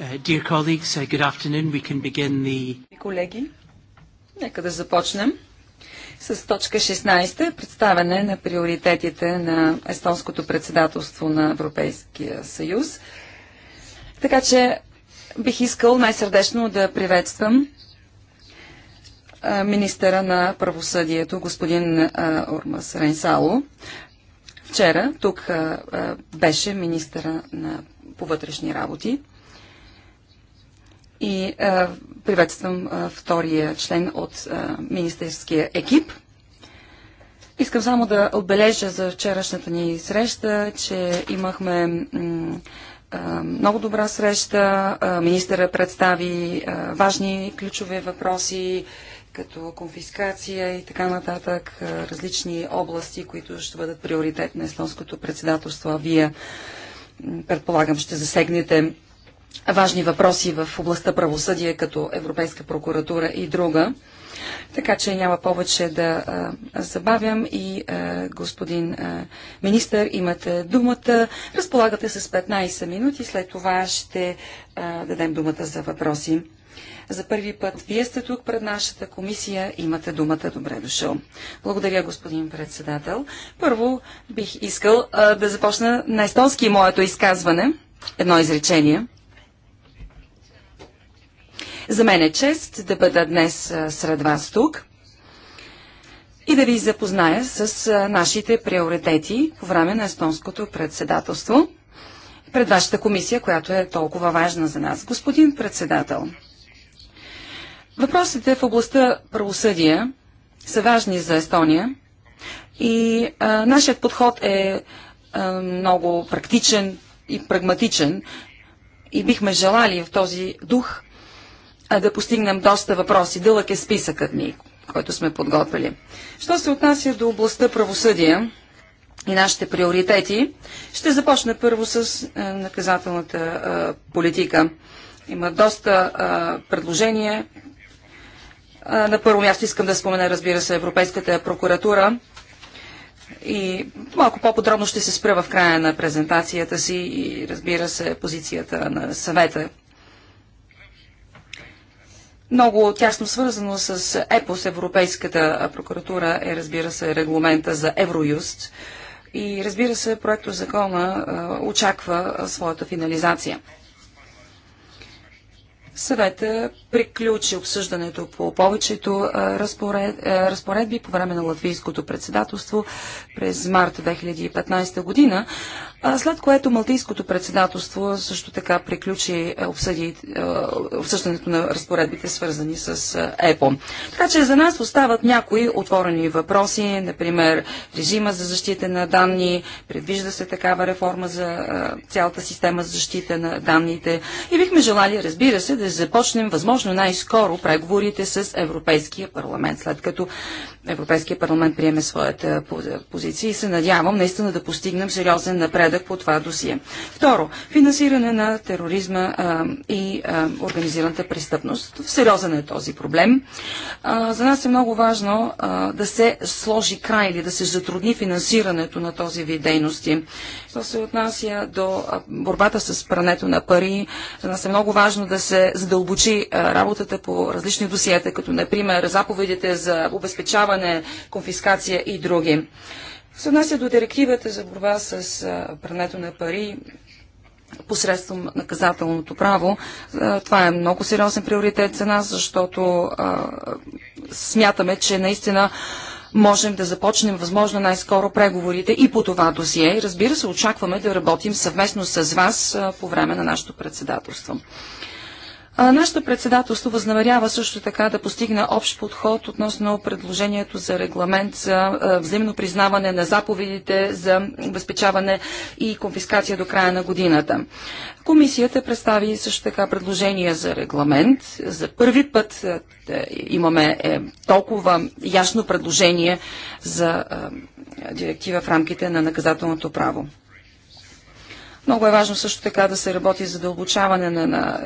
Uh, dear colleagues, uh, good afternoon. We can begin the... Колеги, нека да започнем с точка 16, представяне на приоритетите на естонското председателство на Европейския съюз. Така че бих искал най-сърдечно да приветствам министъра на правосъдието, господин Ормас Ренсало. Вчера тук беше министъра на по вътрешни работи и а, приветствам а, втория член от а, министерския екип. Искам само да отбележа за вчерашната ни среща, че имахме много добра среща. Министъра представи важни ключови въпроси, като конфискация и така нататък, различни области, които ще бъдат приоритет на естонското председателство. вие, предполагам, ще засегнете важни въпроси в областта правосъдие, като Европейска прокуратура и друга. Така че няма повече да а, забавям и а, господин а, министър, имате думата. Разполагате с 15 минути, след това ще а, дадем думата за въпроси. За първи път вие сте тук пред нашата комисия, имате думата, добре дошъл. Благодаря, господин председател. Първо бих искал а, да започна на естонски моето изказване, едно изречение. За мен е чест да бъда днес сред вас тук и да ви запозная с нашите приоритети по време на естонското председателство пред вашата комисия, която е толкова важна за нас. Господин председател, въпросите в областта правосъдие са важни за Естония и а, нашият подход е а, много практичен и прагматичен и бихме желали в този дух да постигнем доста въпроси. Дълъг е списъкът ни, който сме подготвили. Що се отнася до областта правосъдие и нашите приоритети, ще започна първо с е, наказателната е, политика. Има доста е, предложения. На първо място искам да спомена, разбира се, Европейската прокуратура. И малко по-подробно ще се спра в края на презентацията си и разбира се позицията на съвета много тясно свързано с ЕПОС, Европейската прокуратура, е разбира се регламента за Евроюст. И разбира се, проектът закона очаква своята финализация. Съвета приключи обсъждането по повечето разпоредби по време на латвийското председателство през март 2015 година, след което Малтийското председателство също така приключи е, обсъди, е, обсъждането на разпоредбите, свързани с е, ЕПО. Така че за нас остават някои отворени въпроси, например режима за защита на данни, предвижда се такава реформа за цялата система за защита на данните и бихме желали, разбира се, да започнем възможно най-скоро преговорите с Европейския парламент, след като Европейския парламент приеме своята позиция и се надявам наистина да постигнем сериозен напредък по това досие. Второ, финансиране на тероризма а, и а, организираната престъпност. Сериозен е този проблем. А, за нас е много важно а, да се сложи край или да се затрудни финансирането на този вид дейности. Що се отнася до борбата с прането на пари, за нас е много важно да се задълбочи а, работата по различни досиета, като например заповедите за обезпечаване изтезаване, конфискация и други. Се отнася до директивата за борба с прането на пари посредством наказателното право. Това е много сериозен приоритет за нас, защото а, смятаме, че наистина можем да започнем възможно най-скоро преговорите и по това досие. Разбира се, очакваме да работим съвместно с вас а, по време на нашето председателство. А, нашето председателство възнамерява също така да постигне общ подход относно предложението за регламент за а, взаимно признаване на заповедите за обезпечаване и конфискация до края на годината. Комисията представи също така предложение за регламент. За първи път а, имаме е, толкова ясно предложение за директива в рамките на наказателното право. Много е важно също така да се работи за дълбочаване на, на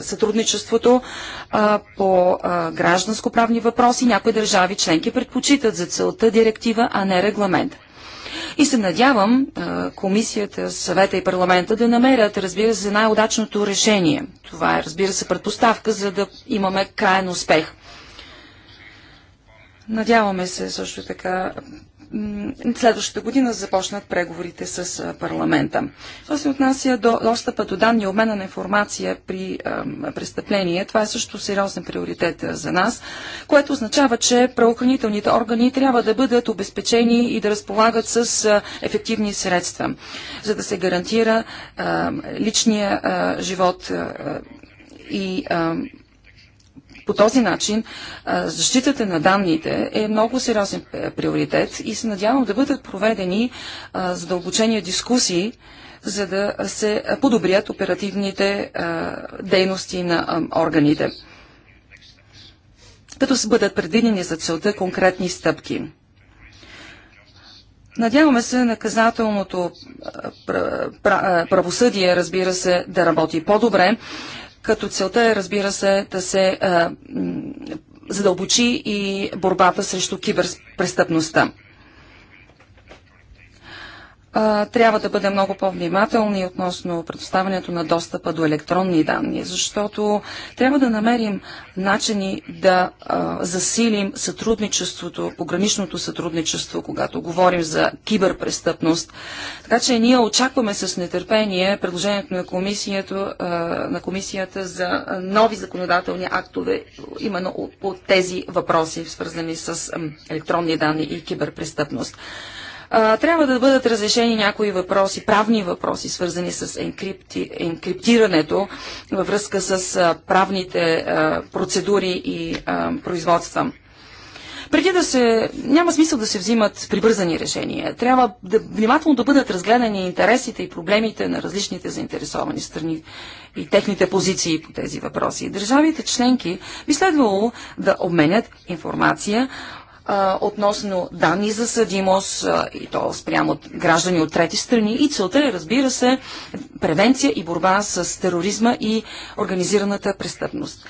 сътрудничеството а, по гражданско-правни въпроси. Някои държави членки предпочитат за целта директива, а не регламент. И се надявам а, комисията, съвета и парламента да намерят, разбира се, най-удачното решение. Това е, разбира се, предпоставка, за да имаме крайен успех. Надяваме се също така следващата година започнат преговорите с парламента. Що се отнася до достъпа до данни и обмена на информация при престъпление, това е също сериозен приоритет за нас, което означава, че правоохранителните органи трябва да бъдат обезпечени и да разполагат с ефективни средства, за да се гарантира личния живот и по този начин защитата на данните е много сериозен е, приоритет и се надявам да бъдат проведени задълбочени дискусии, за да се подобрят оперативните дейности на органите, като се бъдат предвидени за целта конкретни стъпки. Надяваме се наказателното правосъдие, разбира се, да работи по-добре, като целта е, разбира се, да се задълбочи и борбата срещу киберпрестъпността трябва да бъдем много по-внимателни относно предоставянето на достъпа до електронни данни, защото трябва да намерим начини да а, засилим сътрудничеството, пограничното сътрудничество, когато говорим за киберпрестъпност. Така че ние очакваме с нетърпение предложението на комисията, а, на комисията за нови законодателни актове, именно от, от тези въпроси, свързани с а, електронни данни и киберпрестъпност трябва да бъдат разрешени някои въпроси, правни въпроси, свързани с енкрипти, енкриптирането във връзка с а, правните а, процедури и а, производства. Преди да се... Няма смисъл да се взимат прибързани решения. Трябва да, внимателно да бъдат разгледани интересите и проблемите на различните заинтересовани страни и техните позиции по тези въпроси. Държавите членки би следвало да обменят информация а, относно данни за съдимост а, и то спрямо от граждани от трети страни. И целта е, разбира се, превенция и борба с тероризма и организираната престъпност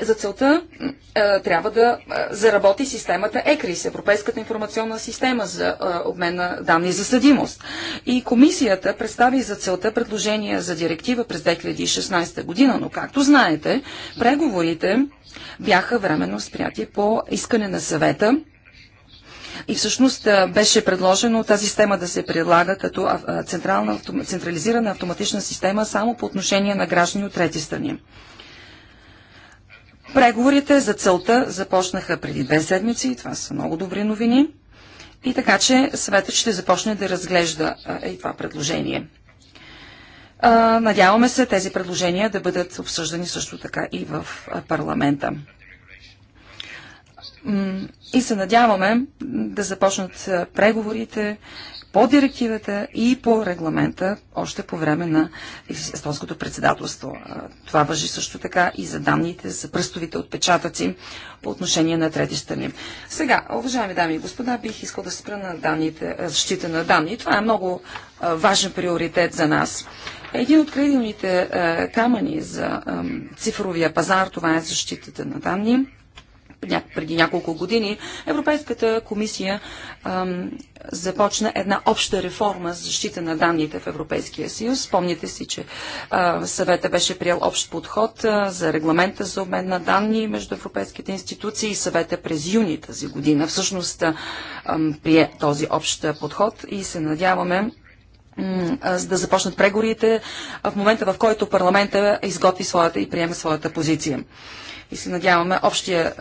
за целта трябва да заработи системата ЕКРИС, Европейската информационна система за обмен на данни за съдимост. И комисията представи за целта предложение за директива през 2016 година, но както знаете, преговорите бяха временно спряти по искане на съвета и всъщност беше предложено тази система да се предлага като централна, централизирана автоматична система само по отношение на граждани от трети страни. Преговорите за целта започнаха преди две седмици и това са много добри новини. И така, че съветът ще започне да разглежда а, и това предложение. А, надяваме се тези предложения да бъдат обсъждани също така и в парламента. И се надяваме да започнат преговорите по директивата и по регламента още по време на естонското председателство. Това въжи също така и за данните за пръстовите отпечатъци по отношение на трети страни. Сега, уважаеми дами и господа, бих искал да спра на данните, защита на данни. Това е много важен приоритет за нас. Един от крайъгълните камъни за цифровия пазар, това е защитата на данни преди няколко години Европейската комисия ам, започна една обща реформа за защита на данните в Европейския съюз. Спомните си, че а, съвета беше приел общ подход а, за регламента за обмен на данни между европейските институции и съвета през юни тази година. Всъщност а, ам, прие този общ подход и се надяваме да започнат преговорите в момента, в който парламента изготви своята и приеме своята позиция и се надяваме общия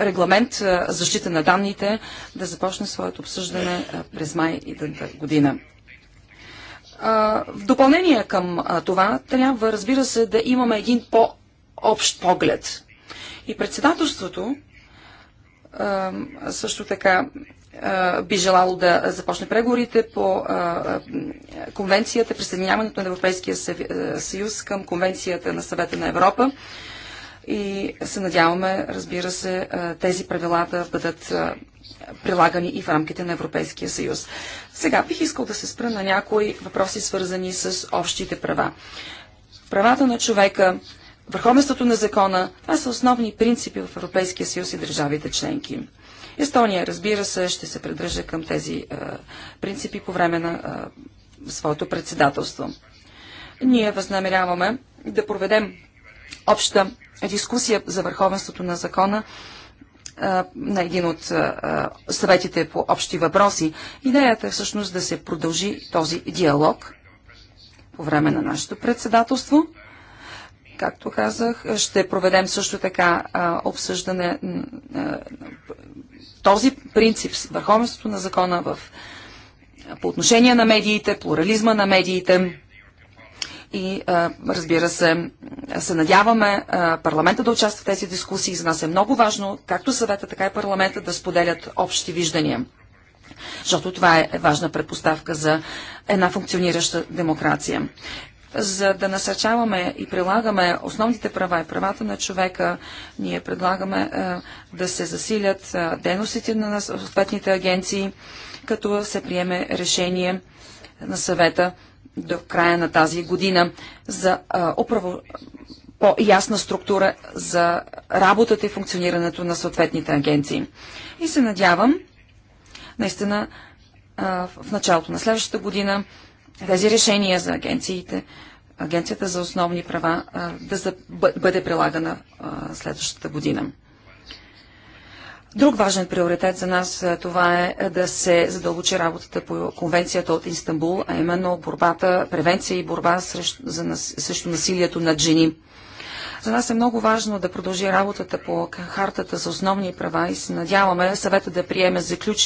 регламент защита на данните да започне своето обсъждане през май идната година. В допълнение към това трябва, разбира се, да имаме един по-общ поглед. И председателството също така би желало да започне преговорите по конвенцията, присъединяването на Европейския съюз към конвенцията на съвета на Европа и се надяваме, разбира се, тези правила да бъдат прилагани и в рамките на Европейския съюз. Сега бих искал да се спра на някои въпроси, свързани с общите права. Правата на човека, върховенството на закона, това са основни принципи в Европейския съюз и държавите членки. Естония, разбира се, ще се придържа към тези е, принципи по време на е, своето председателство. Ние възнамеряваме да проведем обща дискусия за върховенството на закона на един от съветите по общи въпроси. Идеята е всъщност да се продължи този диалог по време на нашето председателство. Както казах, ще проведем също така обсъждане този принцип, върховенството на закона в, по отношение на медиите, плурализма на медиите и разбира се, се надяваме парламента да участва в тези дискусии. За нас е много важно, както съвета, така и парламента да споделят общи виждания. Защото това е важна предпоставка за една функционираща демокрация. За да насърчаваме и прилагаме основните права и правата на човека, ние предлагаме е, да се засилят дейностите на съответните агенции, като се приеме решение на съвета до края на тази година за оправо по-ясна структура за работата и функционирането на съответните агенции. И се надявам, наистина, в началото на следващата година тези решения за агенциите, Агенцията за основни права да бъде прилагана следващата година. Друг важен приоритет за нас е, това е, е да се задълбочи работата по конвенцията от Истанбул, а именно борбата, превенция и борба срещу, за нас, срещу насилието над жени. За нас е много важно да продължи работата по хартата за основни права и се надяваме съвета да приеме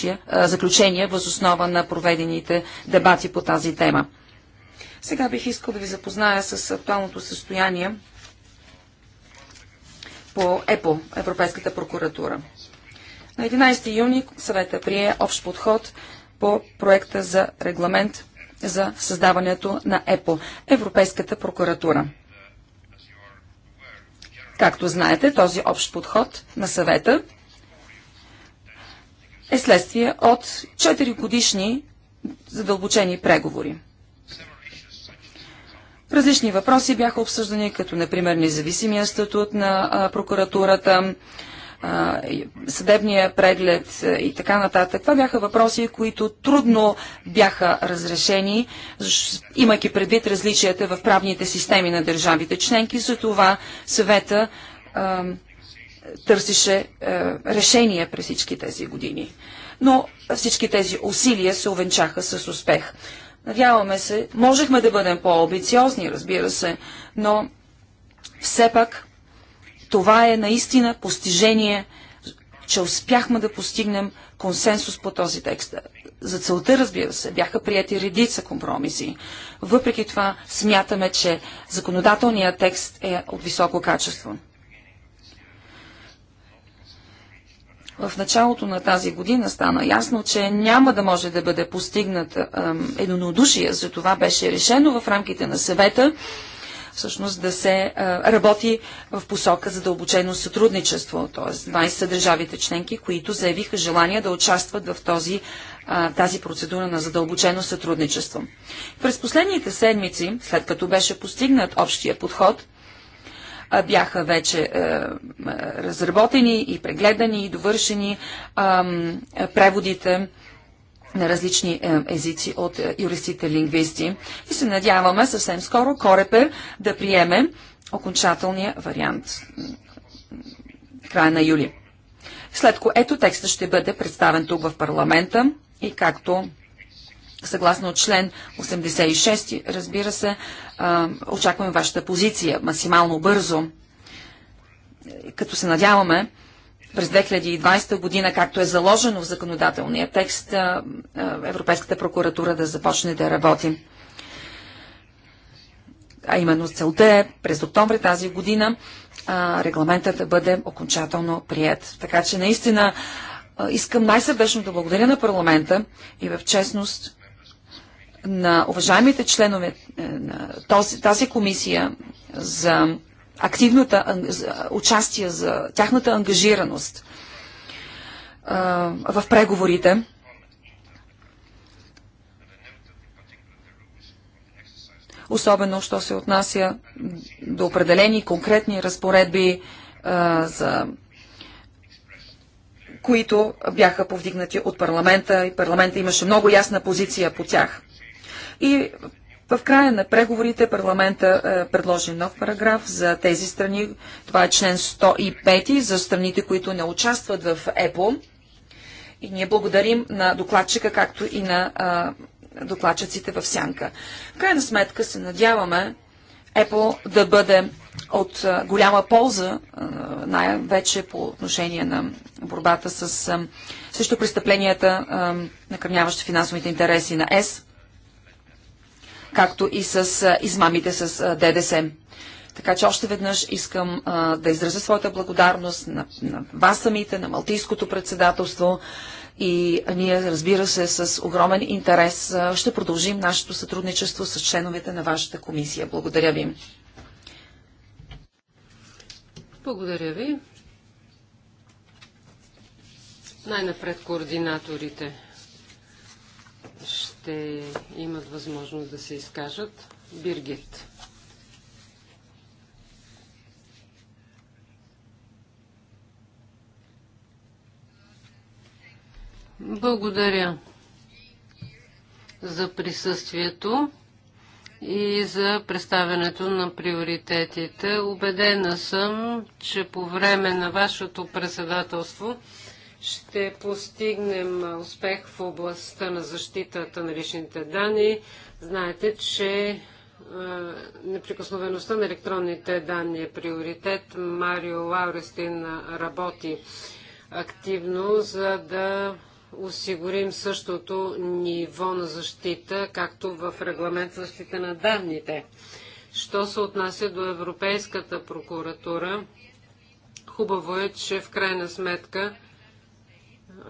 е, заключения въз основа на проведените дебати по тази тема. Сега бих искал да ви запозная с актуалното състояние по ЕПО, Европейската прокуратура. На 11 юни съвета прие общ подход по проекта за регламент за създаването на ЕПО, Европейската прокуратура. Както знаете, този общ подход на съвета е следствие от 4 годишни задълбочени преговори. Различни въпроси бяха обсъждани, като например независимия статут на прокуратурата, съдебния преглед и така нататък. Това бяха въпроси, които трудно бяха разрешени, имайки предвид различията в правните системи на държавите членки. За това съвета търсеше търсише решение през всички тези години. Но всички тези усилия се увенчаха с успех. Надяваме се, можехме да бъдем по-обициозни, разбира се, но все пак това е наистина постижение, че успяхме да постигнем консенсус по този текст. За целта, разбира се, бяха прияти редица компромиси. Въпреки това, смятаме, че законодателният текст е от високо качество. В началото на тази година стана ясно, че няма да може да бъде постигнат единодушие, за това беше решено в рамките на съвета всъщност да се а, работи в посока за дълбочено сътрудничество, т.е. 20 са държавите членки, които заявиха желание да участват в този, а, тази процедура на задълбочено сътрудничество. През последните седмици, след като беше постигнат общия подход, бяха вече е, разработени и прегледани и довършени е, преводите на различни е, езици от е, юристите лингвисти. И се надяваме съвсем скоро Корепер да приеме окончателния вариант края на юли. След което текстът ще бъде представен тук в парламента и както съгласно член 86, разбира се, очакваме вашата позиция максимално бързо, като се надяваме през 2020 година, както е заложено в законодателния текст, Европейската прокуратура да започне да работи. А именно целта е през октомври тази година регламентът да бъде окончателно прият. Така че наистина искам най-сърдечно да благодаря на парламента и в честност на уважаемите членове е, на този, тази комисия за активната участие, за тяхната ангажираност в преговорите. Особено, що се отнася до определени конкретни разпоредби за които бяха повдигнати от парламента и парламента имаше много ясна позиция по тях. И в края на преговорите парламента е, предложи нов параграф за тези страни. Това е член 105 за страните, които не участват в ЕПО. И ние благодарим на докладчика, както и на е, докладчиците в Сянка. В крайна сметка се надяваме ЕПО да бъде от е, голяма полза, най-вече по отношение на борбата с, срещу престъпленията, накърняващи финансовите интереси на ЕС както и с измамите с ДДС. Така че още веднъж искам а, да изразя своята благодарност на, на вас самите, на Малтийското председателство и ние, разбира се, с огромен интерес а, ще продължим нашето сътрудничество с членовете на вашата комисия. Благодаря ви. Благодаря ви. Най-напред координаторите ще имат възможност да се изкажат. Биргит. Благодаря за присъствието и за представянето на приоритетите. Обедена съм, че по време на вашето председателство ще постигнем успех в областта на защитата на личните данни. Знаете, че неприкосновеността на електронните данни е приоритет. Марио Лаурестин работи активно, за да осигурим същото ниво на защита, както в регламент за защита на данните. Що се отнася до Европейската прокуратура, хубаво е, че в крайна сметка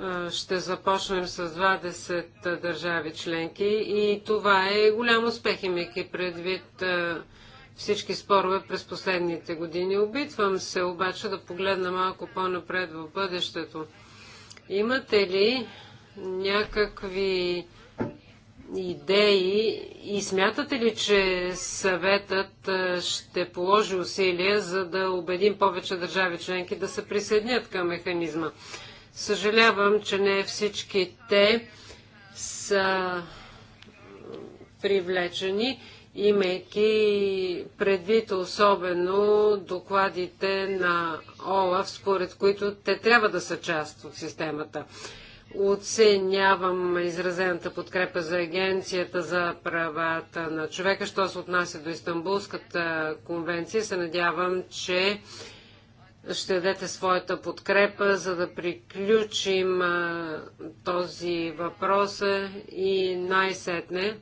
е, ще започнем с 20 е, държави членки и това е голям успех, имайки предвид е, всички спорове през последните години. Обитвам се обаче да погледна малко по-напред в бъдещето. Имате ли някакви идеи и смятате ли, че съветът ще положи усилия за да убедим повече държави членки да се присъединят към механизма? Съжалявам, че не всички те са привлечени, имайки предвид особено докладите на ОЛАФ, според които те трябва да са част от системата. Оценявам изразената подкрепа за Агенцията за правата на човека, що се отнася до Истанбулската конвенция. Се надявам, че ще дадете своята подкрепа, за да приключим а, този въпрос и най-сетне.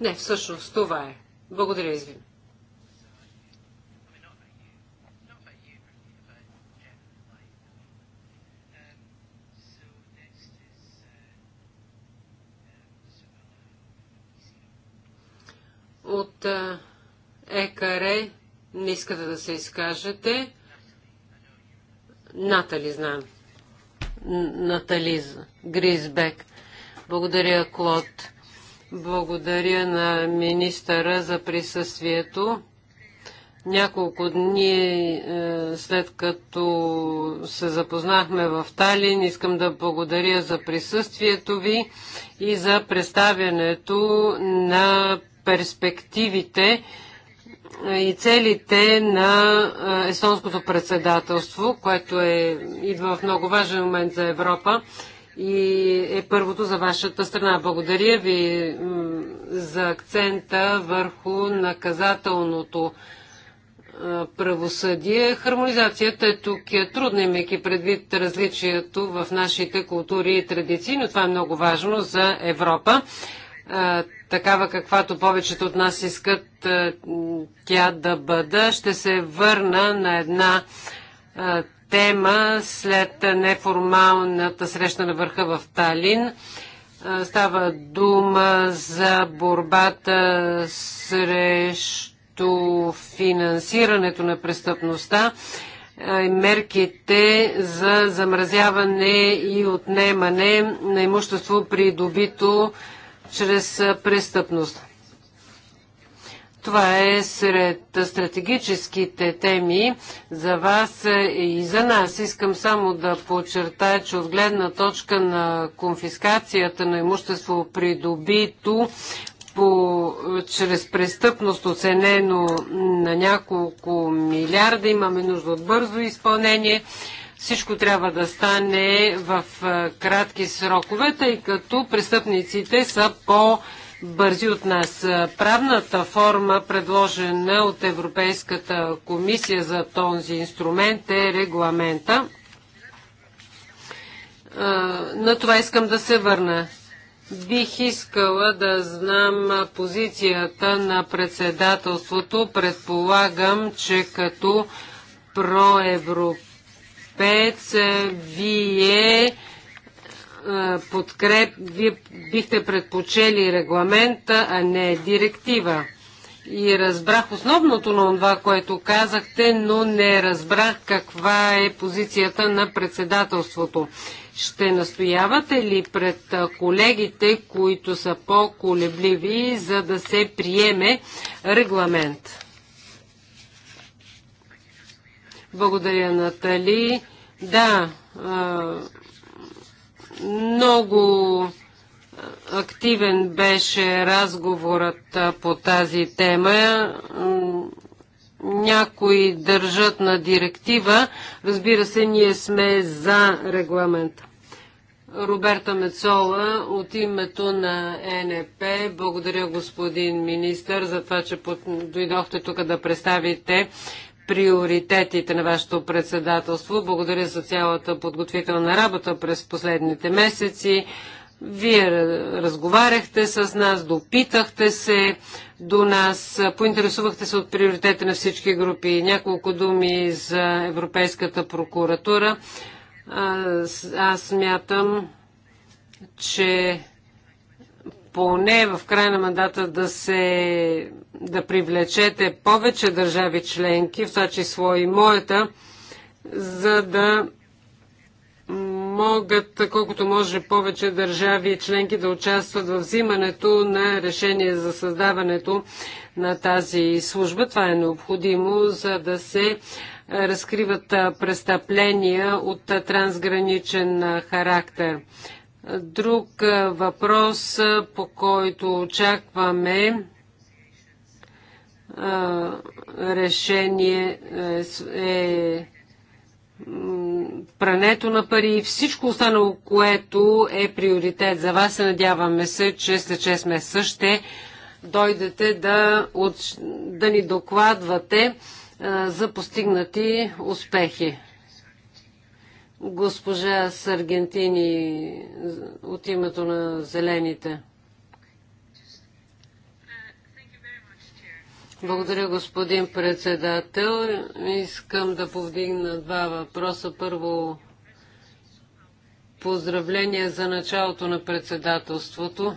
Не, всъщност това е. Благодаря ви. От а, Екаре, не искате да се изкажете. Натали знам. Натализа Гризбек. Благодаря, Клод. Благодаря на министъра за присъствието. Няколко дни е, след като се запознахме в Талин, искам да благодаря за присъствието ви и за представянето на перспективите и целите на естонското председателство, което е, идва в много важен момент за Европа и е първото за вашата страна. Благодаря ви за акцента върху наказателното правосъдие. Хармонизацията е тук е трудна, имайки предвид различието в нашите култури и традиции, но това е много важно за Европа такава каквато повечето от нас искат е, тя да бъда. Ще се върна на една е, тема след неформалната среща на върха в Талин. Е, става дума за борбата срещу финансирането на престъпността, мерките за замразяване и отнемане на имущество придобито чрез престъпност. Това е сред стратегическите теми за вас и за нас. Искам само да подчертая, че от гледна точка на конфискацията на имущество придобито по, чрез престъпност оценено на няколко милиарда. Имаме нужда от бързо изпълнение всичко трябва да стане в кратки срокове, тъй като престъпниците са по- бързи от нас. Правната форма, предложена от Европейската комисия за този инструмент е регламента. На това искам да се върна. Бих искала да знам позицията на председателството. Предполагам, че като проевропейски Шпец, вие подкреп, вие бихте предпочели регламента, а не директива. И разбрах основното на това, което казахте, но не разбрах каква е позицията на председателството. Ще настоявате ли пред колегите, които са по-колебливи, за да се приеме регламент? Благодаря, Натали. Да, много активен беше разговорът по тази тема. Някои държат на директива. Разбира се, ние сме за регламента. Роберта Мецола от името на НП. Благодаря господин министър за това, че дойдохте тук да представите приоритетите на вашето председателство. Благодаря за цялата подготвителна работа през последните месеци. Вие разговаряхте с нас, допитахте се до нас, поинтересувахте се от приоритета на всички групи. Няколко думи за Европейската прокуратура. Аз мятам, че поне в края на мандата да се да привлечете повече държави членки, в това число и моята, за да могат колкото може повече държави и членки да участват в взимането на решение за създаването на тази служба. Това е необходимо, за да се разкриват престъпления от трансграничен характер. Друг въпрос, по който очакваме решение е, е прането на пари и всичко останало, което е приоритет за вас. Надяваме се, че след 6 месеца ще дойдете да, от, да ни докладвате а, за постигнати успехи госпожа с Аргентини от името на Зелените. Благодаря, господин председател. Искам да повдигна два въпроса. Първо, поздравление за началото на председателството.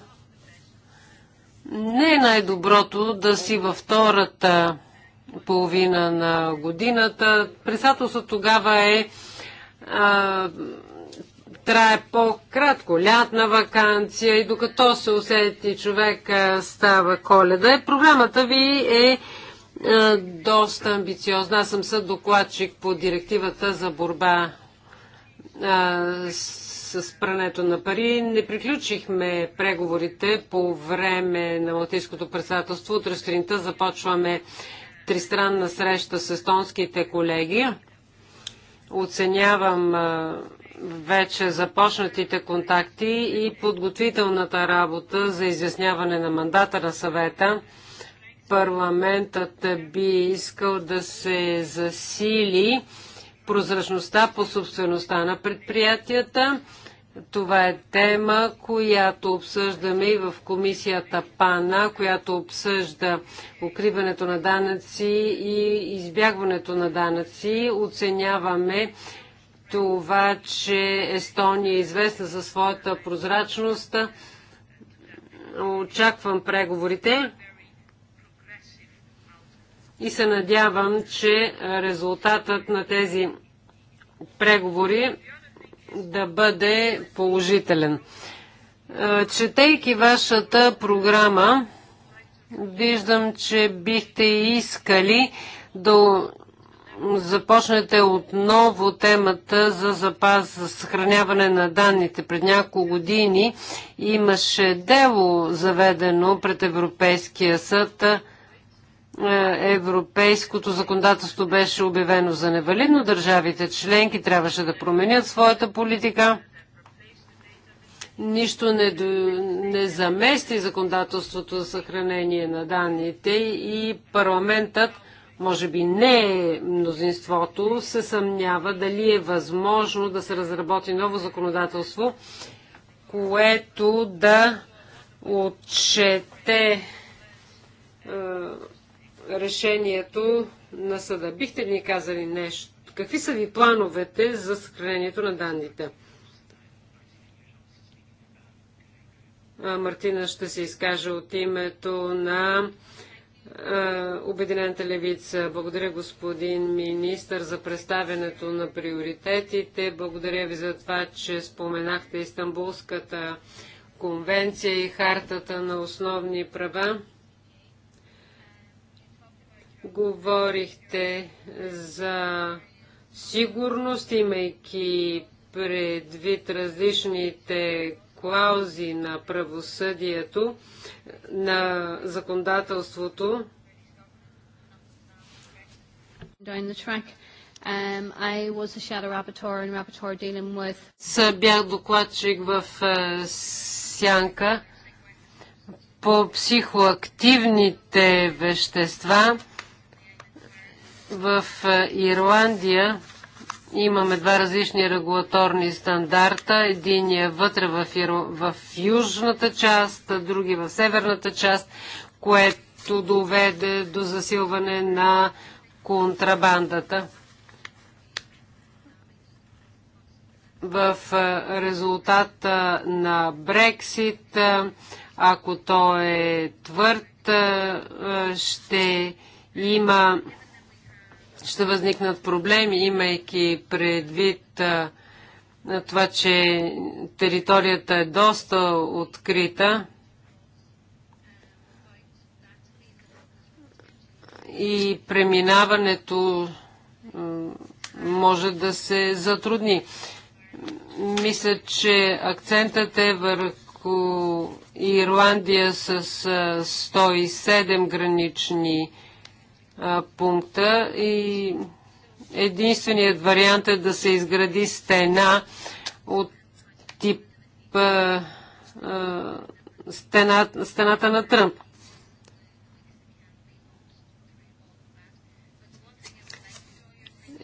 Не е най-доброто да си във втората половина на годината. Председателството тогава е а, трае по-кратко. Лятна вакансия и докато се усети човек става коледа. Е, програмата ви е а, е, доста амбициозна. Аз съм съд докладчик по директивата за борба а, с прането на пари. Не приключихме преговорите по време на Малтийското председателство. Утре сутринта започваме тристранна среща с естонските колеги. Оценявам вече започнатите контакти и подготвителната работа за изясняване на мандата на съвета. Парламентът би искал да се засили прозрачността по собствеността на предприятията това е тема, която обсъждаме и в комисията ПАНА, която обсъжда укриването на данъци и избягването на данъци. Оценяваме това, че Естония е известна за своята прозрачност. Очаквам преговорите и се надявам, че резултатът на тези преговори да бъде положителен. Четейки вашата програма, виждам, че бихте искали да започнете отново темата за запас за съхраняване на данните. Пред няколко години имаше дело заведено пред Европейския съд е, европейското законодателство беше обявено за невалидно, държавите членки трябваше да променят своята политика. Нищо не, не замести законодателството за съхранение на данните и парламентът, може би не е мнозинството, се съмнява дали е възможно да се разработи ново законодателство, което да отчете е, решението на съда. Бихте ли ни казали нещо? Какви са ви плановете за съхранението на данните? Мартина ще се изкаже от името на Обединената левица. Благодаря господин министр за представянето на приоритетите. Благодаря ви за това, че споменахте Истанбулската конвенция и хартата на основни права. Говорихте за сигурност, имайки предвид различните клаузи на правосъдието, на законодателството. Down the track. Um, I was a shadow rapporteur and rapporteur dealing with... бях докладчик в Сянка по психоактивните вещества в е, Ирландия имаме два различни регулаторни стандарта. Единия е вътре в, Иро... в южната част, други в северната част, което доведе до засилване на контрабандата. В е, резултата на Брексит, ако той е твърд, ще има ще възникнат проблеми, имайки предвид на това, че територията е доста открита. И преминаването може да се затрудни. Мисля, че акцентът е върху Ирландия с 107 гранични а, пункта и единственият вариант е да се изгради стена от тип а, а, стена, стената на Тръмп.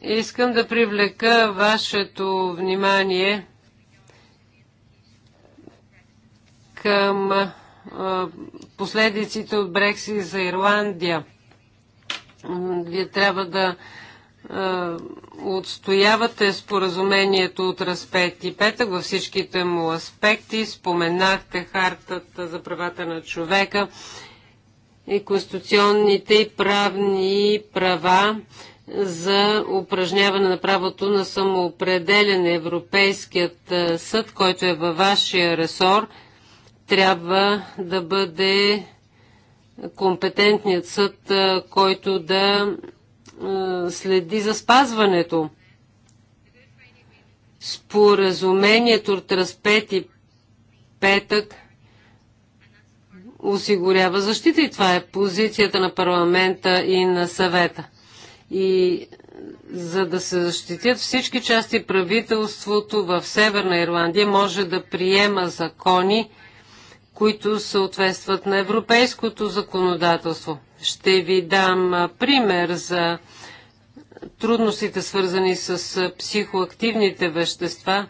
Искам да привлека вашето внимание към последиците от Брекси за Ирландия – вие трябва да е, отстоявате споразумението от разпети петък във всичките му аспекти. Споменахте хартата за правата на човека и конституционните и правни права за упражняване на правото на самоопределен Европейският е, съд, който е във вашия ресор, трябва да бъде компетентният съд, който да следи за спазването. Споразумението от разпети петък осигурява защита и това е позицията на парламента и на съвета. И за да се защитят всички части правителството в Северна Ирландия може да приема закони, които съответстват на европейското законодателство. Ще ви дам пример за трудностите, свързани с психоактивните вещества.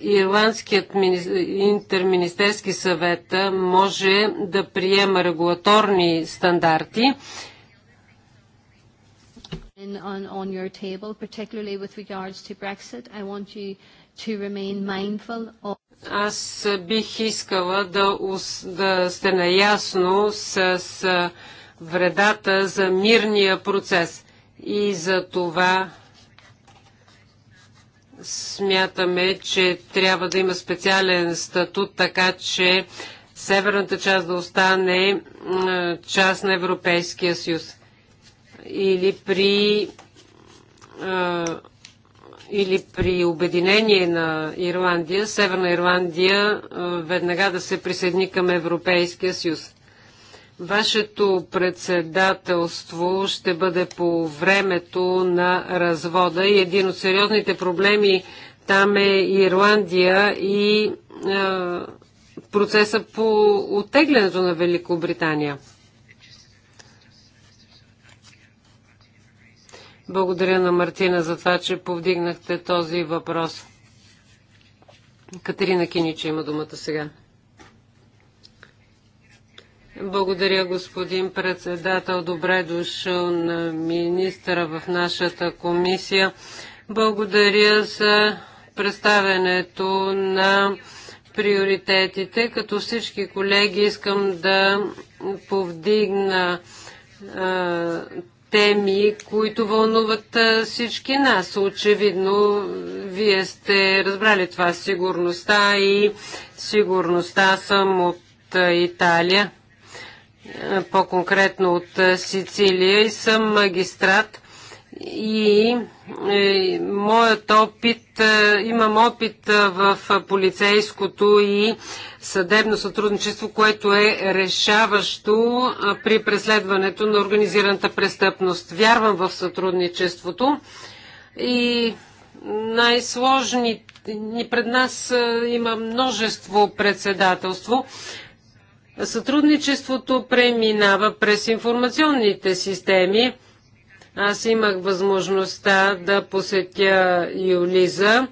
Ирландският интерминистерски съвет може да приема регулаторни стандарти. table, Brexit, of аз бих искала да, да сте наясно с, с вредата за мирния процес и за това смятаме, че трябва да има специален статут, така че северната част да остане част на Европейския съюз. Или при или при обединение на Ирландия, Северна Ирландия веднага да се присъедини към Европейския съюз. Вашето председателство ще бъде по времето на развода и един от сериозните проблеми там е Ирландия и е, процеса по оттеглянето на Великобритания. Благодаря на Мартина за това, че повдигнахте този въпрос. Катерина Кинича има думата сега. Благодаря, господин председател. Добре дошъл на министра в нашата комисия. Благодаря за представянето на приоритетите. Като всички колеги искам да повдигна теми, които вълнуват всички нас. Очевидно, вие сте разбрали това сигурността и сигурността съм от Италия, по-конкретно от Сицилия и съм магистрат и е, моят опит, е, имам опит е, в полицейското и съдебно сътрудничество, което е решаващо е, при преследването на организираната престъпност. Вярвам в сътрудничеството и най-сложни ни пред нас е, има множество председателство. Сътрудничеството преминава през информационните системи аз имах възможността да посетя Юлиза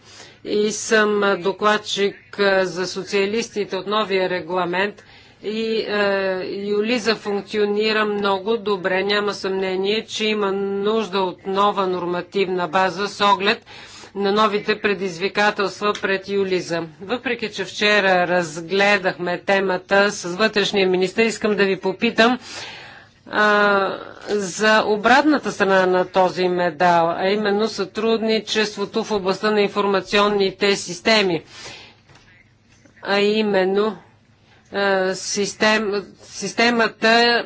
и съм докладчик за социалистите от новия регламент. И е, Юлиза функционира много добре. Няма съмнение, че има нужда от нова нормативна база с оглед на новите предизвикателства пред Юлиза. Въпреки, че вчера разгледахме темата с вътрешния министр, искам да ви попитам а, за обратната страна на този медал, а именно сътрудничеството в областта на информационните системи, а именно а, систем, системата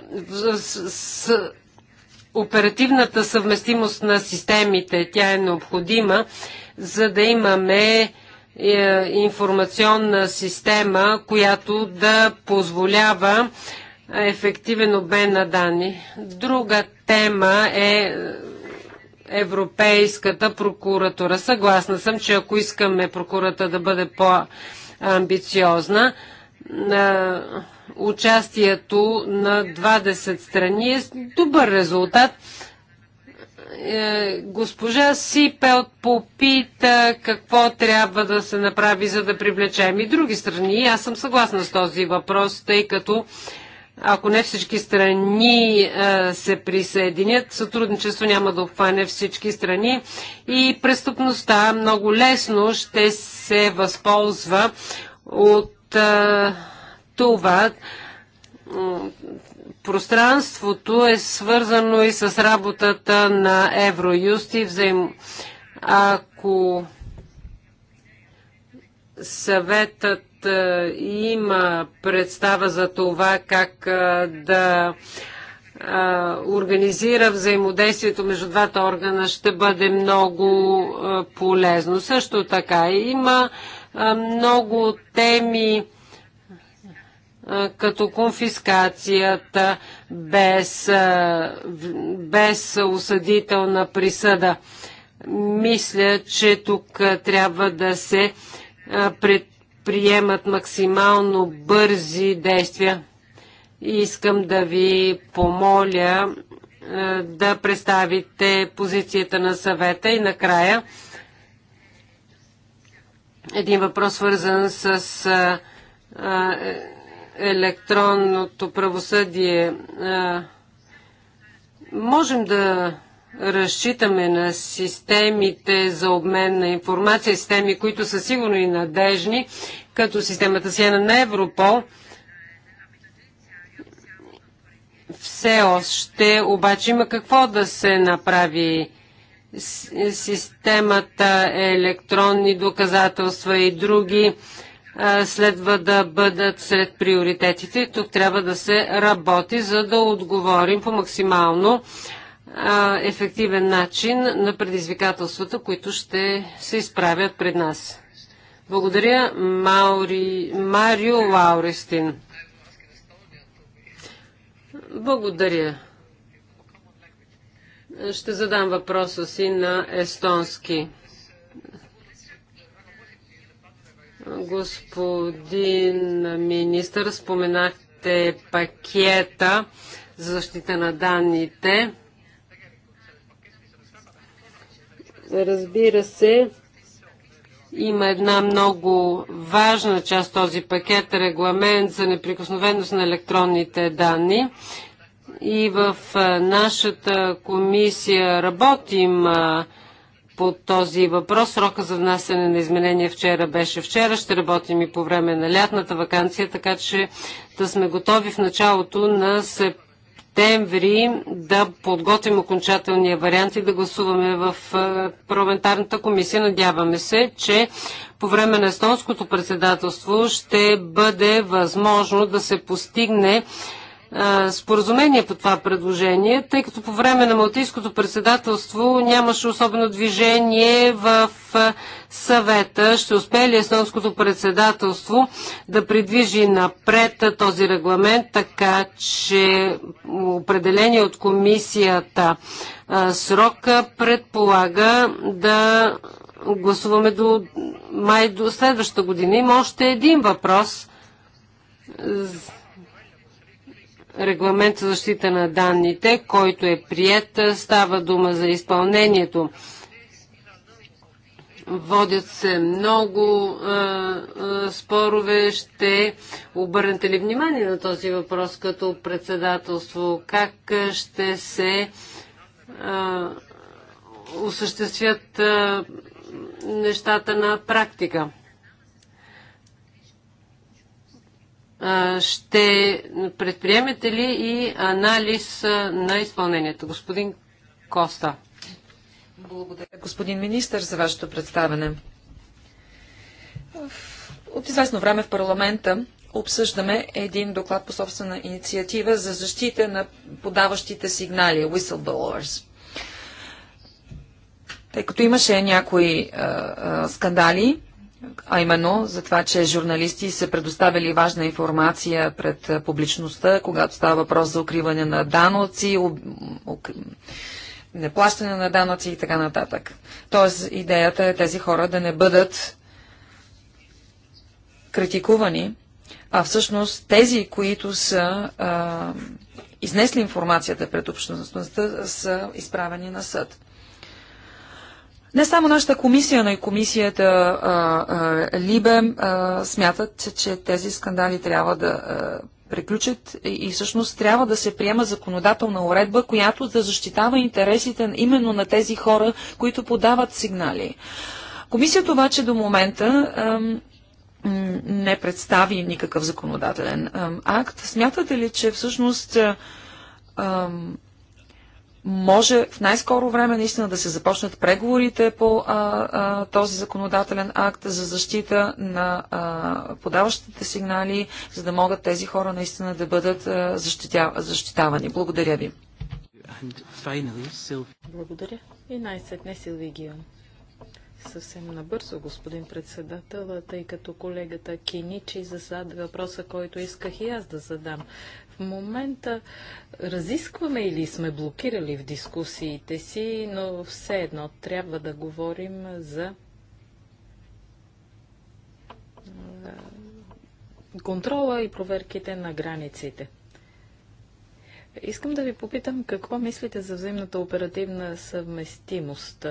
с, с оперативната съвместимост на системите. Тя е необходима, за да имаме е, информационна система, която да позволява ефективен обмен на данни. Друга тема е Европейската прокуратура. Съгласна съм, че ако искаме прокурата да бъде по-амбициозна, участието на 20 страни е добър резултат. Е, госпожа Сипелт попита какво трябва да се направи, за да привлечем и други страни. Аз съм съгласна с този въпрос, тъй като ако не всички страни се присъединят, сътрудничество няма да обхване всички страни и престъпността много лесно ще се възползва от това. Пространството е свързано и с работата на Евроюст и взаим... Ако съветът има представа за това как да организира взаимодействието между двата органа, ще бъде много полезно. Също така има много теми, като конфискацията без, без осъдителна присъда. Мисля, че тук трябва да се пред приемат максимално бързи действия. Искам да ви помоля да представите позицията на съвета и накрая един въпрос свързан с е, електронното правосъдие. Можем да разчитаме на системите за обмен на информация, системи, които са сигурно и надежни като системата Сиена на Европол. Все още обаче има какво да се направи системата електронни доказателства и други следва да бъдат сред приоритетите. Тук трябва да се работи, за да отговорим по максимално ефективен начин на предизвикателствата, които ще се изправят пред нас. Благодаря, Маури... Марио Лаурестин. Благодаря. Ще задам въпроса си на естонски. Господин министър, споменахте пакета за защита на данните. Разбира се, има една много важна част този пакет, регламент за неприкосновеност на електронните данни. И в нашата комисия работим по този въпрос. Срока за внасяне на изменения вчера беше вчера. Ще работим и по време на лятната вакансия, така че да сме готови в началото на септември септември да подготвим окончателния вариант и да гласуваме в е, парламентарната комисия. Надяваме се, че по време на естонското председателство ще бъде възможно да се постигне споразумение по това предложение, тъй като по време на Малтийското председателство нямаше особено движение в съвета. Ще успее ли Естонското председателство да придвижи напред този регламент, така че определение от комисията срока предполага да гласуваме до май до следващата година. Има още един въпрос – регламент за защита на данните, който е прият. Става дума за изпълнението. Водят се много а, а, спорове. Ще обърнете ли внимание на този въпрос като председателство? Как ще се а, осъществят а, нещата на практика? ще предприемете ли и анализ на изпълнението? Господин Коста. Благодаря, господин министр, за вашето представене. От известно време в парламента обсъждаме един доклад по собствена инициатива за защита на подаващите сигнали, whistleblowers. Тъй като имаше някои а, а, скандали, а именно за това, че журналисти са предоставили важна информация пред публичността, когато става въпрос за укриване на данъци, об... неплащане на данъци и така нататък. Тоест, идеята е тези хора да не бъдат критикувани, а всъщност тези, които са а, изнесли информацията пред общността, са изправени на съд. Не само нашата комисия, но и комисията а, а, Либе а, смятат, че тези скандали трябва да а, приключат и всъщност трябва да се приема законодателна уредба, която да защитава интересите именно на тези хора, които подават сигнали. Комисията обаче до момента ам, не представи никакъв законодателен ам, акт. Смятате ли, че всъщност ам, може в най-скоро време наистина да се започнат преговорите по а, а, този законодателен акт за защита на а, подаващите сигнали, за да могат тези хора наистина да бъдат а, защитя, защитавани. Благодаря ви. Finally, Благодаря. И най-сетне Силви Гион. Съвсем набързо, господин председател, тъй като колегата Киничи зададе въпроса, който исках и аз да задам в момента разискваме или сме блокирали в дискусиите си, но все едно трябва да говорим за контрола и проверките на границите. Искам да ви попитам какво мислите за взаимната оперативна съвместимост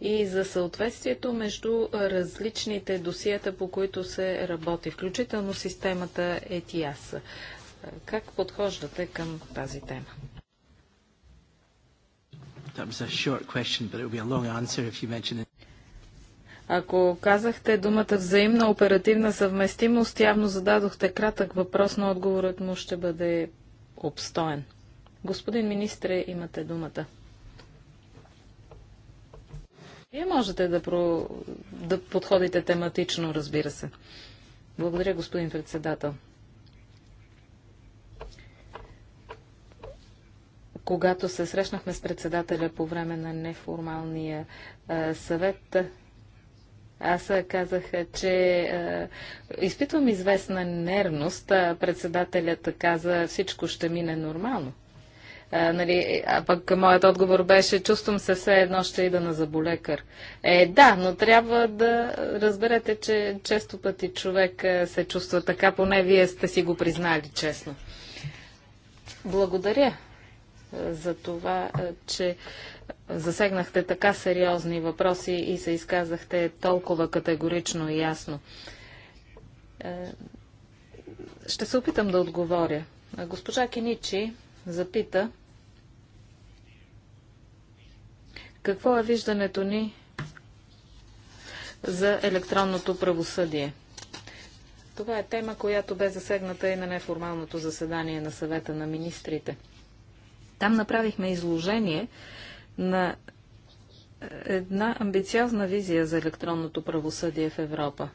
и за съответствието между различните досията, по които се работи, включително системата ETIAS. Как подхождате към тази тема? Ако казахте думата взаимна оперативна съвместимост, явно зададохте кратък въпрос, но отговорът му ще бъде обстоен. Господин министре, имате думата. Вие можете да, про... да подходите тематично, разбира се. Благодаря, господин председател. когато се срещнахме с председателя по време на неформалния а, съвет, аз казах, че изпитвам известна нервност. А председателят каза, всичко ще мине нормално. А, нали, а пък моят отговор беше, чувствам се все едно, ще ида на заболекар. Е, да, но трябва да разберете, че често пъти човек се чувства така, поне вие сте си го признали честно. Благодаря за това, е, че засегнахте така сериозни въпроси и се изказахте толкова категорично и ясно. Е, ще се опитам да отговоря. Е, госпожа Кеничи запита какво е виждането ни за електронното правосъдие. Това е тема, която бе засегната и на неформалното заседание на съвета на министрите – там направихме изложение на една амбициозна визия за електронното правосъдие в Европа.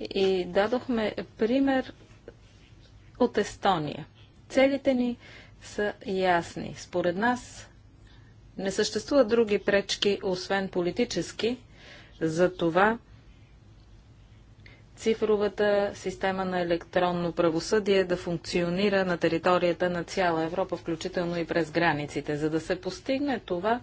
И дадохме пример от Естония. Целите ни са ясни. Според нас не съществуват други пречки, освен политически, за това цифровата система на електронно правосъдие да функционира на територията на цяла Европа, включително и през границите. За да се постигне това,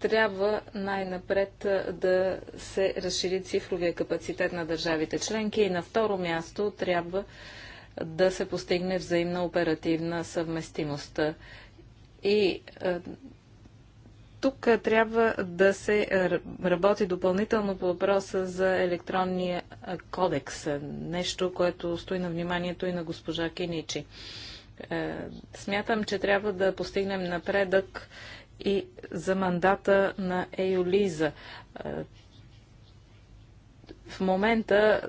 трябва най-напред да се разшири цифровия капацитет на държавите членки и на второ място трябва да се постигне взаимна оперативна съвместимост. И тук трябва да се работи допълнително по въпроса за електронния кодекс. Нещо, което стои на вниманието и на госпожа Киничи. Смятам, че трябва да постигнем напредък и за мандата на Ейолиза. В момента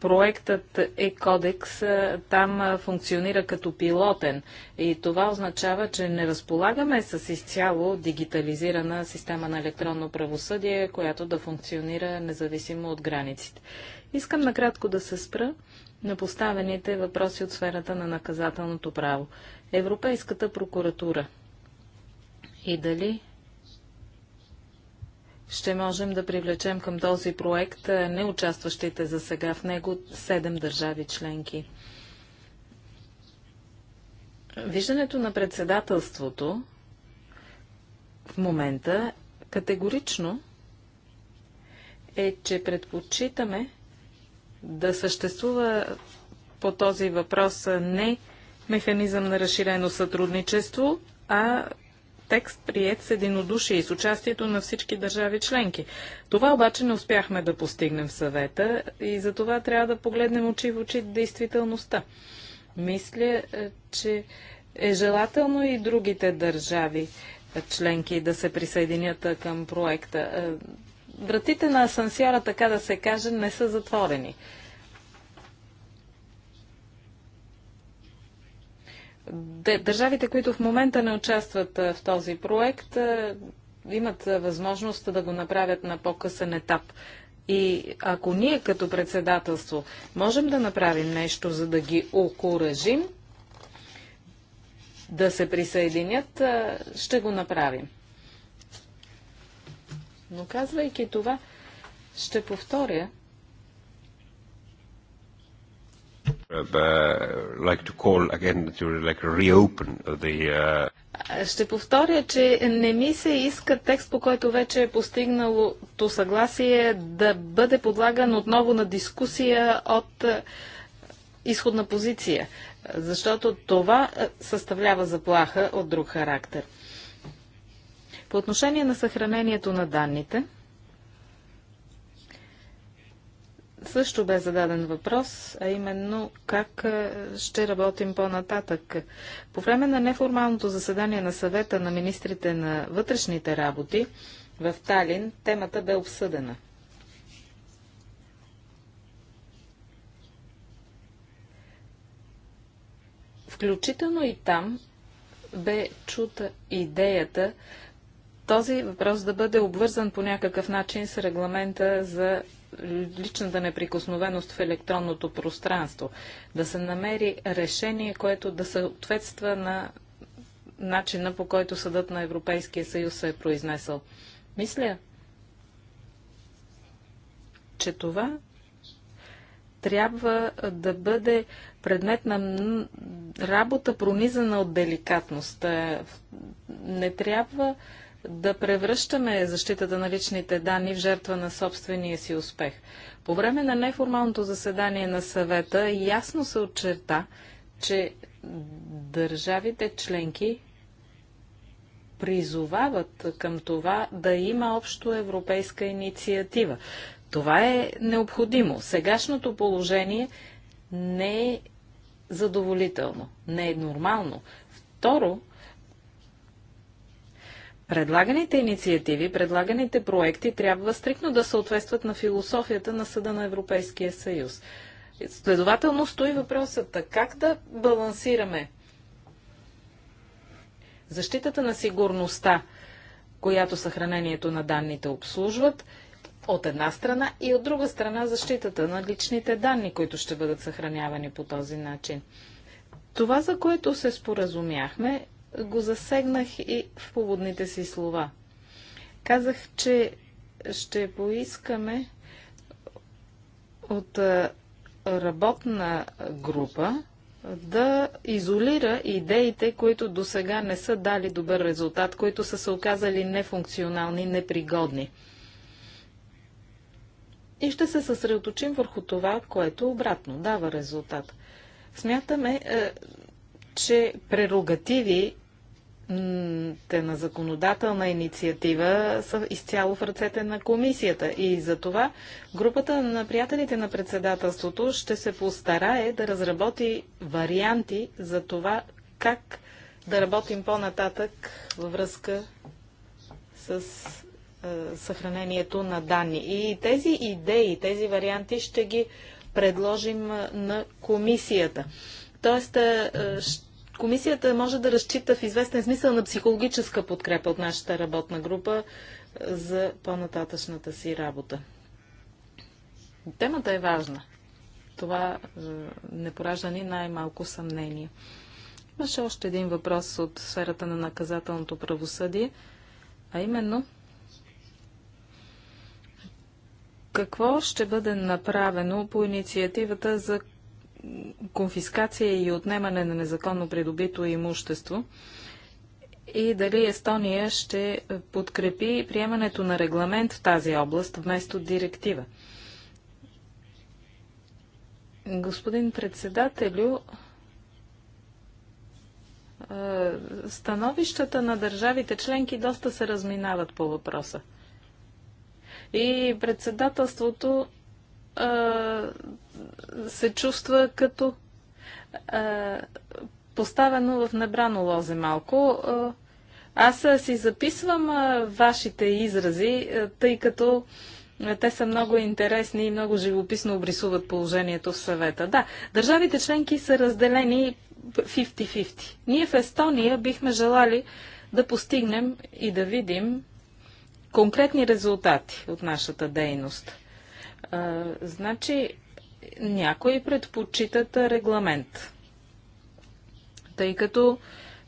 проектът Е-кодекс там функционира като пилотен и това означава, че не разполагаме с изцяло дигитализирана система на електронно правосъдие, която да функционира независимо от границите. Искам накратко да се спра на поставените въпроси от сферата на наказателното право. Европейската прокуратура и дали ще можем да привлечем към този проект неучастващите за сега в него седем държави членки. Виждането на председателството в момента категорично е, че предпочитаме да съществува по този въпрос не механизъм на разширено сътрудничество, а текст прият с единодушие и с участието на всички държави членки. Това обаче не успяхме да постигнем в съвета и за това трябва да погледнем очи в очи действителността. Мисля, е, че е желателно и другите държави е, членки да се присъединят е, към проекта. Вратите на асансьора, така да се каже, не са затворени. Държавите, които в момента не участват в този проект, имат възможност да го направят на по-късен етап. И ако ние като председателство можем да направим нещо, за да ги окоръжим, да се присъединят, ще го направим. Но казвайки това, ще повторя, Uh, like to call again to like reopen uh, the uh, ще повторя, че не ми се иска текст, по който вече е постигналото съгласие да бъде подлаган отново на дискусия от е, изходна позиция, защото това е, съставлява заплаха от друг характер. По отношение на съхранението на данните – също бе зададен въпрос, а именно как ще работим по-нататък. По време на неформалното заседание на съвета на министрите на вътрешните работи в Талин темата бе обсъдена. Включително и там бе чута идеята този въпрос да бъде обвързан по някакъв начин с регламента за личната неприкосновеност в електронното пространство. Да се намери решение, което да съответства на начина по който съдът на Европейския съюз се е произнесъл. Мисля, че това трябва да бъде предмет на работа, пронизана от деликатност. Е, не трябва да превръщаме защитата на личните данни в жертва на собствения си успех. По време на неформалното заседание на съвета ясно се очерта, че държавите членки призовават към това да има общо европейска инициатива. Това е необходимо. Сегашното положение не е задоволително, не е нормално. Второ, Предлаганите инициативи, предлаганите проекти трябва стрикно да съответстват на философията на Съда на Европейския съюз. Следователно стои въпросът как да балансираме защитата на сигурността, която съхранението на данните обслужват, от една страна и от друга страна защитата на личните данни, които ще бъдат съхранявани по този начин. Това, за което се споразумяхме, го засегнах и в поводните си слова. Казах, че ще поискаме от работна група да изолира идеите, които до сега не са дали добър резултат, които са се оказали нефункционални, непригодни. И ще се съсредоточим върху това, което е обратно дава резултат. Смятаме, е, че прерогативи на законодателна инициатива са изцяло в ръцете на комисията. И за това групата на приятелите на председателството ще се постарае да разработи варианти за това как да работим по-нататък във връзка с е, съхранението на данни. И тези идеи, тези варианти ще ги предложим е, на комисията. Тоест, е, комисията може да разчита в известен смисъл на психологическа подкрепа от нашата работна група е, за по-нататъчната си работа. Темата е важна. Това е, не поражда ни най-малко съмнение. Имаше още един въпрос от сферата на наказателното правосъдие, а именно какво ще бъде направено по инициативата за конфискация и отнемане на незаконно придобито имущество и дали Естония ще подкрепи приемането на регламент в тази област вместо директива. Господин председателю, становищата на държавите членки доста се разминават по въпроса. И председателството се чувства като а, поставено в небрано лозе малко. Аз си записвам а, вашите изрази, а, тъй като те са много интересни и много живописно обрисуват положението в съвета. Да, държавите членки са разделени 50-50. Ние в Естония бихме желали да постигнем и да видим конкретни резултати от нашата дейност. А, значи, някои предпочитат регламент, тъй като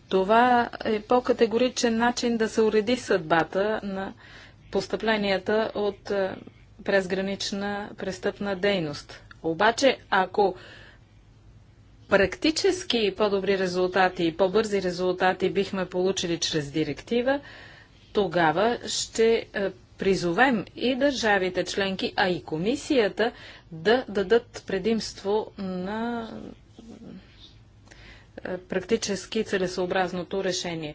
това е по-категоричен начин да се уреди съдбата на постъпленията от е, презгранична престъпна дейност. Обаче, ако практически по-добри резултати и по-бързи резултати бихме получили чрез директива, тогава ще е, призовем и държавите членки, а и комисията да дадат предимство на е, практически целесообразното решение.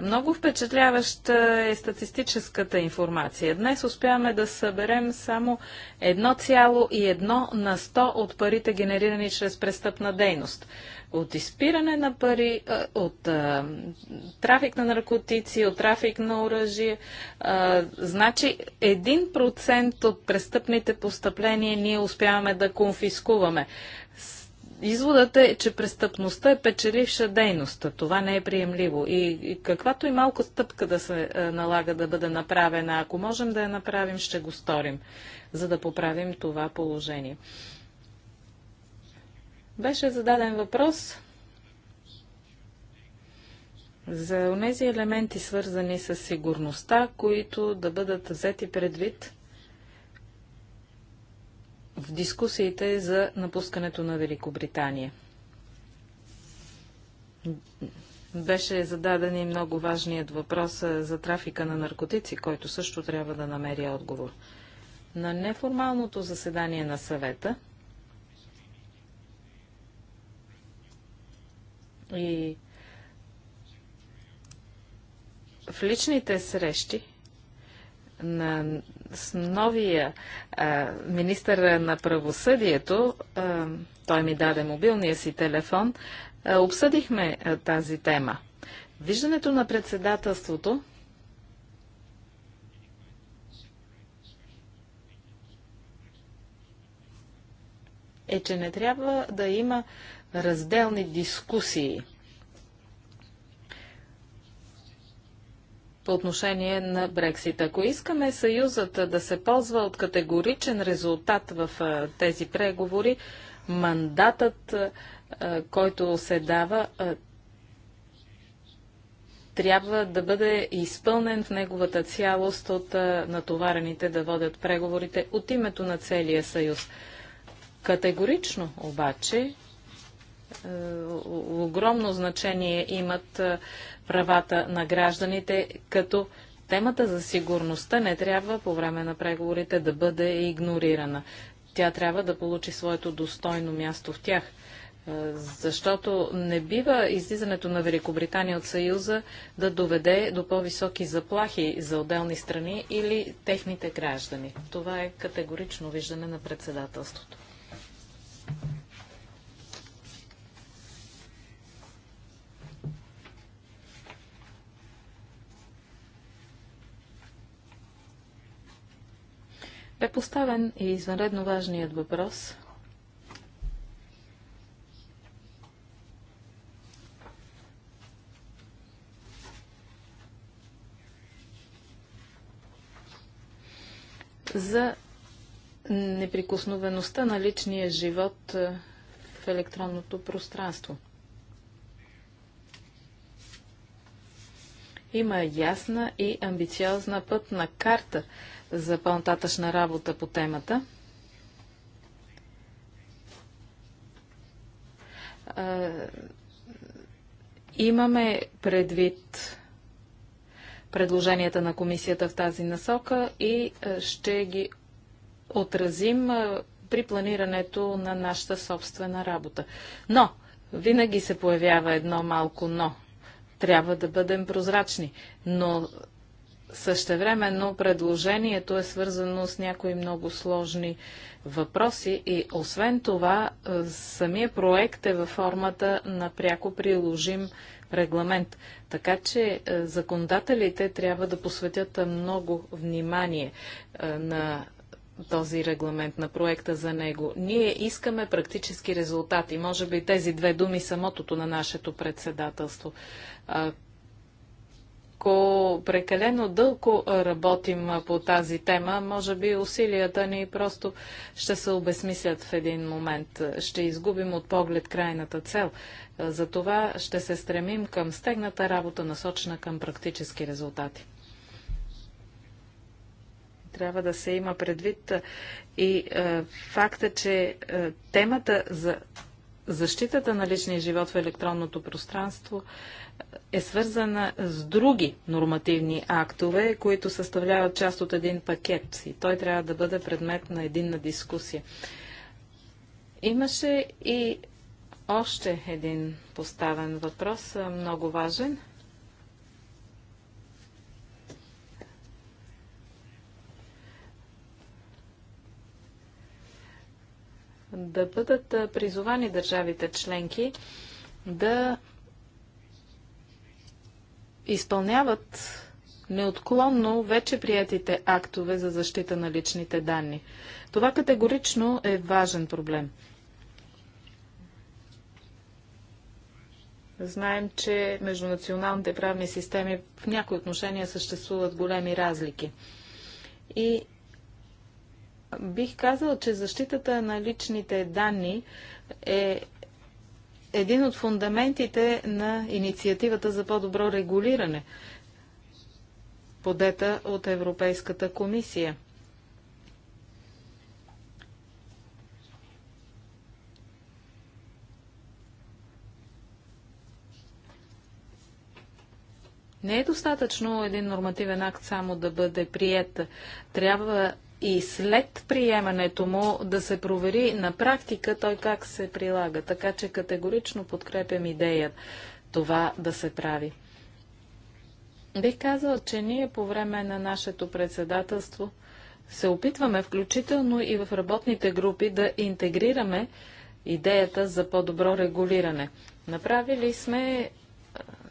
Много впечатляваща е статистическата информация. Днес успяваме да съберем само 1,1 на 100 от парите, генерирани чрез престъпна дейност. От изпиране на пари, от а, трафик на наркотици, от трафик на оръжие. А, значи 1% от престъпните постъпления ние успяваме да конфискуваме. Изводът е, че престъпността е печеливша дейност. Това не е приемливо. И, и каквато и малко стъпка да се е, налага да бъде направена, ако можем да я направим, ще го сторим, за да поправим това положение. Беше зададен въпрос за тези елементи, свързани с сигурността, които да бъдат взети предвид в дискусиите за напускането на Великобритания. Беше зададен и много важният въпрос за трафика на наркотици, който също трябва да намери отговор. На неформалното заседание на съвета и в личните срещи на с новия а, министър на правосъдието, а, той ми даде мобилния си телефон, а, обсъдихме а, тази тема. Виждането на председателството е, че не трябва да има разделни дискусии – по отношение на Брексит. Ако искаме Съюзът да се ползва от категоричен резултат в тези преговори, мандатът, който се дава, трябва да бъде изпълнен в неговата цялост от натоварените да водят преговорите от името на целия съюз. Категорично обаче огромно значение имат правата на гражданите, като темата за сигурността не трябва по време на преговорите да бъде игнорирана. Тя трябва да получи своето достойно място в тях. Е, защото не бива излизането на Великобритания от Съюза да доведе до по-високи заплахи за отделни страни или техните граждани. Това е категорично виждане на председателството. Бе поставен и извънредно важният въпрос за неприкосновеността на личния живот е, в електронното пространство. Има ясна и амбициозна пътна карта за по-нататъчна работа по темата. Имаме предвид предложенията на комисията в тази насока и ще ги отразим при планирането на нашата собствена работа. Но, винаги се появява едно малко но. Трябва да бъдем прозрачни, но Същевременно предложението е свързано с някои много сложни въпроси и освен това е, самия проект е във формата на пряко приложим регламент. Така че е, законодателите трябва да посветят много внимание е, на този регламент, на проекта за него. Ние искаме практически резултати. Може би тези две думи са мотото на нашето председателство ако прекалено дълго работим по тази тема, може би усилията ни просто ще се обесмислят в един момент. Ще изгубим от поглед крайната цел. Затова ще се стремим към стегната работа, насочена към практически резултати. Трябва да се има предвид и е, факта, че е, темата за защитата на личния живот в електронното пространство е свързана с други нормативни актове, които съставляват част от един пакет и той трябва да бъде предмет на единна дискусия. Имаше и още един поставен въпрос, много важен – да бъдат призовани държавите членки да изпълняват неотклонно вече приятите актове за защита на личните данни. Това категорично е важен проблем. Знаем, че между националните правни системи в някои отношения съществуват големи разлики. И Бих казал, че защитата на личните данни е един от фундаментите на инициативата за по-добро регулиране, подета от Европейската комисия. Не е достатъчно един нормативен акт само да бъде прият. Трябва и след приемането му да се провери на практика той как се прилага. Така че категорично подкрепям идеята това да се прави. Бих казал, че ние по време на нашето председателство се опитваме, включително и в работните групи, да интегрираме идеята за по-добро регулиране. Направили сме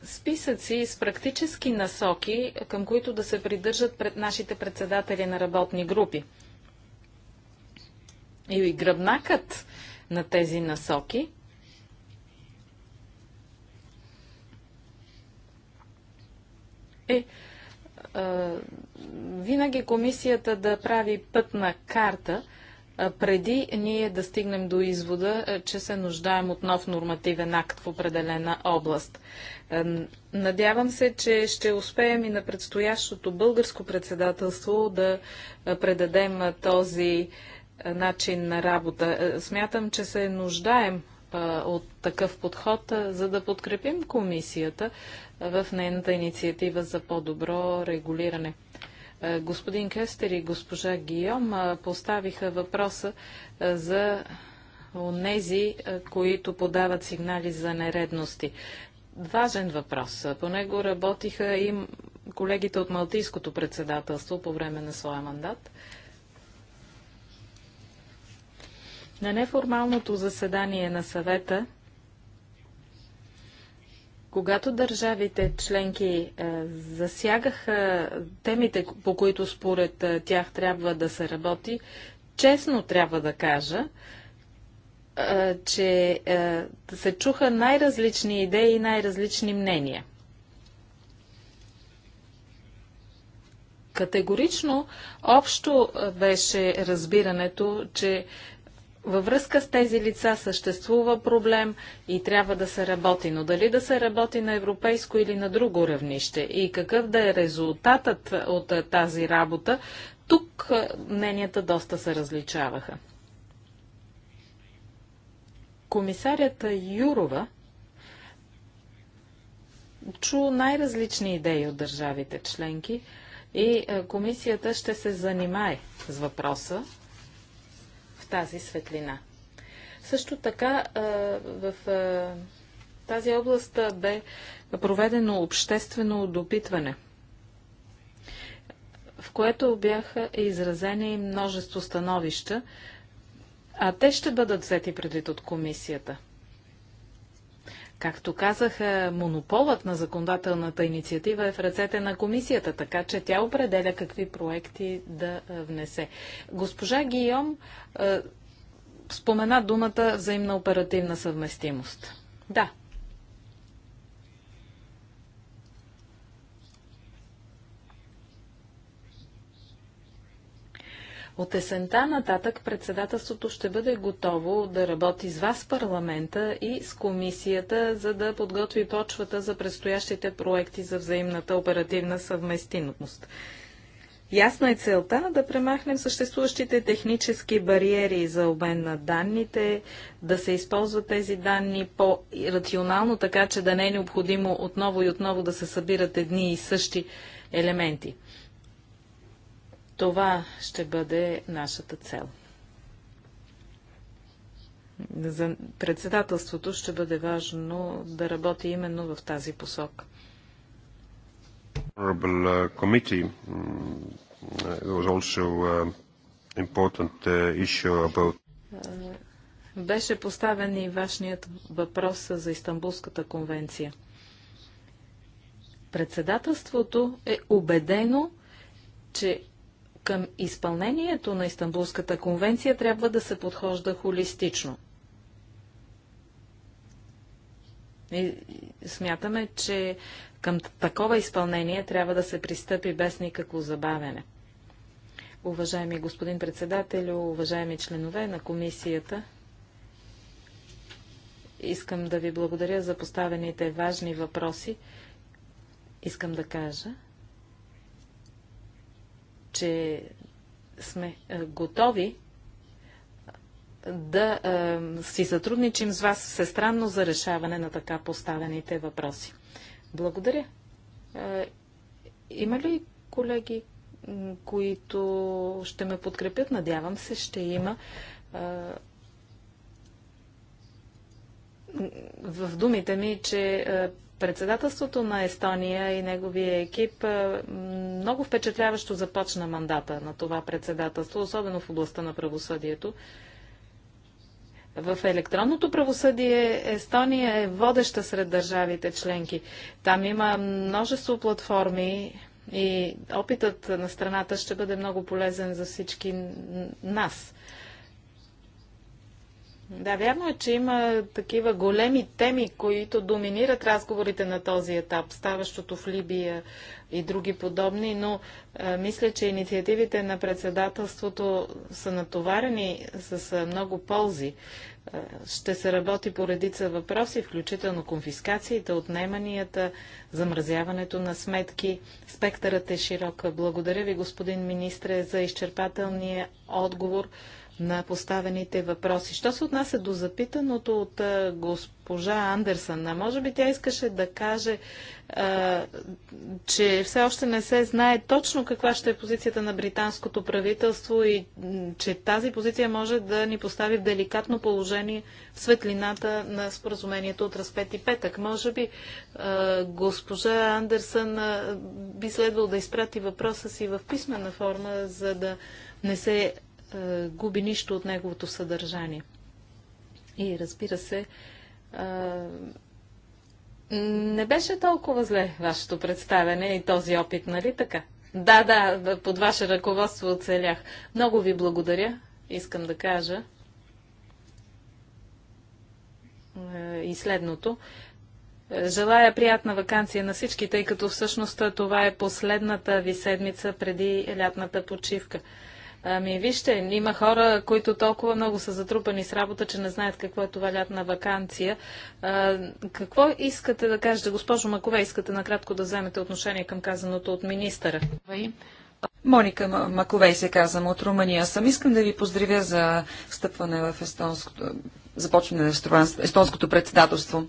списъци с практически насоки, към които да се придържат пред нашите председатели на работни групи. И гръбнакът на тези насоки е винаги комисията да прави пътна карта – преди ние да стигнем до извода, че се нуждаем от нов нормативен акт в определена област. Надявам се, че ще успеем и на предстоящото българско председателство да предадем този начин на работа. Смятам, че се нуждаем от такъв подход, за да подкрепим комисията в нейната инициатива за по-добро регулиране. Е, господин Кестер и госпожа Гийом е, поставиха въпроса е, за онези, които подават сигнали за нередности. Важен въпрос. По него работиха и колегите от Малтийското председателство по време на своя мандат. На неформалното заседание на съвета когато държавите членки е, засягаха темите, по които според е, тях трябва да се работи, честно трябва да кажа, е, че се чуха най-различни идеи и най-различни мнения. Категорично общо беше разбирането, че във връзка с тези лица съществува проблем и трябва да се работи, но дали да се работи на европейско или на друго равнище и какъв да е резултатът от тази работа, тук мненията доста се различаваха. Комисарята Юрова чу най-различни идеи от държавите членки и комисията ще се занимае с въпроса тази светлина. Също така в тази област бе проведено обществено допитване, в което бяха изразени множество становища, а те ще бъдат взети предвид от комисията – Както казах, монополът на законодателната инициатива е в ръцете на комисията, така че тя определя какви проекти да внесе. Госпожа Гийом спомена думата взаимна оперативна съвместимост. Да, От есента нататък председателството ще бъде готово да работи с вас парламента и с комисията, за да подготви почвата за предстоящите проекти за взаимната оперативна съвместимост. Ясна е целта да премахнем съществуващите технически бариери за обмен на данните, да се използват тези данни по-рационално, така че да не е необходимо отново и отново да се събират едни и същи елементи. Това ще бъде нашата цел. За председателството ще бъде важно да работи именно в тази посока. Uh, mm, uh, uh, беше поставен и важният въпрос за Истанбулската конвенция. Председателството е убедено, че към изпълнението на Истанбулската конвенция трябва да се подхожда холистично. И смятаме, че към такова изпълнение трябва да се пристъпи без никакво забавене. Уважаеми господин председател, уважаеми членове на комисията, искам да ви благодаря за поставените важни въпроси. Искам да кажа, че сме е, готови да е, си сътрудничим с вас всестранно за решаване на така поставените въпроси. Благодаря. Е, има ли колеги, които ще ме подкрепят? Надявам се, ще има. Е, в думите ми, че е, Председателството на Естония и неговия екип е, много впечатляващо започна мандата на това председателство, особено в областта на правосъдието. В електронното правосъдие Естония е водеща сред държавите членки. Там има множество платформи и опитът на страната ще бъде много полезен за всички нас. Да, вярно е, че има такива големи теми, които доминират разговорите на този етап, ставащото в Либия и други подобни, но а, мисля, че инициативите на председателството са натоварени с а, много ползи. А, ще се работи по редица въпроси, включително конфискациите, отнеманията, замразяването на сметки. Спектърът е широк. Благодаря ви, господин министре, за изчерпателния отговор на поставените въпроси. Що се отнася до запитаното от госпожа Андерсън, може би тя искаше да каже, а, че все още не се знае точно каква ще е позицията на британското правителство и че тази позиция може да ни постави в деликатно положение в светлината на споразумението от разпет и петък. Може би а, госпожа Андерсън би следвал да изпрати въпроса си в писмена форма, за да не се е, губи нищо от неговото съдържание. И разбира се, е, не беше толкова зле вашето представяне и този опит, нали така? Да, да, под ваше ръководство оцелях. Много ви благодаря, искам да кажа. Е, и следното. Желая приятна вакансия на всички, тъй като всъщност това е последната ви седмица преди лятната почивка. Ами вижте, има хора, които толкова много са затрупани с работа, че не знаят какво е това лятна вакансия. А, какво искате да кажете, госпожо Макове, искате накратко да вземете отношение към казаното от министъра? Моника Маковей се казвам от Румъния. Съм искам да ви поздравя за встъпване в естонското, започване на естонското председателство.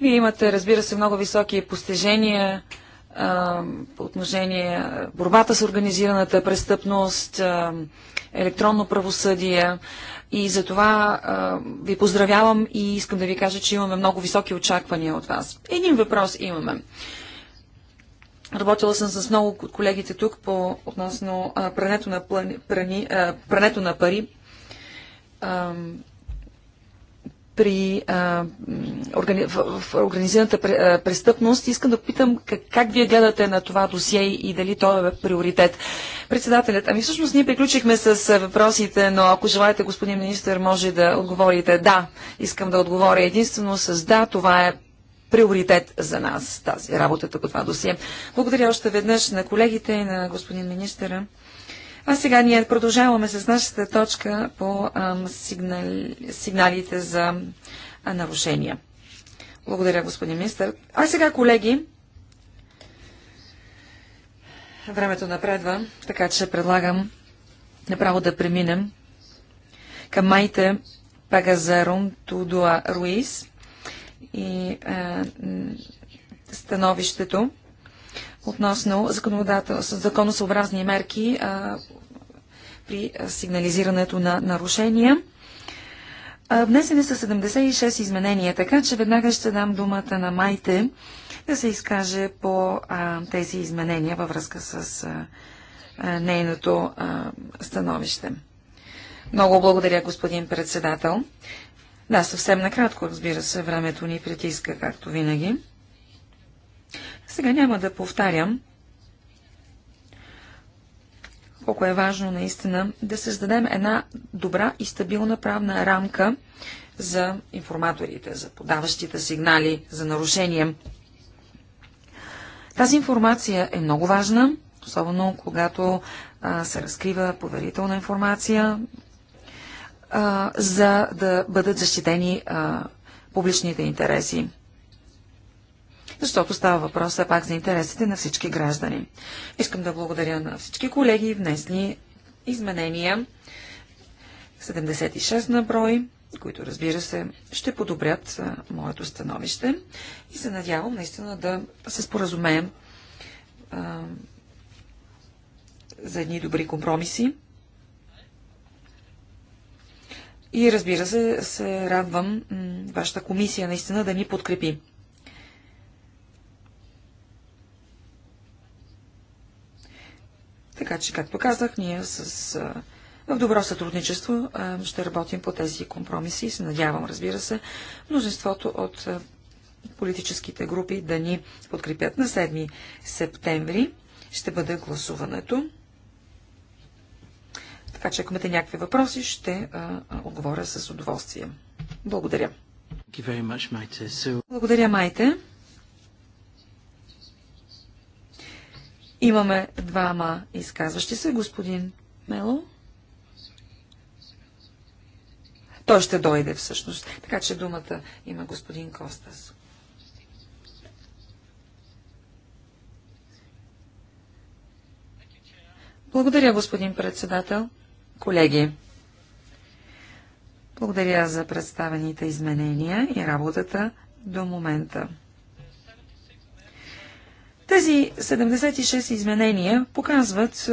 Вие имате, разбира се, много високи постижения по отношение борбата с организираната престъпност, електронно правосъдие. И за това а, ви поздравявам и искам да ви кажа, че имаме много високи очаквания от вас. Един въпрос имаме. Работила съм с много от колегите тук по относно а, прането, на плани, прани, а, прането на пари при а, органи... в, в организираната престъпност. Искам да питам как, как вие гледате на това досие и дали то е приоритет. Председателят, ами всъщност ние приключихме с въпросите, но ако желаете, господин министр, може да отговорите да. Искам да отговоря единствено с да, това е приоритет за нас, тази работата по това досие. Благодаря още веднъж на колегите и на господин министъра. А сега ние продължаваме с нашата точка по ам, сигнали, сигналите за а, нарушения. Благодаря, господин министър. А сега, колеги, времето напредва, така че предлагам направо да преминем към майте Пагазарун Тудуа Руис и становището относно законосъобразни мерки а, при сигнализирането на нарушения. А, внесени са 76 изменения, така че веднага ще дам думата на Майте да се изкаже по а, тези изменения във връзка с нейното становище. Много благодаря, господин председател. Да, съвсем накратко, разбира се, времето ни притиска, както винаги. Сега няма да повтарям колко е важно наистина да създадем една добра и стабилна правна рамка за информаторите, за подаващите сигнали за нарушения. Тази информация е много важна, особено когато а, се разкрива поверителна информация, а, за да бъдат защитени а, публичните интереси защото става въпрос все пак за интересите на всички граждани. Искам да благодаря на всички колеги, внесли изменения, 76 на брой, които разбира се ще подобрят моето становище и се надявам наистина да се споразумеем а, за едни добри компромиси. И разбира се, се радвам вашата комисия наистина да ни подкрепи. Така че, както казах, ние с, а, в добро сътрудничество а, ще работим по тези компромиси и се надявам, разбира се, множеството от а, политическите групи да ни подкрепят на 7 септември. Ще бъде гласуването. Така че, ако имате някакви въпроси, ще а, отговоря с удоволствие. Благодаря. Благодаря, Майте. Имаме двама изказващи се. Господин Мело. Той ще дойде всъщност. Така че думата има господин Костас. Благодаря, господин председател. Колеги, благодаря за представените изменения и работата до момента. Тези 76 изменения показват,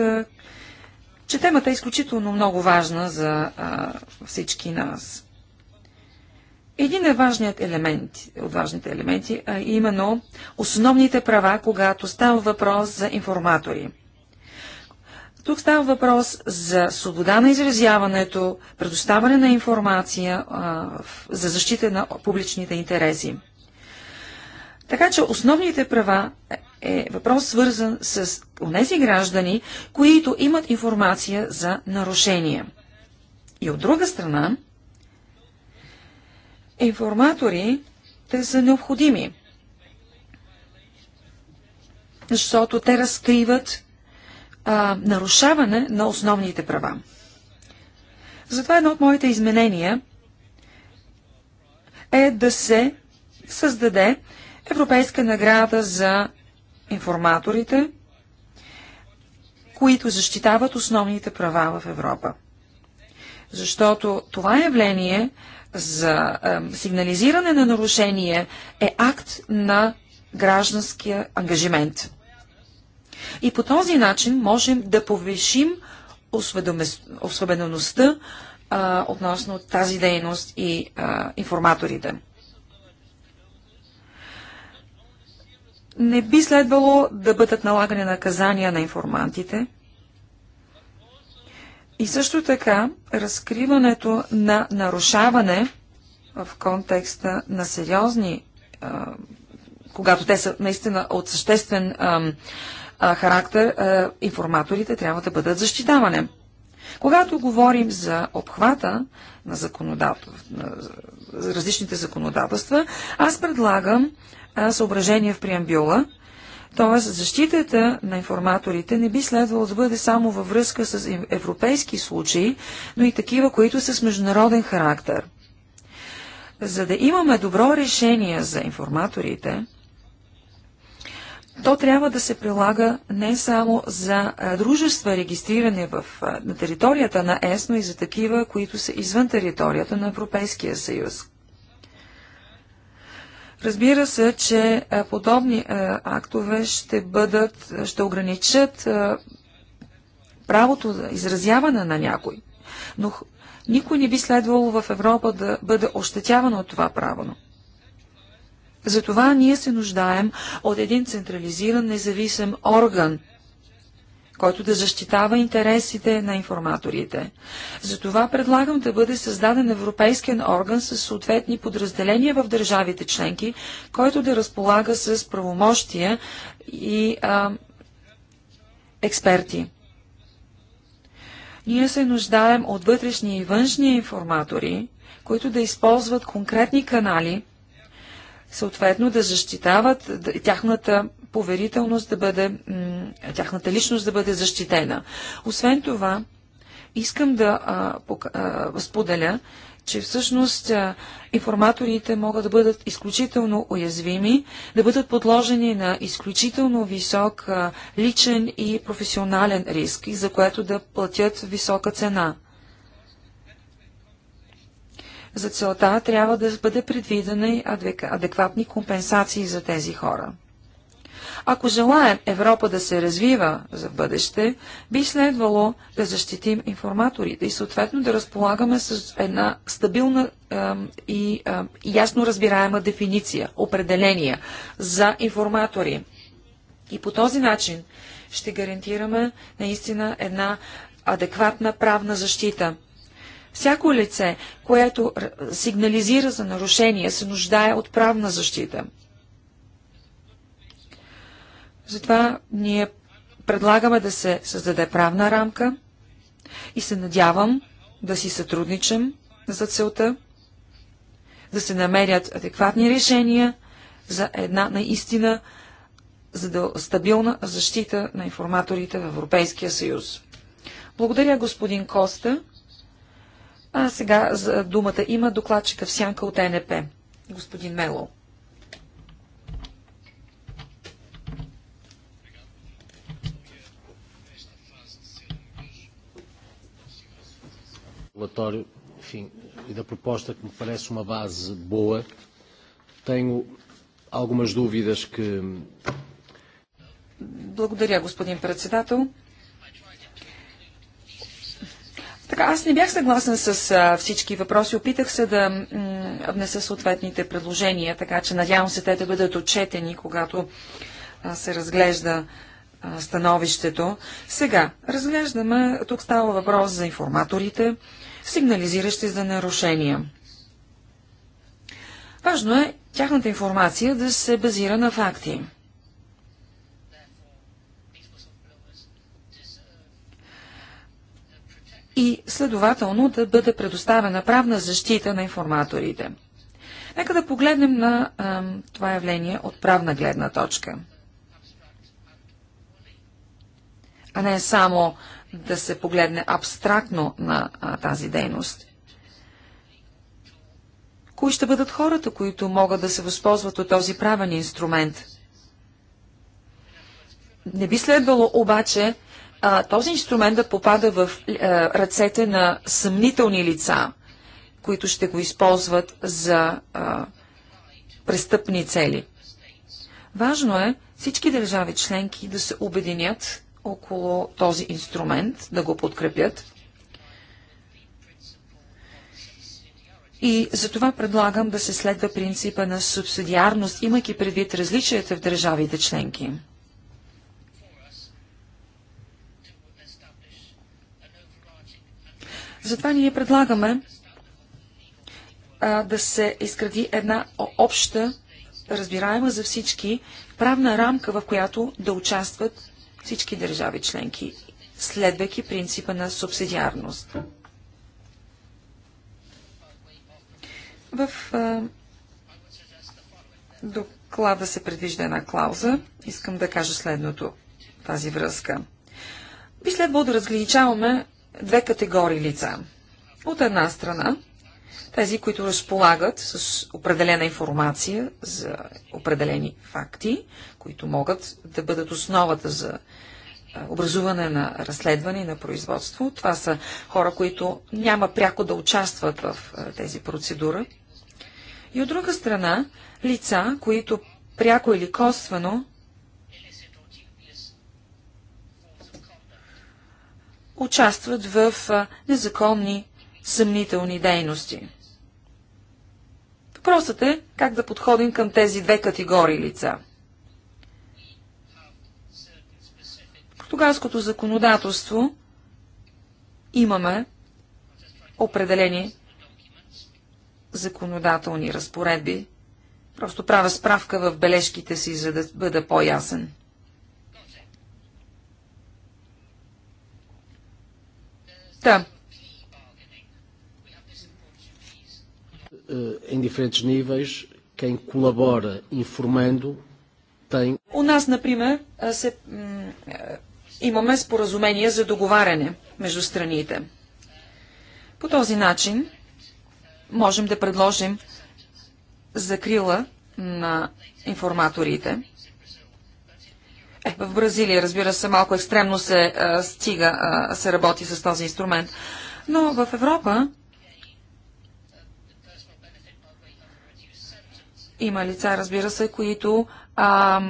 че темата е изключително много важна за всички нас. Един е важният елемент, от важните елементи, а именно основните права, когато става въпрос за информатори. Тук става въпрос за свобода на изразяването, предоставане на информация а, за защита на публичните интереси. Така че основните права е въпрос свързан с тези граждани, които имат информация за нарушения. И от друга страна, информатори, те са необходими, защото те разкриват а, нарушаване на основните права. Затова едно от моите изменения е да се създаде Европейска награда за информаторите, които защитават основните права в Европа. Защото това явление за е, сигнализиране на нарушение е акт на гражданския ангажимент. И по този начин можем да повишим осведомеността относно тази дейност и е, информаторите. не би следвало да бъдат налагани наказания на информантите. И също така, разкриването на нарушаване в контекста на сериозни, когато те са наистина от съществен характер, информаторите трябва да бъдат защитавани. Когато говорим за обхвата на, законодател... на различните законодателства, аз предлагам съображение в преамбюла. т.е. защитата на информаторите не би следвало да бъде само във връзка с европейски случаи, но и такива, които са с международен характер. За да имаме добро решение за информаторите, то трябва да се прилага не само за дружества, регистриране в, на територията на ЕС, но и за такива, които са извън територията на Европейския съюз. Разбира се, че подобни актове ще бъдат, ще ограничат правото за изразяване на някой. Но никой не би следвало в Европа да бъде ощетяван от това право. Затова ние се нуждаем от един централизиран независим орган – който да защитава интересите на информаторите. Затова предлагам да бъде създаден европейски орган с съответни подразделения в държавите членки, който да разполага с правомощия и а, експерти. Ние се нуждаем от вътрешни и външни информатори, които да използват конкретни канали, съответно да защитават тяхната поверителност да бъде, тяхната личност да бъде защитена. Освен това, искам да споделя, че всъщност информаторите могат да бъдат изключително уязвими, да бъдат подложени на изключително висок личен и професионален риск, за което да платят висока цена. За целта трябва да бъде предвидена адекватни компенсации за тези хора. Ако желаем Европа да се развива за бъдеще, би следвало да защитим информаторите и съответно да разполагаме с една стабилна и ясно разбираема дефиниция, определение за информатори. И по този начин ще гарантираме наистина една адекватна правна защита. Всяко лице, което сигнализира за нарушение, се нуждае от правна защита. Затова ние предлагаме да се създаде правна рамка и се надявам да си сътрудничам за целта, да се намерят адекватни решения за една наистина за да стабилна защита на информаторите в Европейския съюз. Благодаря, господин Коста. А сега за думата има докладчика в сянка от НП, господин Мело. relatório enfim, e da proposta que me parece uma base boa. Tenho algumas dúvidas que. Благодаря, господин председател. Така, аз не бях съгласен с а, всички въпроси. Опитах се да внеса съответните предложения, така че надявам се те да бъдат отчетени, когато а, се разглежда а, становището. Сега, разглеждаме, тук става въпрос за информаторите, сигнализиращи за нарушения. Важно е тяхната информация да се базира на факти. И следователно да бъде предоставена правна защита на информаторите. Нека да погледнем на а, това явление от правна гледна точка, а не само да се погледне абстрактно на а, тази дейност. Кои ще бъдат хората, които могат да се възползват от този правен инструмент? Не би следвало обаче а, този инструмент да попада в а, ръцете на съмнителни лица, които ще го използват за а, престъпни цели. Важно е всички държави членки да се обединят около този инструмент, да го подкрепят. И за това предлагам да се следва принципа на субсидиарност, имайки предвид различията в държавите членки. Затова ние предлагаме а, да се изгради една обща, разбираема за всички, правна рамка, в която да участват всички държави членки, следвайки принципа на субсидиарност. В а, доклада се предвижда една клауза. Искам да кажа следното тази връзка. Би следвало да разграничаваме две категории лица. От една страна, тези, които разполагат с определена информация за определени факти, които могат да бъдат основата за образуване на разследване и на производство. Това са хора, които няма пряко да участват в тези процедури. И от друга страна, лица, които пряко или косвено участват в незаконни съмнителни дейности. Въпросът е как да подходим към тези две категории лица. португалското законодателство имаме определени законодателни разпоредби. Просто правя справка в бележките си, за да бъда по-ясен. Та, да. Eh, em diferentes níveis, quem colabora informando tem. У нас, например, se имаме споразумение за договаряне между страните. По този начин можем да предложим закрила на информаторите. Е, в Бразилия, разбира се, малко екстремно се а, стига, а, се работи с този инструмент. Но в Европа Има лица, разбира се, които а,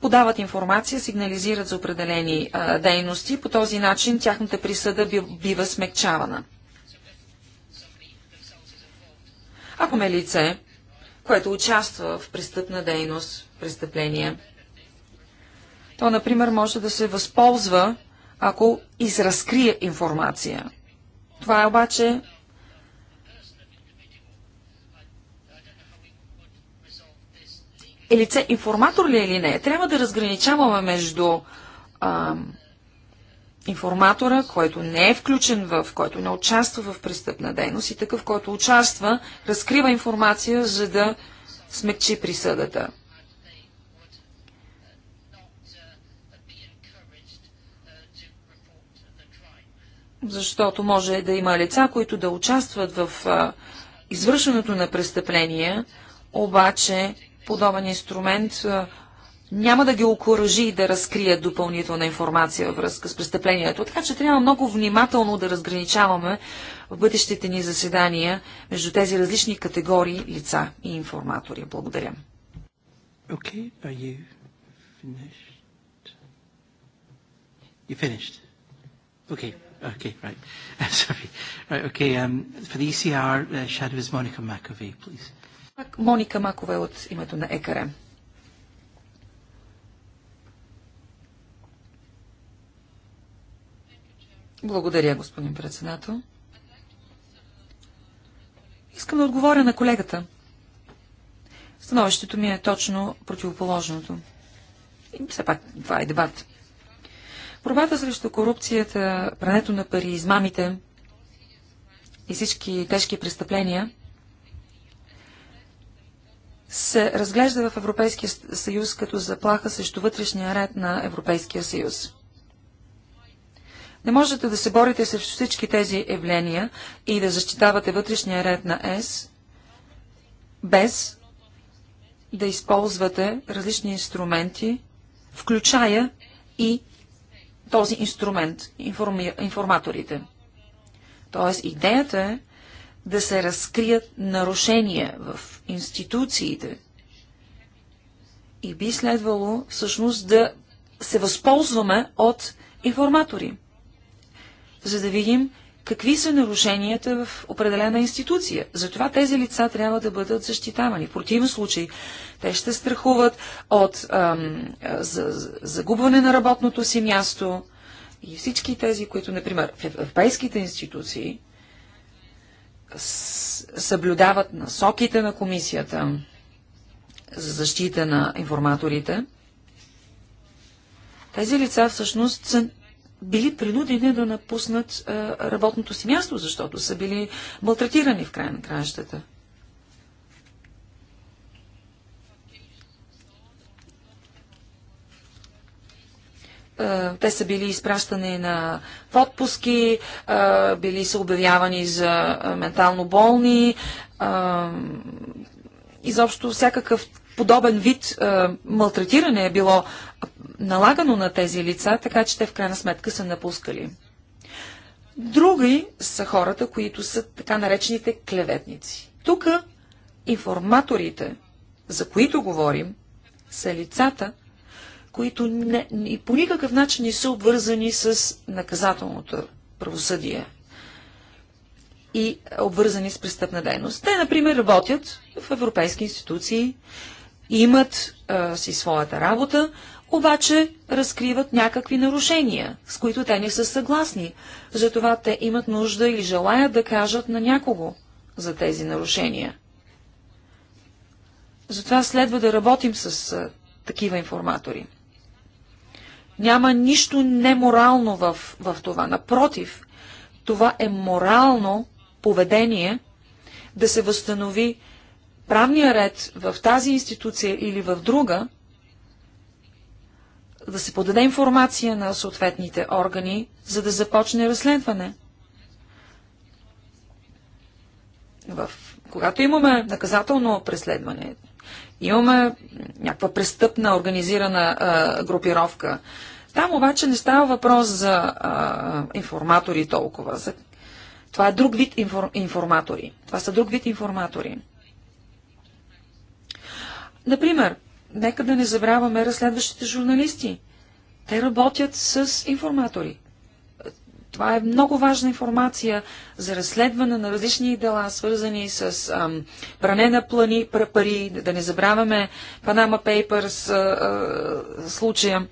подават информация, сигнализират за определени а, дейности. По този начин тяхната присъда бива смекчавана. Ако ме лице, което участва в престъпна дейност, престъпление, то, например, може да се възползва, ако изразкрие информация. Това е обаче е лице информатор ли е или не. Трябва да разграничаваме между а, информатора, който не е включен в, който не участва в престъпна дейност и такъв, който участва, разкрива информация, за да смекчи присъдата. Защото може да има лица, които да участват в а, извършването на престъпления, обаче подобен инструмент няма да ги окоръжи и да разкрият допълнителна информация във връзка с престъплението. Така че трябва много внимателно да разграничаваме в бъдещите ни заседания между тези различни категории лица и информатори. Благодаря. Okay, are you finished? You finished? Okay, okay, right. Sorry. Right, okay, um, for the ECR, uh, shadow is Monica McAvey, please. Моника Макове от името на ЕКРМ. Благодаря, господин председател. Искам да отговоря на колегата. Становището ми е точно противоположното. И все пак това е дебат. Борбата срещу корупцията, прането на пари, измамите и всички тежки престъпления се разглежда в Европейския съюз като заплаха срещу вътрешния ред на Европейския съюз. Не можете да се борите с всички тези явления и да защитавате вътрешния ред на ЕС, без да използвате различни инструменти, включая и този инструмент, информи... информаторите. Тоест, идеята е да се разкрият нарушения в институциите. И би следвало всъщност да се възползваме от информатори, за да видим какви са нарушенията в определена институция. Затова тези лица трябва да бъдат защитавани. В противен случай те ще страхуват от ам, за, загубване на работното си място и всички тези, които, например, в европейските институции съблюдават насоките на комисията за защита на информаторите, тези лица всъщност са били принудени да напуснат работното си място, защото са били малтретирани в края на краищата. Е, те са били изпращани на подпуски, е, били са обявявани за ментално болни, е, изобщо всякакъв подобен вид малтретиране е било налагано на тези лица, така че те в крайна сметка са напускали. Други са хората, които са така наречените клеветници. Тук информаторите, за които говорим, са лицата, които не, и по никакъв начин не са обвързани с наказателното правосъдие и обвързани с престъпна дейност. Те, например, работят в европейски институции, имат а, си своята работа, обаче разкриват някакви нарушения, с които те не са съгласни. Затова те имат нужда или желаят да кажат на някого за тези нарушения. Затова следва да работим с а, такива информатори. Няма нищо неморално в, в това. Напротив, това е морално поведение да се възстанови правния ред в тази институция или в друга, да се подаде информация на съответните органи, за да започне разследване. В... Когато имаме наказателно преследване, Имаме някаква престъпна организирана а, групировка. Там обаче не става въпрос за а, информатори толкова. За... Това е друг вид инфор... информатори. Това са друг вид информатори. Например, нека да не забравяме разследващите журналисти. Те работят с информатори. Това е много важна информация за разследване на различни дела, свързани с ам, пране на плани, пари, да не забравяме панама пейперс случая.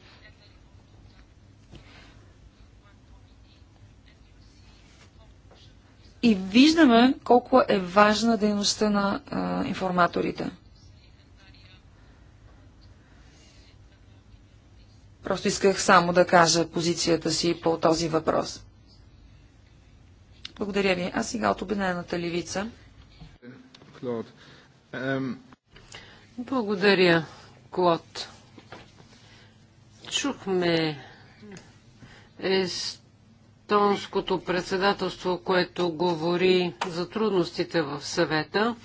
И виждаме колко е важна дейността на а, информаторите. Просто исках само да кажа позицията си по този въпрос. Благодаря ви. А сега от Обединената левица. Благодаря, Клод. Чухме естонското председателство, което говори за трудностите в съвета.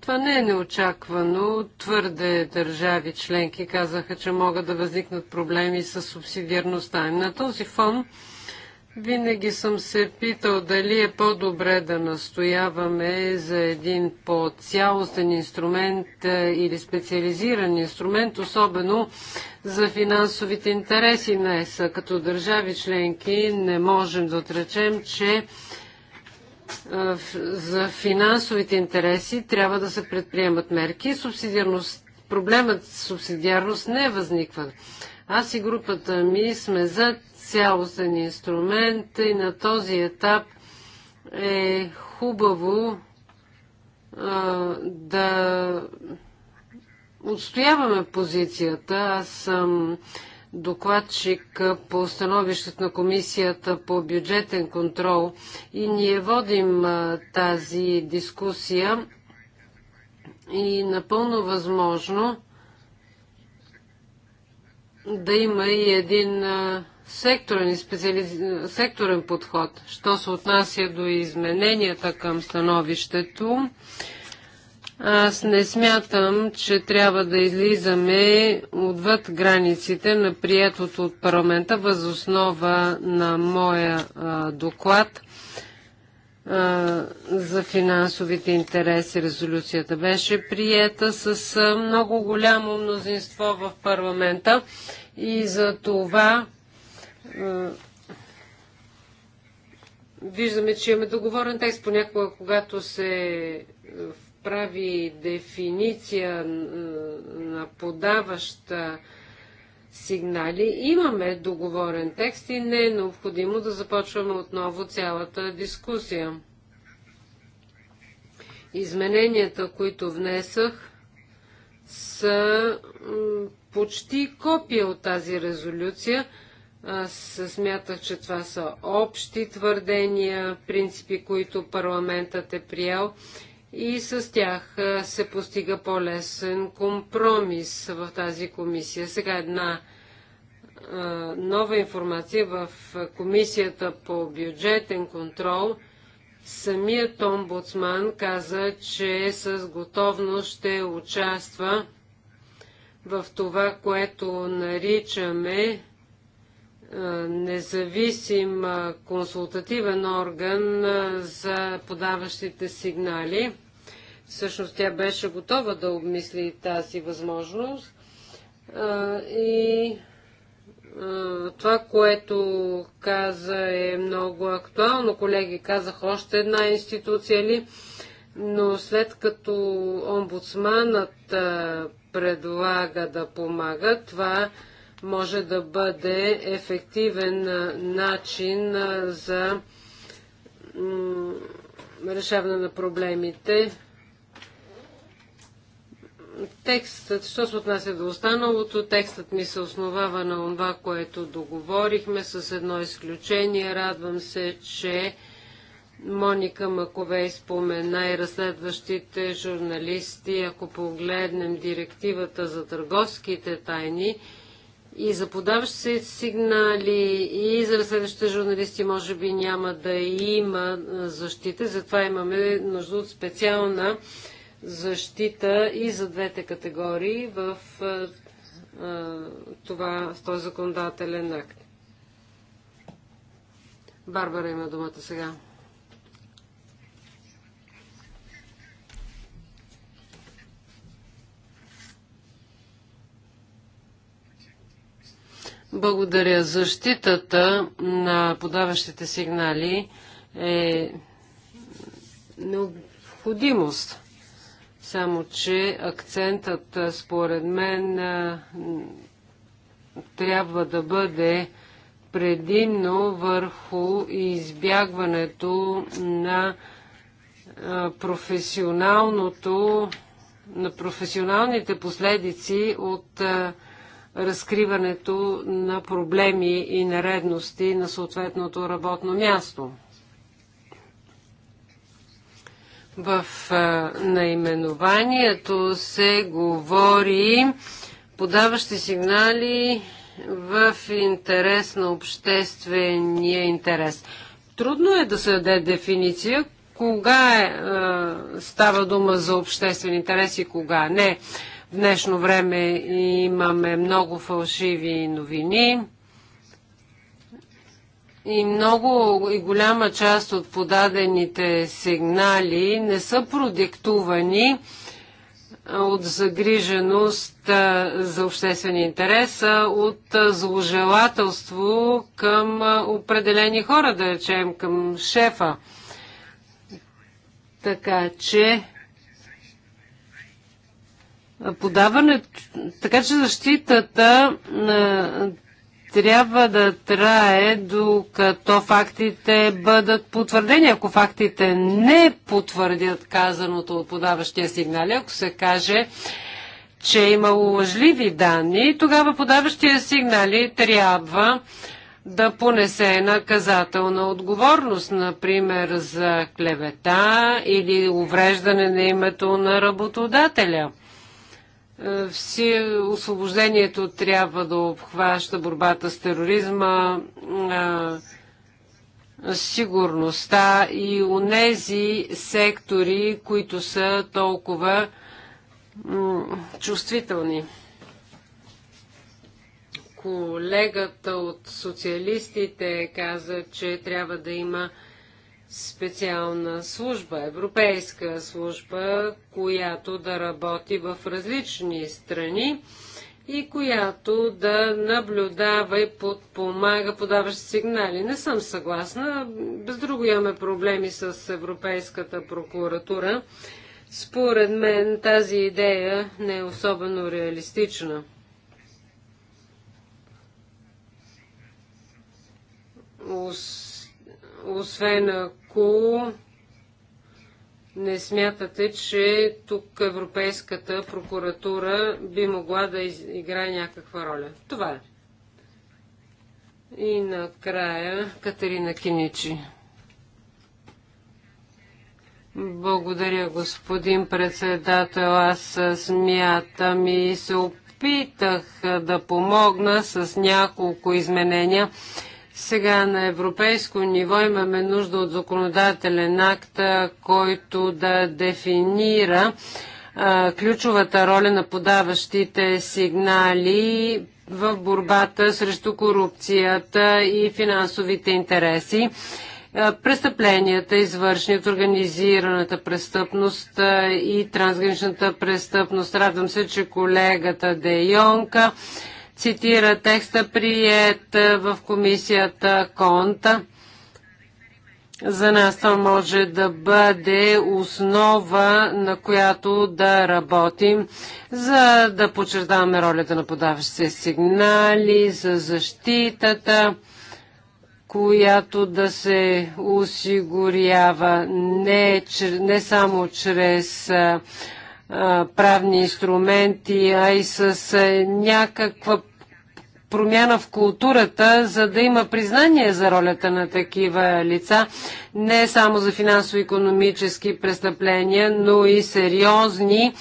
Това не е неочаквано. Твърде държави членки казаха, че могат да възникнат проблеми с субсидиарността. На този фон винаги съм се питал дали е по-добре да настояваме за един по-цялостен инструмент е, или специализиран инструмент, особено за финансовите интереси на ЕС. Като държави членки не можем да отречем, че е, за финансовите интереси трябва да се предприемат мерки. Субсидиарност, проблемът с субсидиарност не възниква. Аз и групата ми сме за цялостен инструмент и на този етап е хубаво а, да отстояваме позицията. Аз съм докладчик по становището на Комисията по бюджетен контрол и ние водим а, тази дискусия и напълно възможно да има и един а, секторен, специализ... секторен подход. Що се отнася до измененията към становището, аз не смятам, че трябва да излизаме отвъд границите на приетото от парламента възоснова на моя а, доклад а, за финансовите интереси. Резолюцията беше приета с а, много голямо мнозинство в парламента и за това виждаме, че имаме договорен текст. Понякога, когато се е, прави дефиниция на подаваща сигнали, имаме договорен текст и не е необходимо да започваме отново цялата дискусия. Измененията, които внесах, са почти копия от тази резолюция – аз смятах, че това са общи твърдения, принципи, които парламентът е приел и с тях се постига по-лесен компромис в тази комисия. Сега една нова информация в комисията по бюджетен контрол. Самият омбудсман каза, че с готовност ще участва в това, което наричаме е, независим е, консултативен орган е, за подаващите сигнали. Всъщност тя беше готова да обмисли тази възможност. И това, което каза е много актуално. Колеги, казах още една институция ли, но след като омбудсманът предлага да помага, това е може да бъде ефективен начин за решаване на проблемите. Текстът, що се отнася до останалото, текстът ми се основава на това, което договорихме с едно изключение. Радвам се, че Моника Маковей спомена и разследващите журналисти. Ако погледнем директивата за търговските тайни, и за подаващи се сигнали и за разследващите журналисти може би няма да има защита. Затова имаме нужда от специална защита и за двете категории в, това, в този законодателен акт. Барбара има думата сега. Благодаря. Защитата на подаващите сигнали е необходимост. Само, че акцентът, според мен, трябва да бъде предимно върху избягването на професионалното на професионалните последици от а, разкриването на проблеми и нередности на съответното работно място. В наименованието се говори подаващи сигнали в интерес на обществения интерес. Трудно е да се даде дефиниция кога е, става дума за обществен интерес и кога не днешно време имаме много фалшиви новини и много и голяма част от подадените сигнали не са продиктувани от загриженост за обществен интерес, а от зложелателство към определени хора, да речем към шефа. Така че подаване, така че защитата трябва да трае докато фактите бъдат потвърдени. Ако фактите не потвърдят казаното от подаващия сигнал, ако се каже, че е имало лъжливи данни, тогава подаващия сигнал трябва да понесе наказателна отговорност, например за клевета или увреждане на името на работодателя – е, Все освобождението трябва да обхваща борбата с тероризма, е, сигурността и онези сектори, които са толкова чувствителни. Колегата от социалистите каза, че трябва да има специална служба, европейска служба, която да работи в различни страни и която да наблюдава и подпомага подаващи сигнали. Не съм съгласна. Без друго имаме проблеми с Европейската прокуратура. Според мен тази идея не е особено реалистична. Освен ако ако не смятате, че тук Европейската прокуратура би могла да играе някаква роля. Това е. И накрая Катерина Киничи. Благодаря, господин председател. Аз смятам и се опитах да помогна с няколко изменения сега на европейско ниво имаме нужда от законодателен акт, който да дефинира а, ключовата роля на подаващите сигнали в борбата срещу корупцията и финансовите интереси. Престъпленията, извършени от организираната престъпност и трансграничната престъпност. Радвам се, че колегата Де Йонка цитира текста прият е, в комисията Конта. За нас това може да бъде основа, на която да работим, за да подчертаваме ролята на подаващите сигнали, за защитата, която да се осигурява не, не само чрез е, правни инструменти, а и с някаква промяна в културата, за да има признание за ролята на такива лица, не само за финансово-економически престъпления, но и сериозни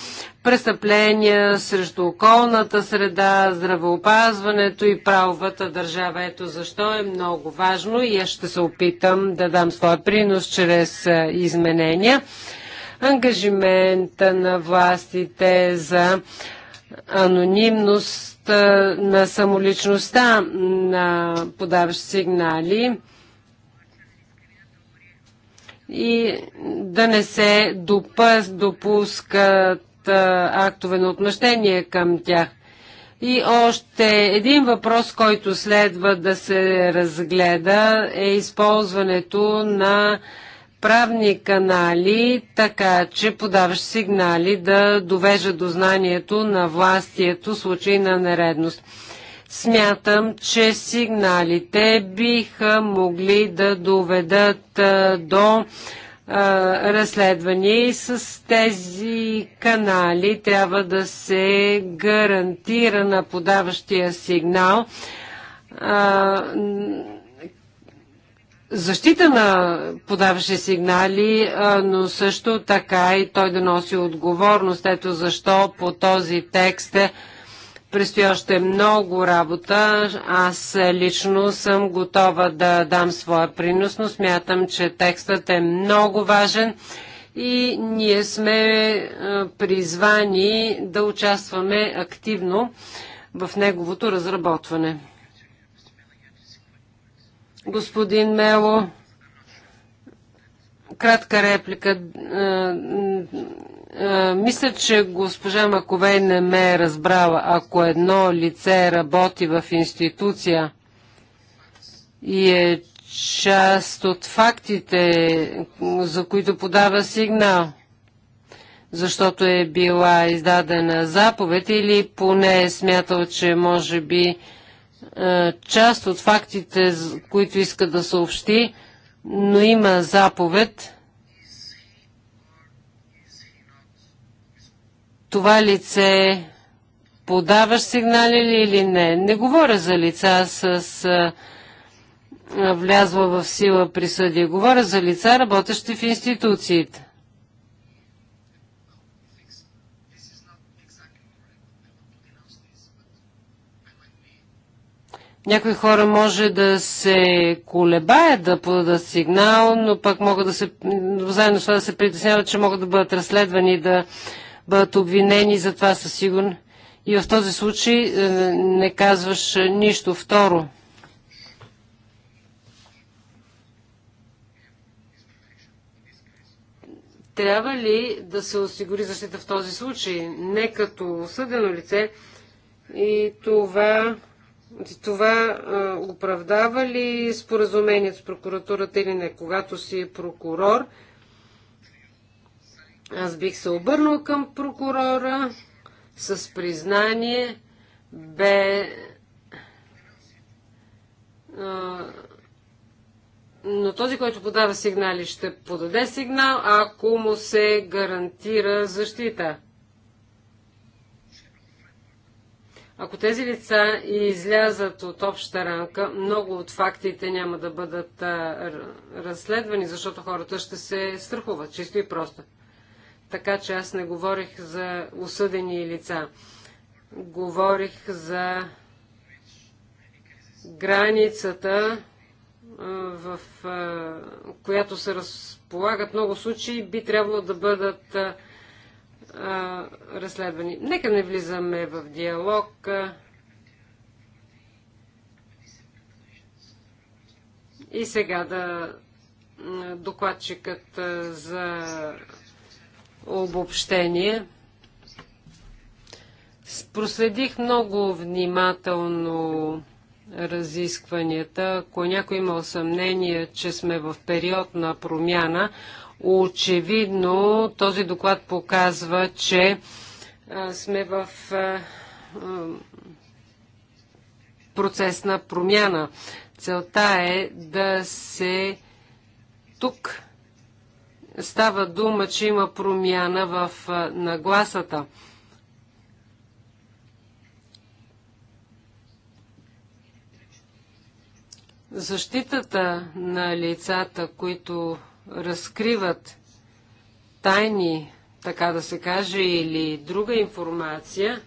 престъпления срещу околната среда, здравеопазването и правовата държава. Ето защо е много важно и аз ще се опитам да дам своя принос чрез изменения ангажимента на властите за анонимност на самоличността на подаващи сигнали и да не се допускат актове на отмъщение към тях. И още един въпрос, който следва да се разгледа е използването на правни канали, така че подаваш сигнали да довежа до знанието на властието случай на нередност. Смятам, че сигналите биха могли да доведат до разследвания и с тези канали трябва да се гарантира на подаващия сигнал а, защита на подаваше сигнали, но също така и той да носи отговорност. Ето защо по този текст е, предстои още много работа. Аз лично съм готова да дам своя принос, но смятам, че текстът е много важен и ние сме призвани да участваме активно в неговото разработване. Господин Мело, кратка реплика. Е, е, мисля, че госпожа Маковей не ме е разбрала. Ако едно лице работи в институция и е част от фактите, за които подава сигнал, защото е била издадена заповед или поне е смятал, че може би е, част от фактите, които иска да съобщи, но има заповед. Това лице подаваш сигнали ли или не? Не говоря за лица с е, влязла в сила присъди. Говоря за лица, работещи в институциите. Някои хора може да се колебаят да подадат сигнал, но пък могат да се, заедно с това да се притесняват, че могат да бъдат разследвани, да бъдат обвинени, за това със сигурно. И в този случай е, не казваш нищо. Второ, трябва ли да се осигури защита в този случай? Не като осъдено лице. И това това оправдава ли споразумението с прокуратурата или не? Когато си прокурор, аз бих се обърнал към прокурора с признание, бе но този, който подава сигнали, ще подаде сигнал, ако му се гарантира защита. Ако тези лица излязат от обща рамка, много от фактите няма да бъдат разследвани, защото хората ще се страхуват, чисто и просто. Така че аз не говорих за осъдени лица. Говорих за границата, в която се разполагат много случаи, би трябвало да бъдат разследвани. Нека не влизаме в диалог. И сега да докладчикът за обобщение. Проследих много внимателно разискванията. Ако някой има съмнение, че сме в период на промяна, Очевидно този доклад показва, че а, сме в а, процес на промяна. Целта е да се тук става дума, че има промяна в нагласата. Защитата на лицата, които разкриват тайни, така да се каже, или друга информация,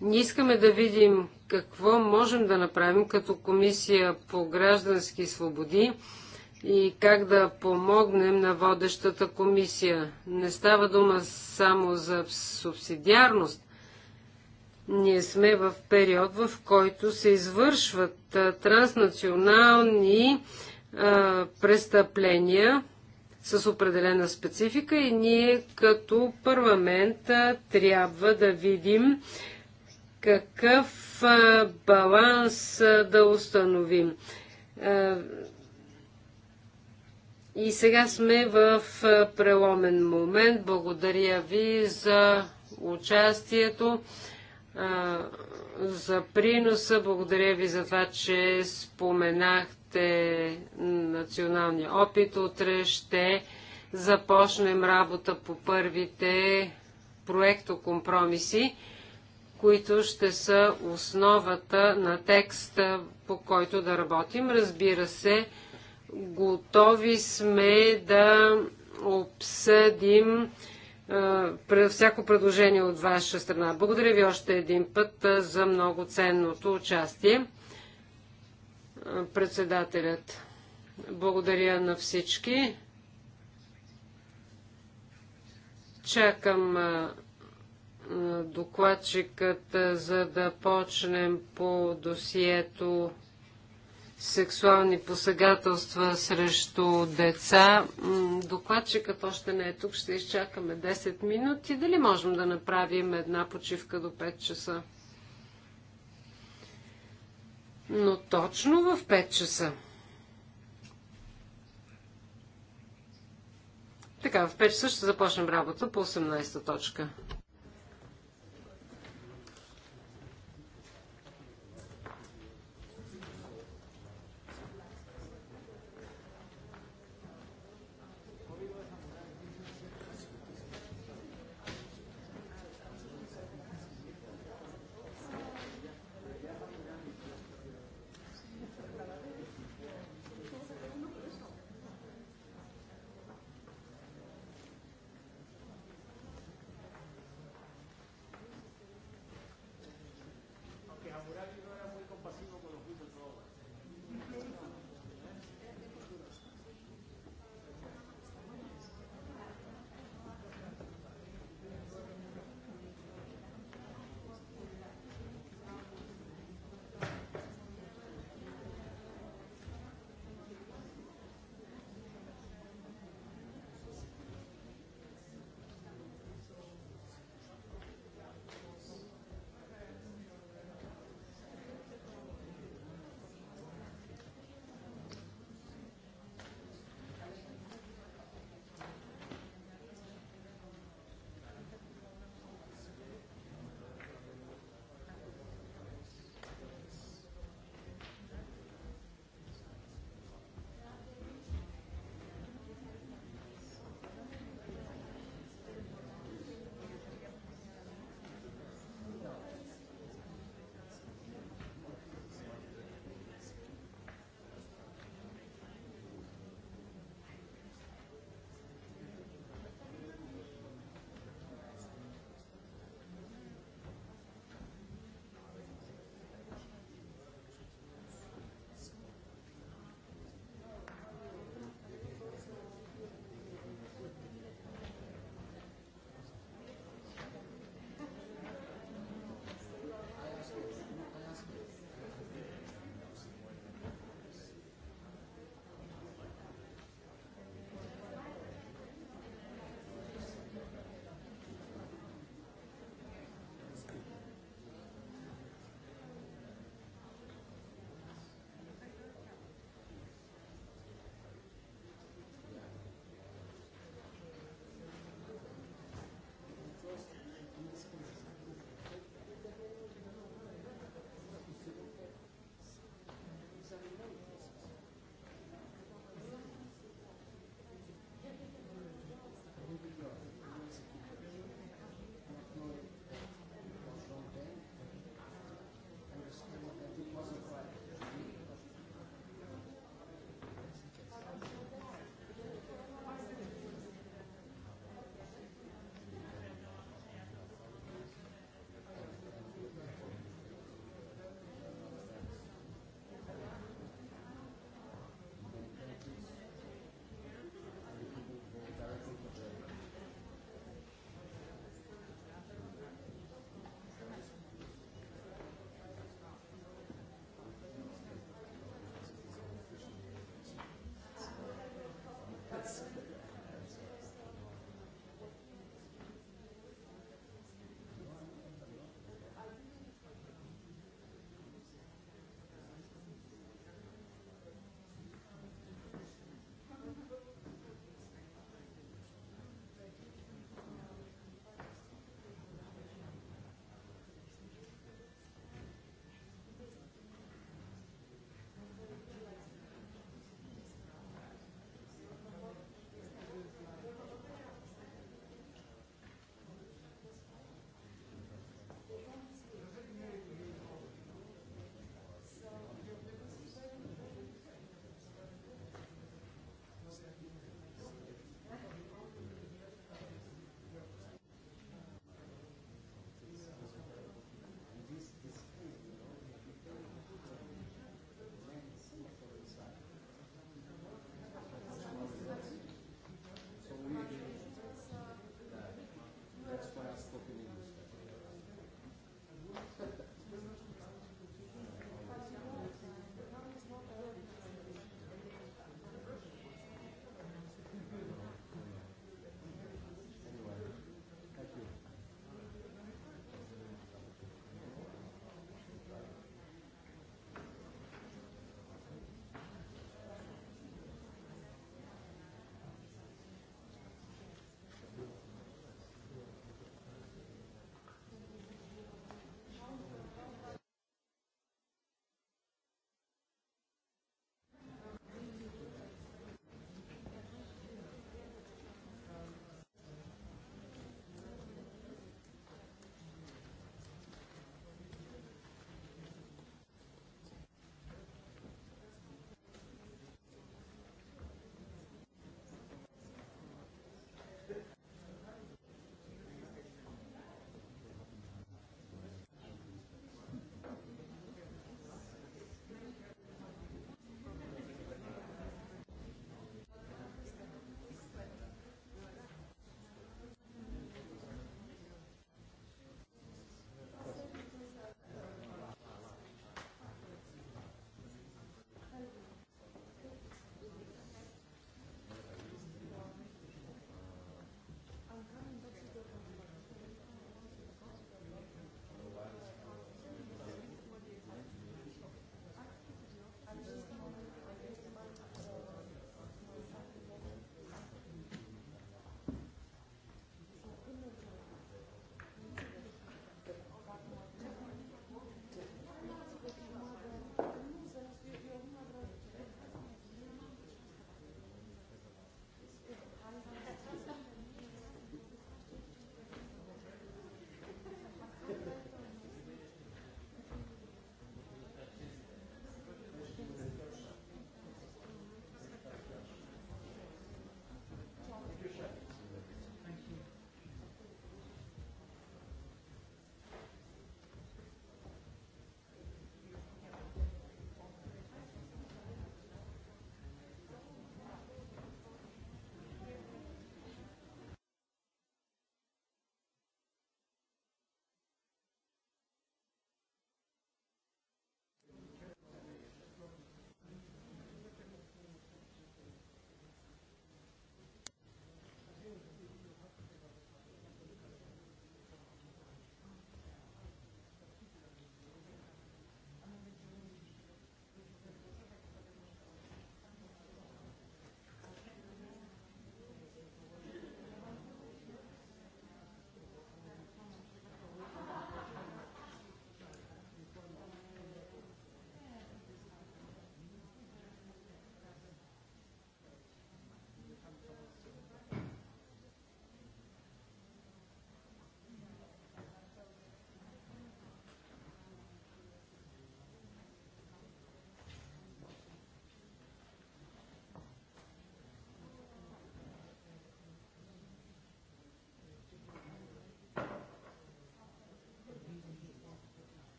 Ние искаме да видим какво можем да направим като комисия по граждански свободи и как да помогнем на водещата комисия. Не става дума само за субсидиарност. Ние сме в период, в който се извършват транснационални а, престъпления с определена специфика и ние като парламент а, трябва да видим какъв а, баланс да установим. И сега сме в преломен момент. Благодаря ви за участието за приноса. Благодаря ви за това, че споменахте националния опит. Утре ще започнем работа по първите проектокомпромиси, които ще са основата на текста, по който да работим. Разбира се, готови сме да обсъдим всяко предложение от ваша страна. Благодаря ви още един път за много ценното участие. Председателят. Благодаря на всички. Чакам докладчикът, за да почнем по досието сексуални посегателства срещу деца. Докладчикът още не е тук, ще изчакаме 10 минути. Дали можем да направим една почивка до 5 часа? Но точно в 5 часа. Така, в 5 часа ще започнем работа по 18 точка.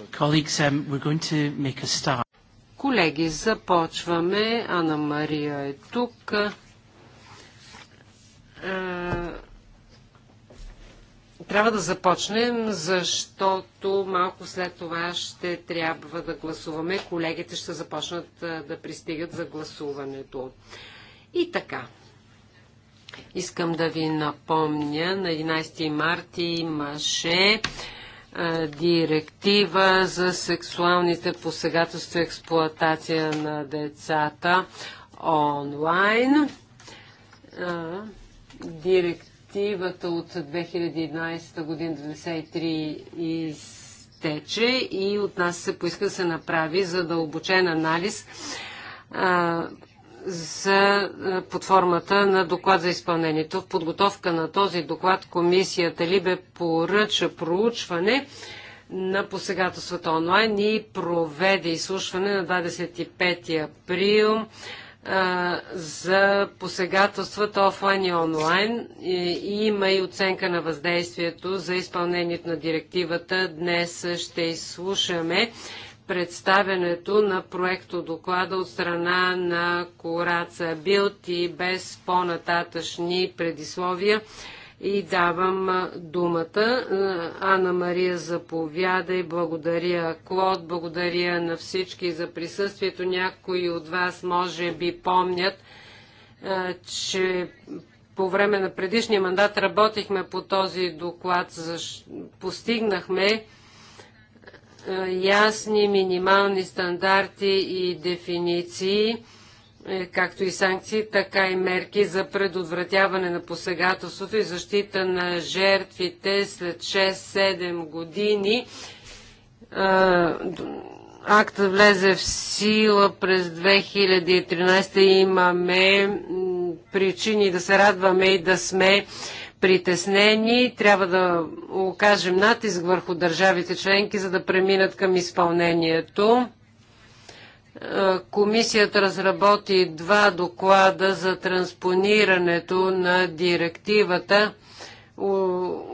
Um, Колеги, започваме. Ана Мария е тук. Е, трябва да започнем, защото малко след това ще трябва да гласуваме. Колегите ще започнат е, да пристигат за гласуването. И така. Искам да ви напомня, на 11 марта имаше директива за сексуалните посегателства и експлоатация на децата онлайн. Директивата от 2011 година 93 изтече и от нас се поиска да се направи задълбочен анализ за, е, под формата на доклад за изпълнението. В подготовка на този доклад комисията ли бе поръча проучване на посегателствата онлайн и проведе изслушване на 25 април е, за посегателствата офлайн и онлайн. и има и оценка на въздействието за изпълнението на директивата. Днес ще изслушаме представянето на проекто доклада от страна на Кораца Билт и без по-нататъчни предисловия. И давам думата. Ана Мария, заповяда и благодаря Клод, благодаря на всички за присъствието. Някои от вас може би помнят, че по време на предишния мандат работихме по този доклад, постигнахме е, ясни минимални стандарти и дефиниции, е, както и санкции, така и мерки за предотвратяване на посегателството и защита на жертвите след 6-7 години. Е, Актът влезе в сила през 2013. Имаме причини да се радваме и да сме притеснени. Трябва да окажем натиск върху държавите членки, за да преминат към изпълнението. Е, комисията разработи два доклада за транспонирането на директивата.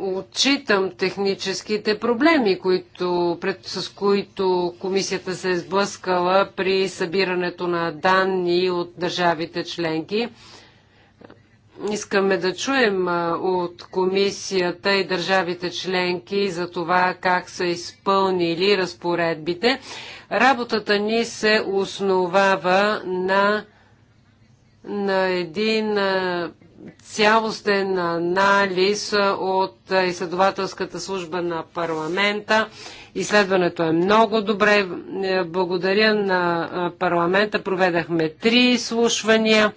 Отчитам техническите проблеми, които, пред, с които комисията се е сблъскала при събирането на данни от държавите членки. Искаме да чуем от комисията и държавите членки за това как са изпълнили разпоредбите. Работата ни се основава на, на един цялостен анализ от изследователската служба на парламента. Изследването е много добре. Благодаря на парламента. Проведахме три слушвания.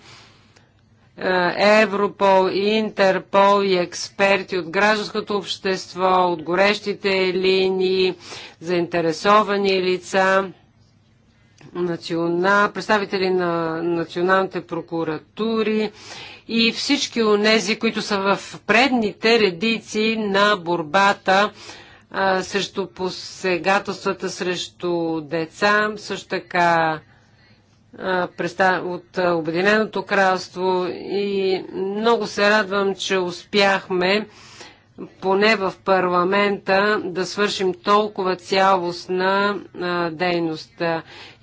Е, Европол, Интерпол и експерти от гражданското общество, от горещите линии, заинтересовани лица, национал, представители на националните прокуратури и всички тези, които са в предните редици на борбата а, срещу посегателствата срещу деца, също така от Обединеното кралство и много се радвам, че успяхме поне в парламента да свършим толкова цялостна дейност.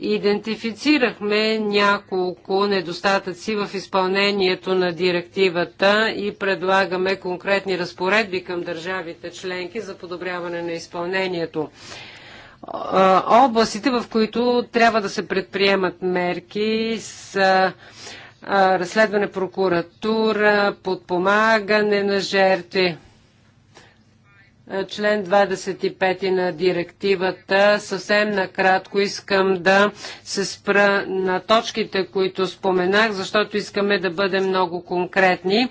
Идентифицирахме няколко недостатъци в изпълнението на директивата и предлагаме конкретни разпоредби към държавите членки за подобряване на изпълнението областите, в които трябва да се предприемат мерки с разследване прокуратура, подпомагане на жертви. Член 25 на директивата. Съвсем накратко искам да се спра на точките, които споменах, защото искаме да бъдем много конкретни.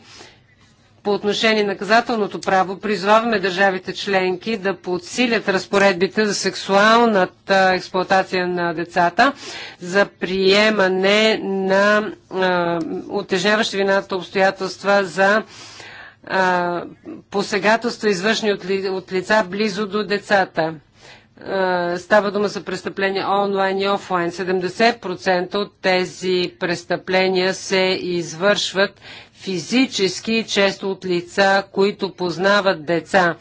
По отношение на наказателното право призваваме държавите членки да подсилят разпоредбите за сексуалната експлоатация на децата, за приемане на отежняващи вината обстоятелства за посегателства, извършни от, ли, от лица близо до децата. става дума за престъпления онлайн и офлайн. 70% от тези престъпления се извършват физически, често от лица, които познават деца,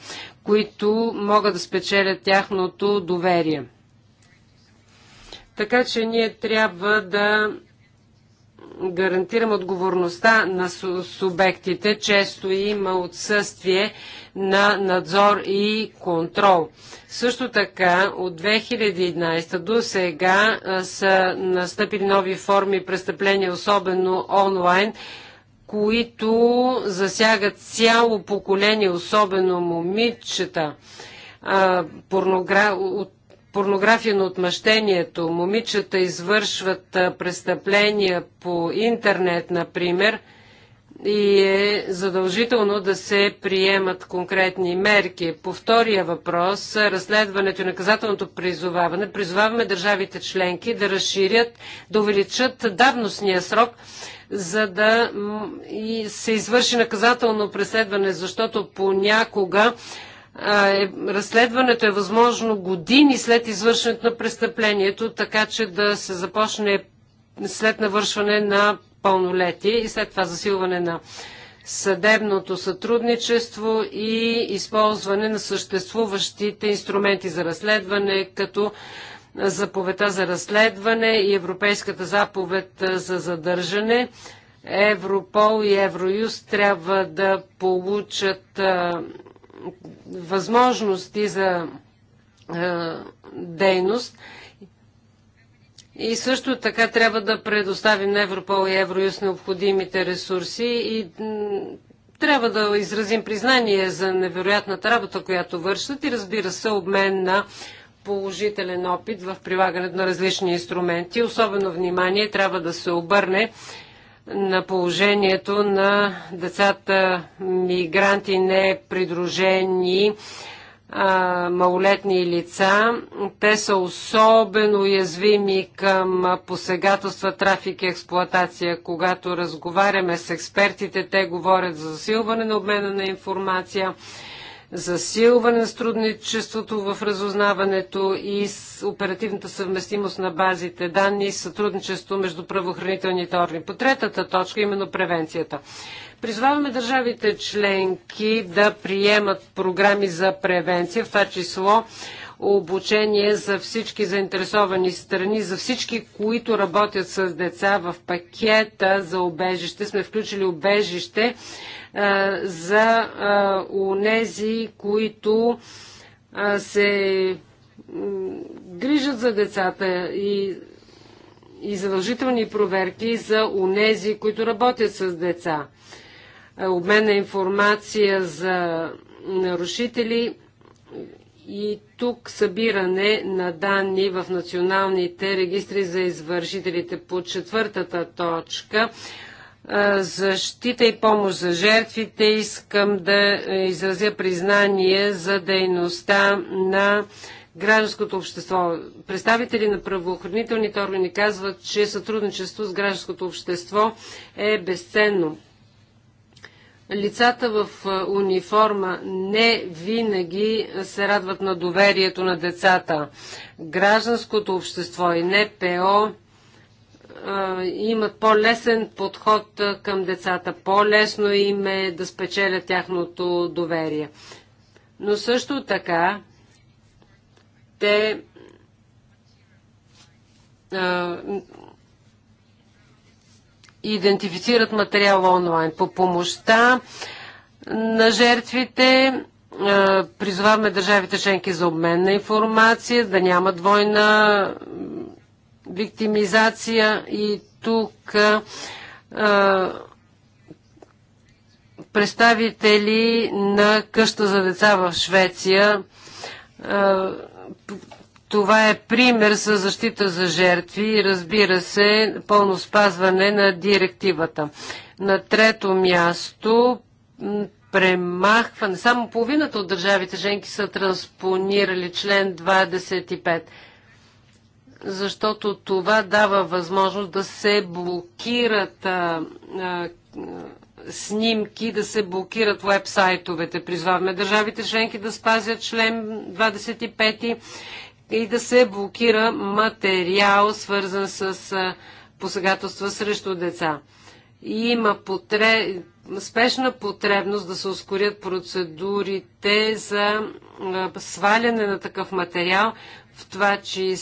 които могат да спечелят тяхното доверие. Така че ние трябва да гарантирам отговорността на субектите. Често има отсъствие на надзор и контрол. Също така от 2011 до сега са настъпили нови форми престъпления, особено онлайн които засягат цяло поколение, особено момичета, а, порногра... от порнография на отмъщението. Момичета извършват престъпления по интернет, например, и е задължително да се приемат конкретни мерки. По втория въпрос, разследването и наказателното призоваване, призоваваме държавите членки да разширят, да увеличат давностния срок за да се извърши наказателно преследване, защото понякога е, разследването е възможно години след извършването на престъплението, така че да се започне след навършване на пълнолетие и след това засилване на съдебното сътрудничество и използване на съществуващите инструменти за разследване, като заповедта за разследване и Европейската заповед за задържане. Европол и Евроюз трябва да получат възможности за дейност. И също така трябва да предоставим на Европол и Евроюз необходимите ресурси и трябва да изразим признание за невероятната работа, която вършат и разбира се обмен на положителен опит в прилагането на различни инструменти. Особено внимание трябва да се обърне на положението на децата мигранти, непридружени малолетни лица. Те са особено уязвими към посегателства, трафик и експлоатация. Когато разговаряме с експертите, те говорят за засилване на обмена на информация засилване на струдничеството в разузнаването и с оперативната съвместимост на базите данни и сътрудничество между правоохранителните органи. По третата точка, именно превенцията. Призваваме държавите членки да приемат програми за превенция, в това число обучение за всички заинтересовани страни, за всички, които работят с деца в пакета за обежище. Сме включили обежище за унези, които се грижат за децата и, и задължителни проверки за унези, които работят с деца. Обмен на информация за нарушители и тук събиране на данни в националните регистри за извършителите по четвъртата точка защита и помощ за жертвите. Искам да изразя признание за дейността на гражданското общество. Представители на правоохранителните органи казват, че сътрудничество с гражданското общество е безценно. Лицата в униформа не винаги се радват на доверието на децата. Гражданското общество и НПО а, имат по-лесен подход към децата. По-лесно им е да спечелят тяхното доверие. Но също така, те а, идентифицират материал онлайн. По помощта на жертвите призоваваме държавите членки за обмен на информация, да няма двойна виктимизация и тук а, представители на къща за деца в Швеция. А, това е пример за защита за жертви и разбира се пълно спазване на директивата. На трето място премахване. Само половината от държавите женки са транспонирали член 25 защото това дава възможност да се блокират а, а, снимки, да се блокират вебсайтовете. Призваваме държавите членки да спазят член 25 и да се блокира материал, свързан с а, посегателства срещу деца. И има потре... спешна потребност да се ускорят процедурите за сваляне на такъв материал, в това, че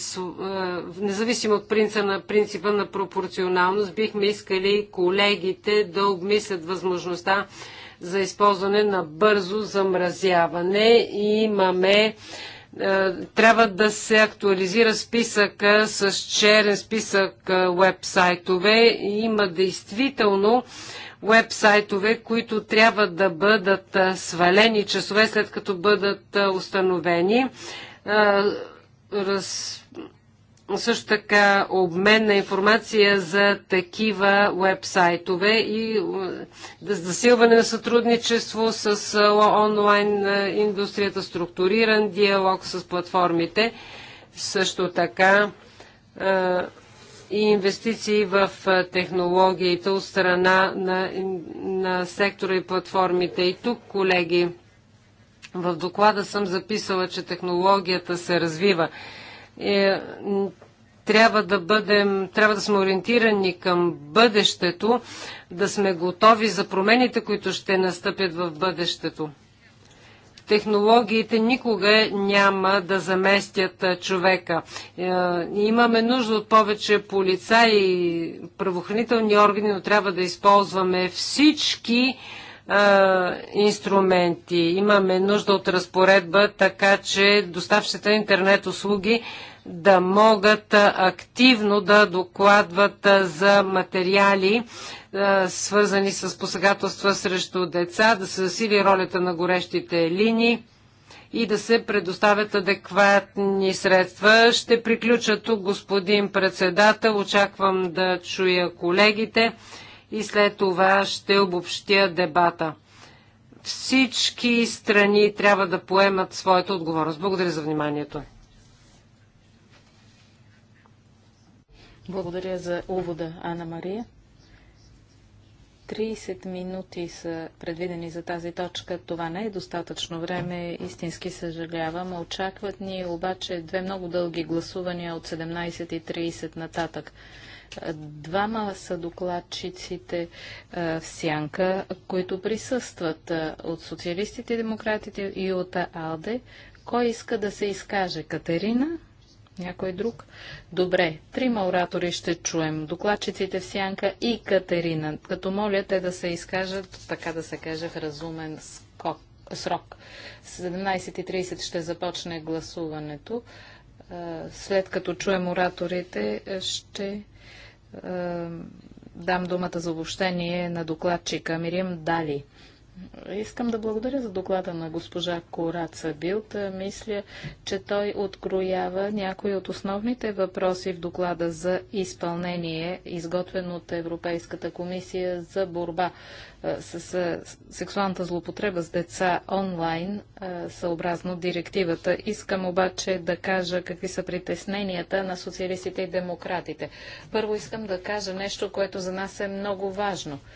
независимо от принца на принципа на пропорционалност, бихме искали колегите да обмислят възможността за използване на бързо замразяване и имаме е, трябва да се актуализира списъка с черен списък вебсайтове. Е, Има действително веб-сайтове, които трябва да бъдат е, свалени часове след като бъдат установени раз... също така обмен на информация за такива вебсайтове и е, засилване на сътрудничество с е, онлайн е, индустрията, структуриран диалог с платформите, също така и инвестиции в технологиите от страна на, на сектора и платформите. И тук, колеги, в доклада съм записала, че технологията се развива. Е, трябва да бъдем, трябва да сме ориентирани към бъдещето, да сме готови за промените, които ще настъпят в бъдещето. Технологиите никога няма да заместят човека. Е, имаме нужда от повече полицаи и правоохранителни органи, но трябва да използваме всички а, инструменти. Имаме нужда от разпоредба, така че доставчите интернет услуги да могат активно да докладват за материали, свързани с посегателства срещу деца, да се засили ролята на горещите линии и да се предоставят адекватни средства. Ще приключа тук, господин председател. Очаквам да чуя колегите и след това ще обобщя дебата. Всички страни трябва да поемат своята отговорност. Благодаря за вниманието. Благодаря за увода, Анна Мария. 30 минути са предвидени за тази точка. Това не е достатъчно време, истински съжалявам. Очакват ни обаче две много дълги гласувания от 17.30 нататък. Двама са докладчиците в Сянка, които присъстват от социалистите и демократите и от АЛДЕ. Кой иска да се изкаже? Катерина? Някой друг? Добре, трима оратори ще чуем. Докладчиците в Сянка и Катерина. Като моля те да се изкажат, така да се каже, в разумен скок, срок. 17.30 ще започне гласуването. След като чуем ораторите, ще е, дам думата за обобщение на докладчика Мирим Дали. Искам да благодаря за доклада на госпожа Кораца Билт. Мисля, че той откроява някои от основните въпроси в доклада за изпълнение, изготвен от Европейската комисия за борба с сексуалната злопотреба с деца онлайн, съобразно директивата. Искам обаче да кажа какви са притесненията на социалистите и демократите. Първо искам да кажа нещо, което за нас е много важно –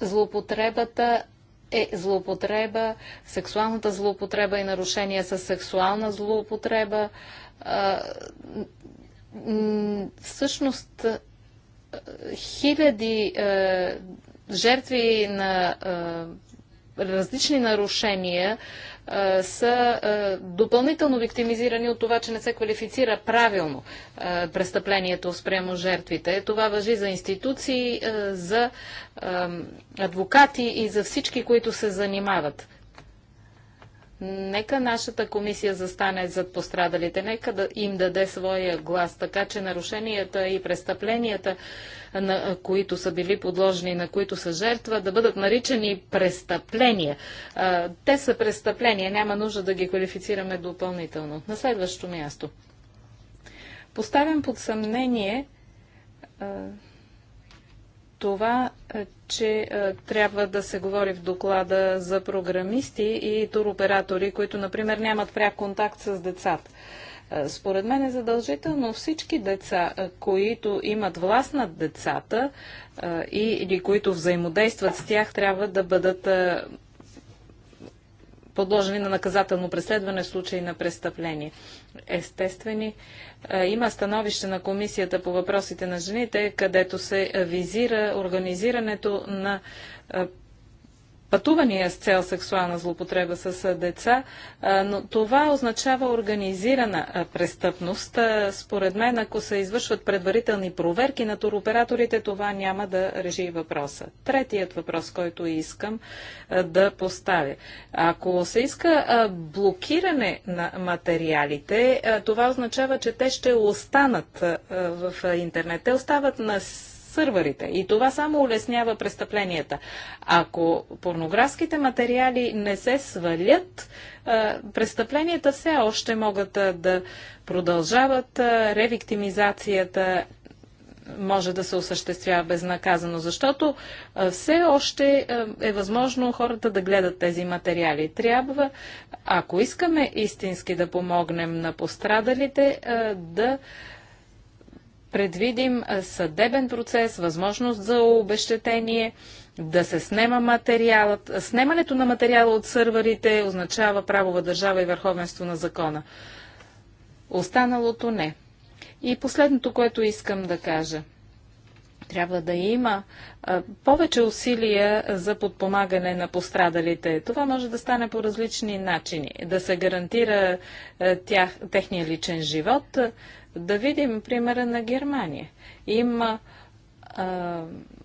злоупотребата е злоупотреба, сексуалната злоупотреба и нарушения са сексуална злоупотреба. Всъщност, хиляди жертви на различни нарушения са допълнително виктимизирани от това, че не се квалифицира правилно престъплението спрямо жертвите. Това въжи за институции, за адвокати и за всички, които се занимават. Нека нашата комисия застане зад пострадалите, нека да им даде своя глас, така че нарушенията и престъпленията на които са били подложени, на които са жертва, да бъдат наричани престъпления. Те са престъпления, няма нужда да ги квалифицираме допълнително. На следващо място. Поставям под съмнение това, че трябва да се говори в доклада за програмисти и туроператори, които, например, нямат пряк контакт с децата. Е, според мен е задължително всички деца, е, които имат власт над децата е, и, или които взаимодействат с тях, трябва да бъдат подложени на наказателно преследване в случай на престъпление. Естествени. Има становище на Комисията по въпросите на жените, където се визира организирането на пътувания с цел сексуална злопотреба с деца, но това означава организирана престъпност. Според мен, ако се извършват предварителни проверки на туроператорите, това няма да реши въпроса. Третият въпрос, който искам да поставя. Ако се иска блокиране на материалите, това означава, че те ще останат в интернет. Те остават на сървърите. И това само улеснява престъпленията. Ако порнографските материали не се свалят, престъпленията все още могат да продължават, ревиктимизацията може да се осъществява безнаказано, защото все още е възможно хората да гледат тези материали. Трябва, ако искаме истински да помогнем на пострадалите, да предвидим съдебен процес, възможност за обещетение, да се снема материалът. Снемането на материала от сървърите означава правова държава и върховенство на закона. Останалото не. И последното, което искам да кажа – трябва да има повече усилия за подпомагане на пострадалите. Това може да стане по различни начини. Да се гарантира тях, техния личен живот. Да видим примера на Германия. Има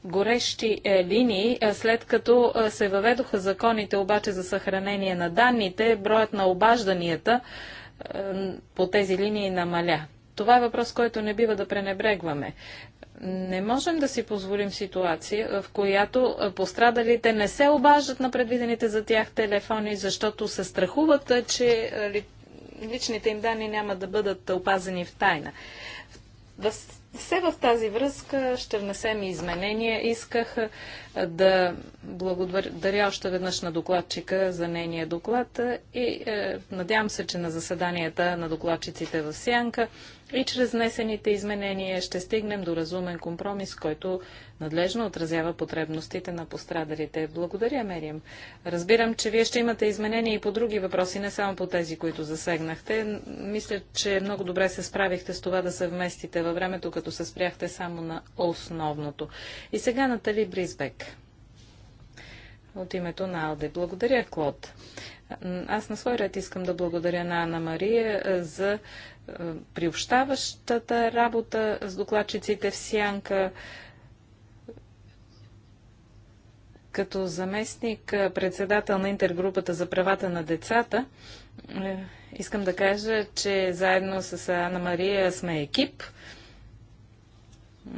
горещи е, линии, след като се въведоха законите обаче за съхранение на данните, броят на обажданията по тези линии намаля. Това е въпрос, който не бива да пренебрегваме. Не можем да си позволим ситуация, в която пострадалите не се обаждат на предвидените за тях телефони, защото се страхуват, че личните им данни няма да бъдат опазени в тайна. Все в тази връзка ще внесем изменения. Исках да благодаря още веднъж на докладчика за нейния доклад и надявам се, че на заседанията на докладчиците в Сянка и чрез внесените изменения ще стигнем до разумен компромис, който надлежно отразява потребностите на пострадалите. Благодаря, Мерием. Разбирам, че вие ще имате изменения и по други въпроси, не само по тези, които засегнахте. Мисля, че много добре се справихте с това да се вместите във времето, като се спряхте само на основното. И сега на Тали Бризбек. От името на Алде. Благодаря, Клод. Аз на свой ред искам да благодаря на Анна Мария за приобщаващата работа с докладчиците в Сянка, като заместник председател на интергрупата за правата на децата, е, искам да кажа, че заедно с Анна Мария сме екип.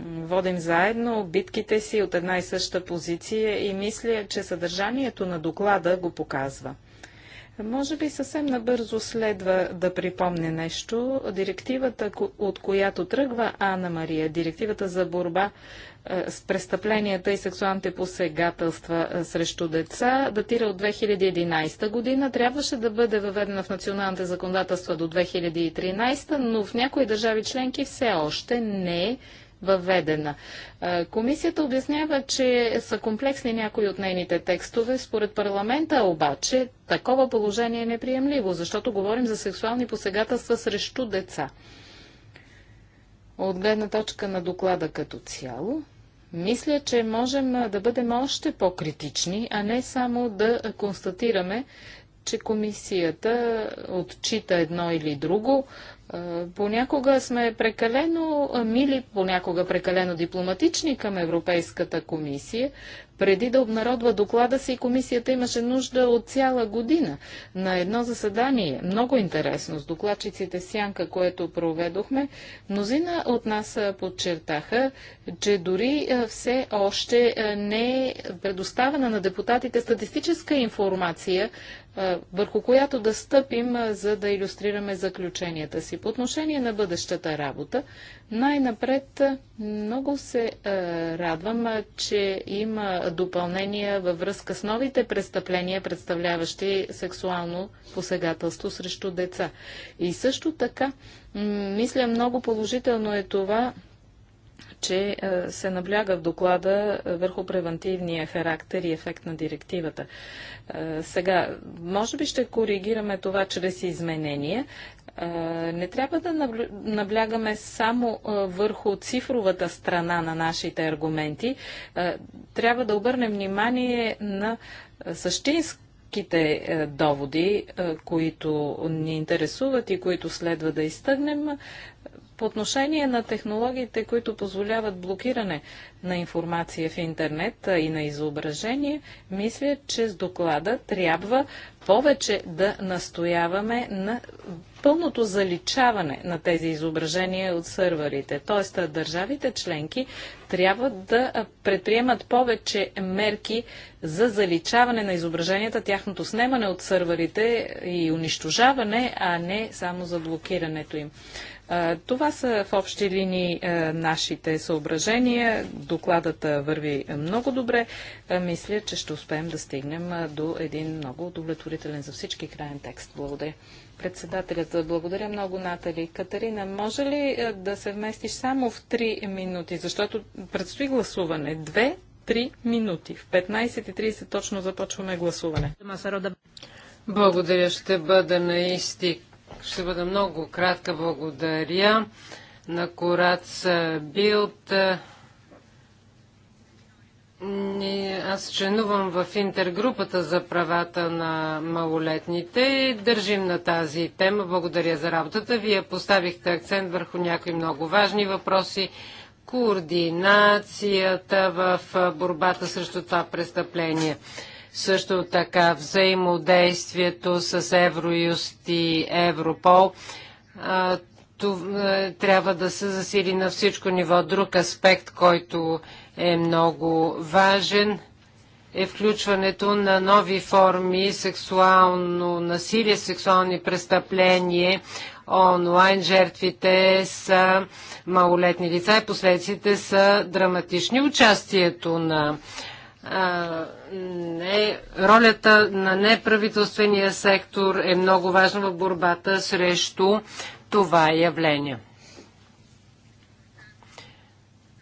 Водим заедно битките си от една и съща позиция и мисля, че съдържанието на доклада го показва. Може би съвсем набързо следва да припомня нещо. Директивата, от която тръгва Анна Мария, директивата за борба е, с престъпленията и сексуалните посегателства е, срещу деца, датира от 2011 година. Трябваше да бъде въведена в националните законодателства до 2013, но в някои държави членки все още не е въведена. Комисията обяснява, че са комплексни някои от нейните текстове. Според парламента обаче такова положение е неприемливо, защото говорим за сексуални посегателства срещу деца. От гледна точка на доклада като цяло, мисля, че можем да бъдем още по-критични, а не само да констатираме, че комисията отчита едно или друго, Понякога сме прекалено мили, понякога прекалено дипломатични към Европейската комисия. Преди да обнародва доклада си, комисията имаше нужда от цяла година на едно заседание, много интересно, с докладчиците Сянка, което проведохме. Мнозина от нас подчертаха, че дори все още не е предоставена на депутатите статистическа информация върху която да стъпим, за да иллюстрираме заключенията си. По отношение на бъдещата работа, най-напред много се радвам, че има допълнения във връзка с новите престъпления, представляващи сексуално посегателство срещу деца. И също така, мисля, много положително е това, че се набляга в доклада върху превентивния характер и ефект на директивата. Сега, може би ще коригираме това чрез изменения. Не трябва да наблягаме само върху цифровата страна на нашите аргументи. Трябва да обърнем внимание на същинска доводи, които ни интересуват и които следва да изтъгнем, по отношение на технологиите, които позволяват блокиране на информация в интернет и на изображение, мисля, че с доклада трябва повече да настояваме на пълното заличаване на тези изображения от сървърите. Т.е. държавите членки трябва да предприемат повече мерки за заличаване на изображенията, тяхното снемане от сървърите и унищожаване, а не само за блокирането им. Това са в общи линии нашите съображения. Докладът върви много добре. Мисля, че ще успеем да стигнем до един много удовлетворителен за всички крайен текст. Благодаря. Председателят, благодаря много, Натали. Катерина, може ли да се вместиш само в 3 минути? Защото предстои гласуване. 2 3 минути. В 15.30 точно започваме гласуване. Благодаря, ще бъда наистина ще бъда много кратка. Благодаря на Корац Билт. Аз членувам в интергрупата за правата на малолетните и държим на тази тема. Благодаря за работата. Вие поставихте акцент върху някои много важни въпроси. Координацията в борбата срещу това престъпление. Също така взаимодействието с Евроюст и Европол трябва да се засили на всичко ниво. Друг аспект, който е много важен е включването на нови форми сексуално насилие, сексуални престъпления онлайн. Жертвите са малолетни лица и последствията са драматични. Участието на а, не, ролята на неправителствения сектор е много важна в борбата срещу това явление.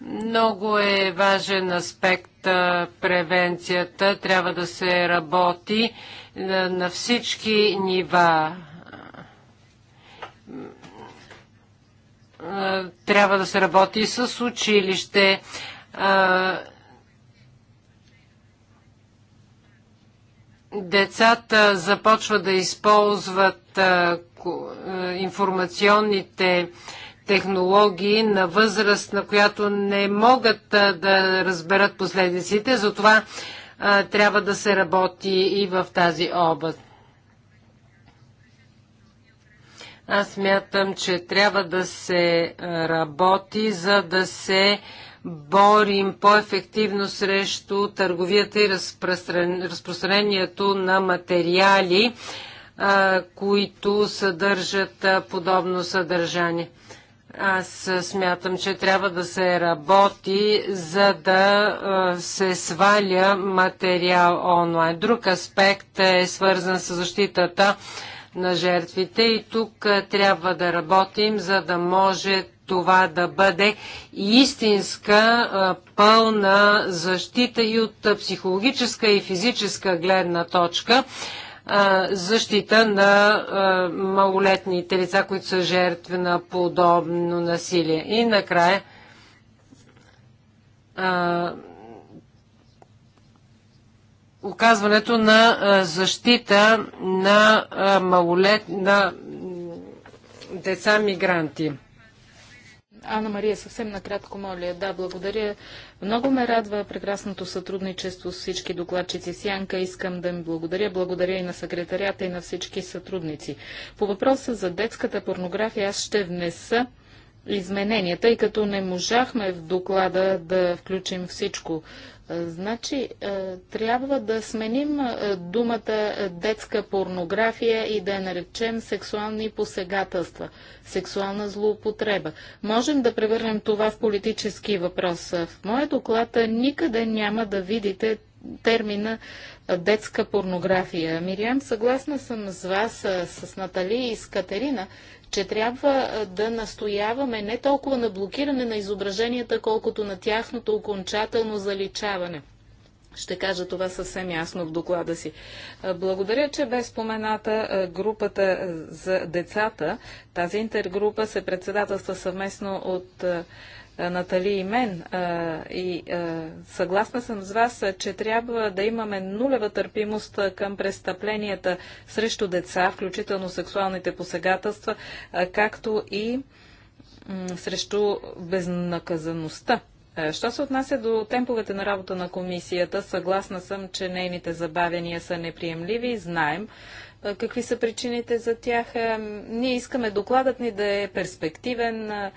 Много е важен аспект превенцията. Трябва да се работи на, на всички нива. Трябва да се работи с училище децата започват да използват информационните технологии на възраст, на която не могат да разберат последиците. Затова трябва да се работи и в тази област. Аз мятам, че трябва да се работи, за да се а, борим по-ефективно срещу търговията и разпространението на материали, които съдържат подобно съдържание. Аз смятам, че трябва да се работи, за да се сваля материал онлайн. Друг аспект е свързан с защитата на жертвите и тук трябва да работим, за да може това да бъде истинска пълна защита и от психологическа и физическа гледна точка защита на малолетните лица, които са жертви на подобно насилие. И накрая оказването на защита на малолетни на деца мигранти. Анна Мария, съвсем накратко, моля. Да, благодаря. Много ме радва прекрасното сътрудничество с всички докладчици. Сянка, искам да им благодаря. Благодаря и на секретарята и на всички сътрудници. По въпроса за детската порнография аз ще внеса изменения, тъй като не можахме в доклада да включим всичко. Значи, трябва да сменим думата детска порнография и да я наречем сексуални посегателства, сексуална злоупотреба. Можем да превърнем това в политически въпрос. В моя доклад никъде няма да видите термина детска порнография. Мириам, съгласна съм с вас, с Натали и с Катерина, че трябва да настояваме не толкова на блокиране на изображенията, колкото на тяхното окончателно заличаване. Ще кажа това съвсем ясно в доклада си. Благодаря, че бе спомената групата за децата. Тази интергрупа се председателства съвместно от Натали и мен. И съгласна съм с вас, че трябва да имаме нулева търпимост към престъпленията срещу деца, включително сексуалните посегателства, както и срещу безнаказаността. Що се отнася до темповете на работа на комисията, съгласна съм, че нейните забавения са неприемливи. Знаем, какви са причините за тях. Ние искаме докладът ни да е перспективен,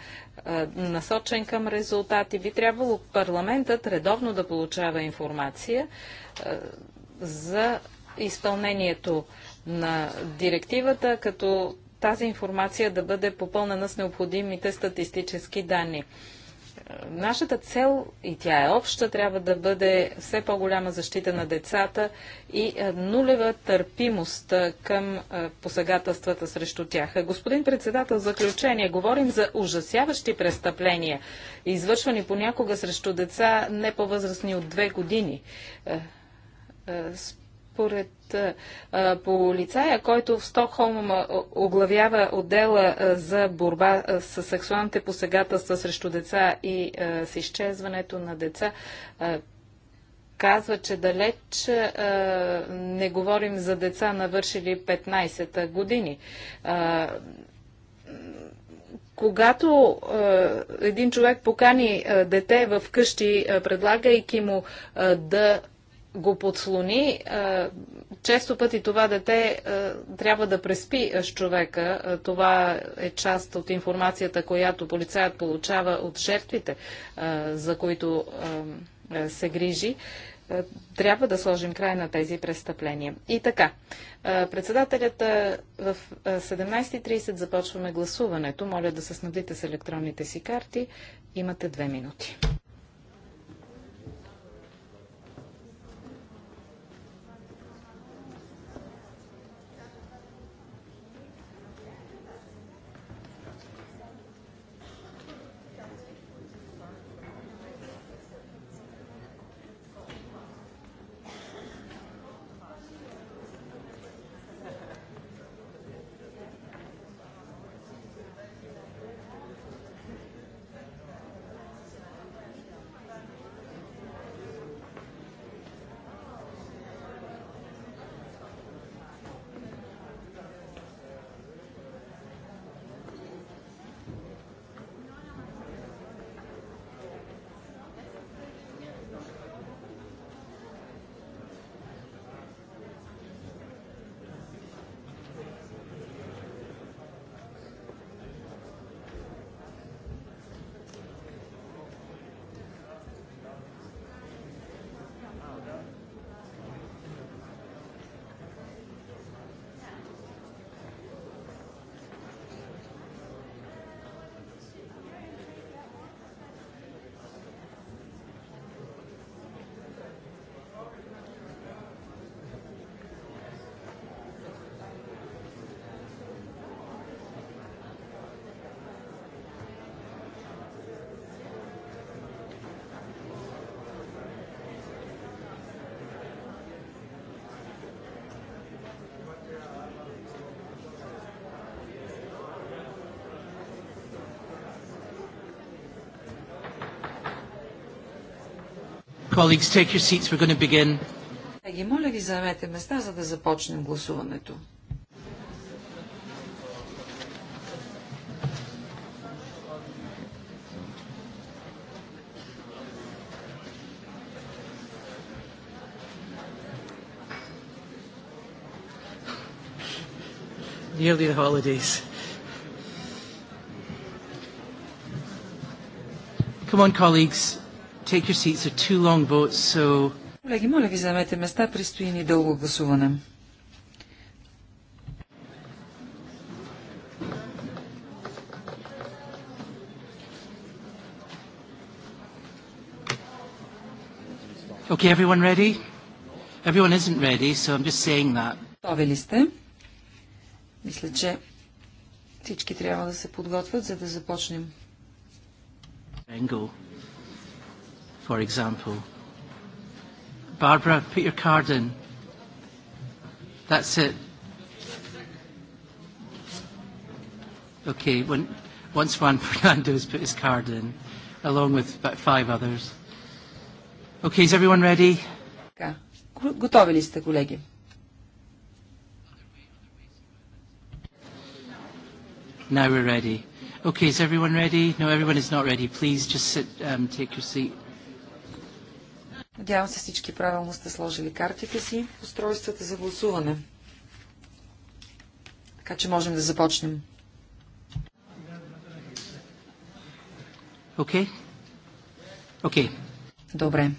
насочен към резултати. Би трябвало парламентът редовно да получава информация за изпълнението на директивата, като тази информация да бъде попълнена с необходимите статистически данни. Нашата цел, и тя е обща, трябва да бъде все по-голяма защита на децата и е, нулева търпимост е, към е, посегателствата срещу тях. Господин председател, в заключение, говорим за ужасяващи престъпления, извършвани понякога срещу деца не по-възрастни от две години според полицая, който в Стокхолм оглавява отдела за борба с сексуалните посегателства срещу деца и с изчезването на деца, казва, че далеч не говорим за деца навършили 15 години когато е, един човек покани е, дете в къщи, е, предлагайки му е, да го подслони, често пъти това дете трябва да преспи с човека. Това е част от информацията, която полицаят получава от жертвите, за които се грижи. Трябва да сложим край на тези престъпления. И така, председателят в 17.30 започваме гласуването. Моля да се снабдите с електронните си карти. Имате две минути. Colleagues, take your seats. We're going to begin. Колеги, моля ви, заемете места, за да започнем гласуването. Nearly the holidays. Come on, colleagues. Take your seats. two long votes, so... Колеги, моля ви, заемете места. Предстои ни дълго гласуване. Okay, everyone ready? Everyone isn't ready, so I'm just saying that. Готови ли сте? Мисля, че всички трябва да се подготвят, за да започнем for example. Barbara, put your card in. That's it. Okay, when, once Juan Fernando has put his card in, along with about five others. Okay, is everyone ready? Готови ли сте, колеги? Now we're ready. Okay, is everyone ready? No, everyone is not ready. Please just sit, um, take your seat. Надявам се всички правилно сте сложили картите си, устройствата за гласуване. Така че можем да започнем. Окей. Okay. Окей. Okay. Добре.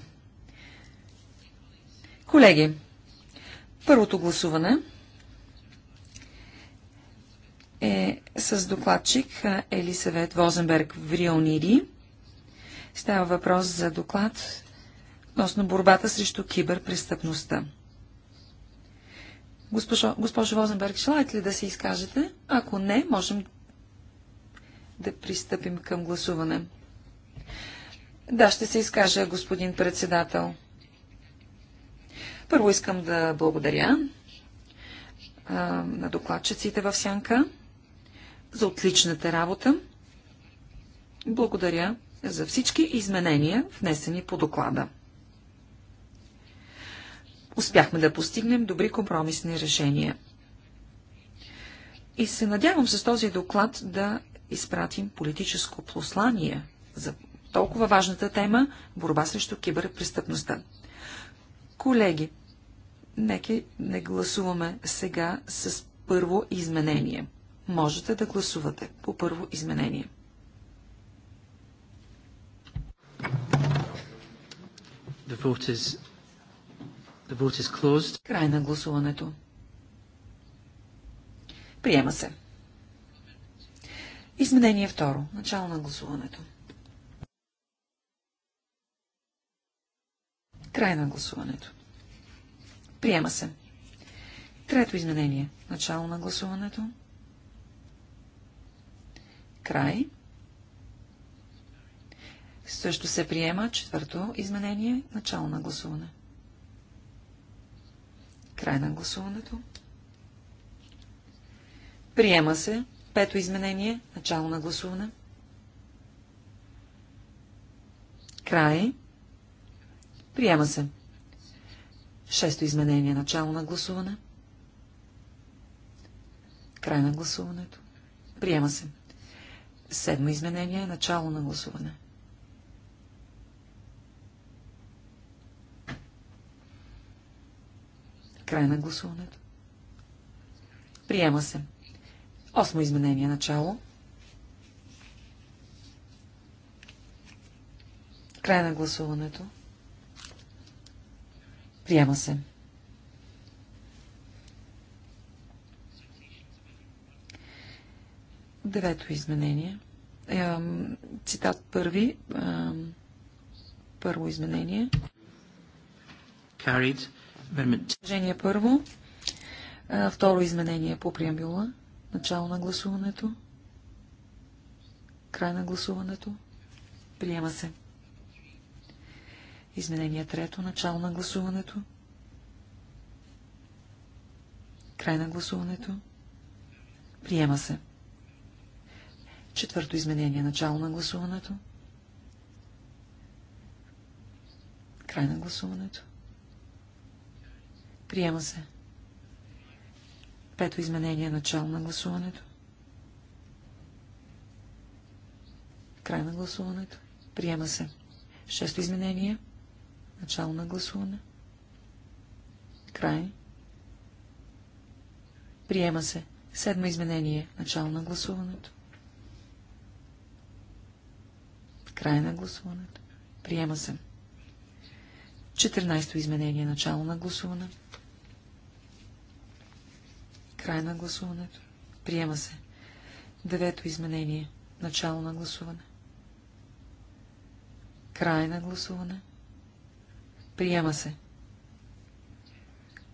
Колеги, първото гласуване е с докладчик Елисавет Возенберг в Рионири. Става въпрос за доклад относно борбата срещу киберпрестъпността. Госпожо, госпожо Возенберг, желаете ли да се изкажете? Ако не, можем да пристъпим към гласуване. Да, ще се изкажа, господин председател. Първо искам да благодаря а, на докладчиците в Сянка за отличната работа. Благодаря за всички изменения, внесени по доклада успяхме да постигнем добри компромисни решения. И се надявам с този доклад да изпратим политическо послание за толкова важната тема – борба срещу киберпрестъпността. Колеги, нека не гласуваме сега с първо изменение. Можете да гласувате по първо изменение. The vote is The vote is closed. Край на гласуването. Приема се. Изменение второ. Начало на гласуването. Край на гласуването. Приема се. Трето изменение. Начало на гласуването. Край. Също се приема четвърто изменение. Начало на гласуване. Край на гласуването. Приема се. Пето изменение. Начало на гласуване. Край. Приема се. Шесто изменение. Начало на гласуване. Край на гласуването. Приема се. Седмо изменение. Начало на гласуване. Край на гласуването. Приема се. Осмо изменение начало. Край на гласуването. Приема се. Девето изменение. Цитат първи. Първо изменение. Carried. Предложение първо. Второ изменение по преамбюла. Начало на гласуването. Край на гласуването. Приема се. Изменение трето. Начало на гласуването. Край на гласуването. Приема се. Четвърто изменение. Начало на гласуването. Край на гласуването. Приема се. Пето изменение начало на гласуването. Край на гласуването. Приема се. Шесто изменение. Начало на гласуване. Край. Приема се. Седмо изменение. Начало на гласуването. Край на гласуването. Приема се. Четирнайсто изменение. Начало на гласуването. Край на гласуването. Приема се. Девето изменение. Начало на гласуване. Край на гласуване. Приема се.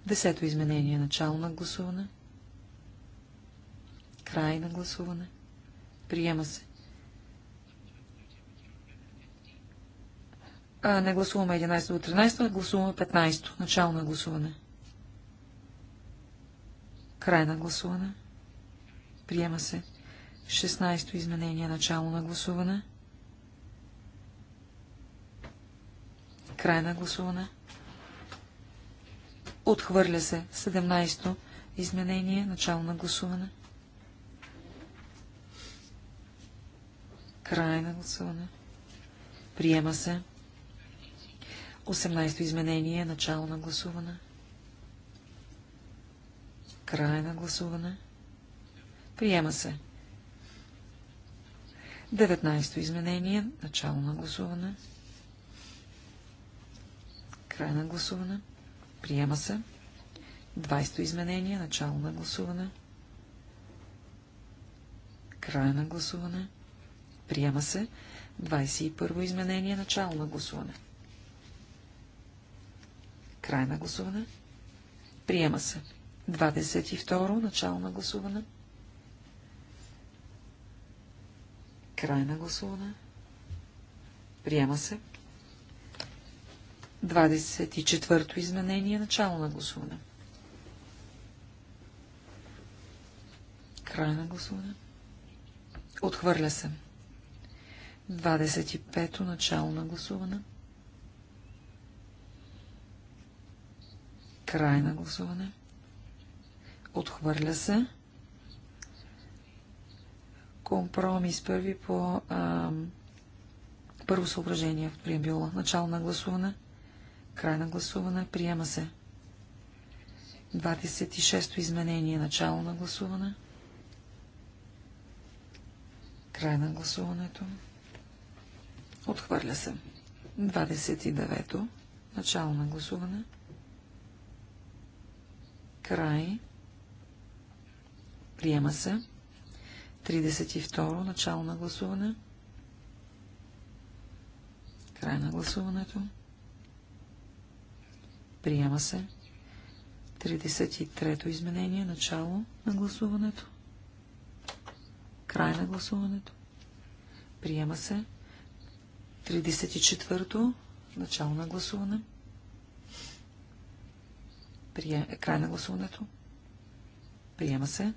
Десето изменение. Начало на гласуване. Край на гласуване. Приема се. А, не гласуваме 11 до 13, а гласуваме 15. Начало на гласуване. Край на гласуване. Приема се. 16-то изменение. Начало на гласуване. Край на гласуване. Отхвърля се. 17-то изменение. Начало на гласуване. Край на гласуване. Приема се. 18-то изменение. Начало на гласуване. Край на гласуване. Приема се. 19-то изменение. Начало на гласуване. Край на гласуване. Приема се. 20-то изменение. Начало на гласуване. Край на гласуване. Приема се. 21-во изменение. Начало на гласуване. Край на гласуване. Приема се. 22. Начало на гласуване. Край на гласуване. Приема се. 24-то изменение. Начало на гласуване. Край на гласуване. Отхвърля се. 25-то. Начало на гласуване. Край на гласуване. Отхвърля се. Компромис първи по а, първо съображение в преамбюла. Начало на гласуване. Край на гласуване. Приема се. 26-то изменение. Начало на гласуване. Край на гласуването. Отхвърля се. 29-то. Начало на гласуване. Край. Приема се. 32. Начало на гласуване. Край на гласуването. Приема се. 33-то изменение. Начало на гласуването. Край на гласуването. Приема се. 34-то. Начало на гласуване. Край на гласуването. Приема се.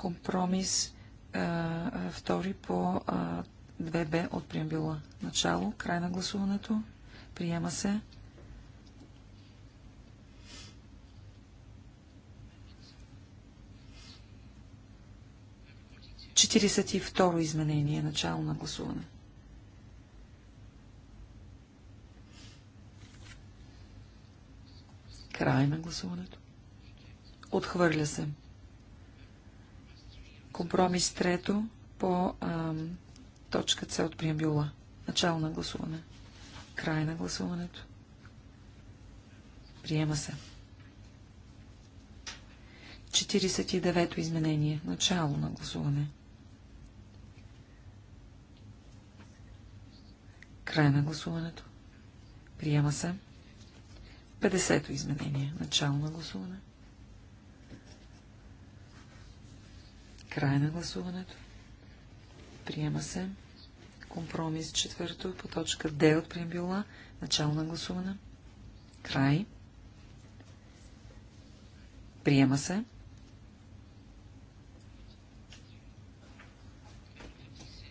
Компромис а, втори по а, 2Б от преамбюла. Начало, край на гласуването. Приема се. Четиридесет и второ изменение, начало на гласуване. Край на гласуването. Отхвърля се. Компромис трето по а, точка С от преамбюла. Начало на гласуване. Край на гласуването. Приема се. 49-то изменение. Начало на гласуване. Край на гласуването. Приема се. 50-то изменение. Начало на гласуване. 51 Край на гласуването. Приема се. Компромис четвърто по точка Д от преамбюла. Начало на гласуване. Край. Приема се.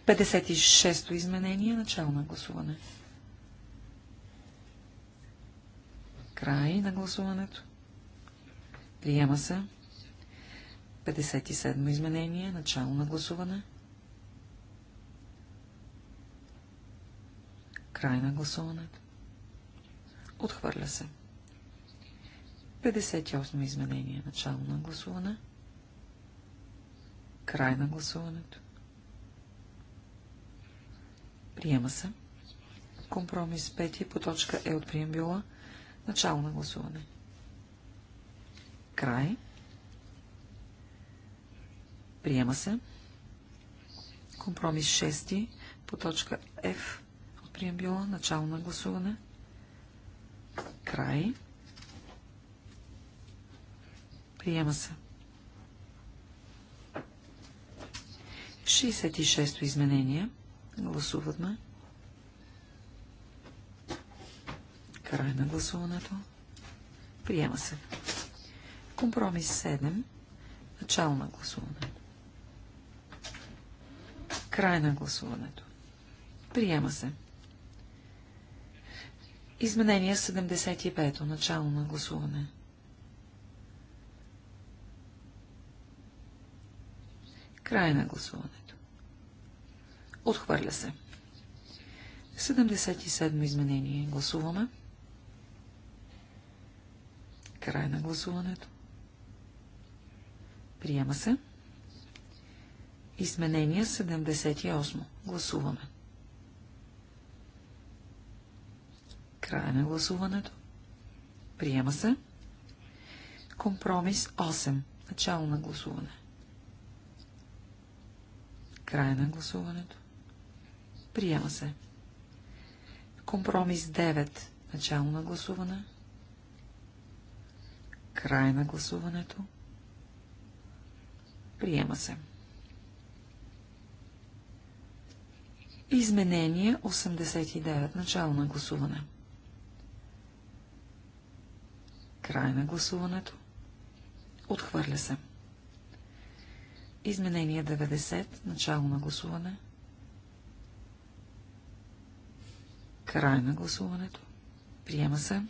Петдесет и шесто изменение. Начало на гласуване. Край на гласуването. Приема се. 57 изменение, начало на гласуване. Край на гласуването. Отхвърля се. 58 изменение, начало на гласуване. Край на гласуването. Приема се. Компромис 5 по точка е от приембила. Начало на гласуване. Край. Приема се. Компромис 6 по точка F от приембила. Начало на гласуване. Край. Приема се. 66-то изменение. Гласуваме. Край на гласуването. Приема се. Компромис 7. Начало на гласуването. Край на гласуването. Приема се. Изменение 75. то Начало на гласуване. Край на гласуването. Отхвърля се. 77 изменение. Гласуваме. Край на гласуването. Приема се. Изменение 78. Гласуваме. Края на гласуването. Приема се. Компромис 8. Начало на гласуване. Края на гласуването. Приема се. Компромис 9. Начало на гласуване. Край на гласуването. Приема се. Изменение 89. Начало на гласуване. Край на гласуването. Отхвърля се. Изменение 90. Начало на гласуване. Край на гласуването. Приема се.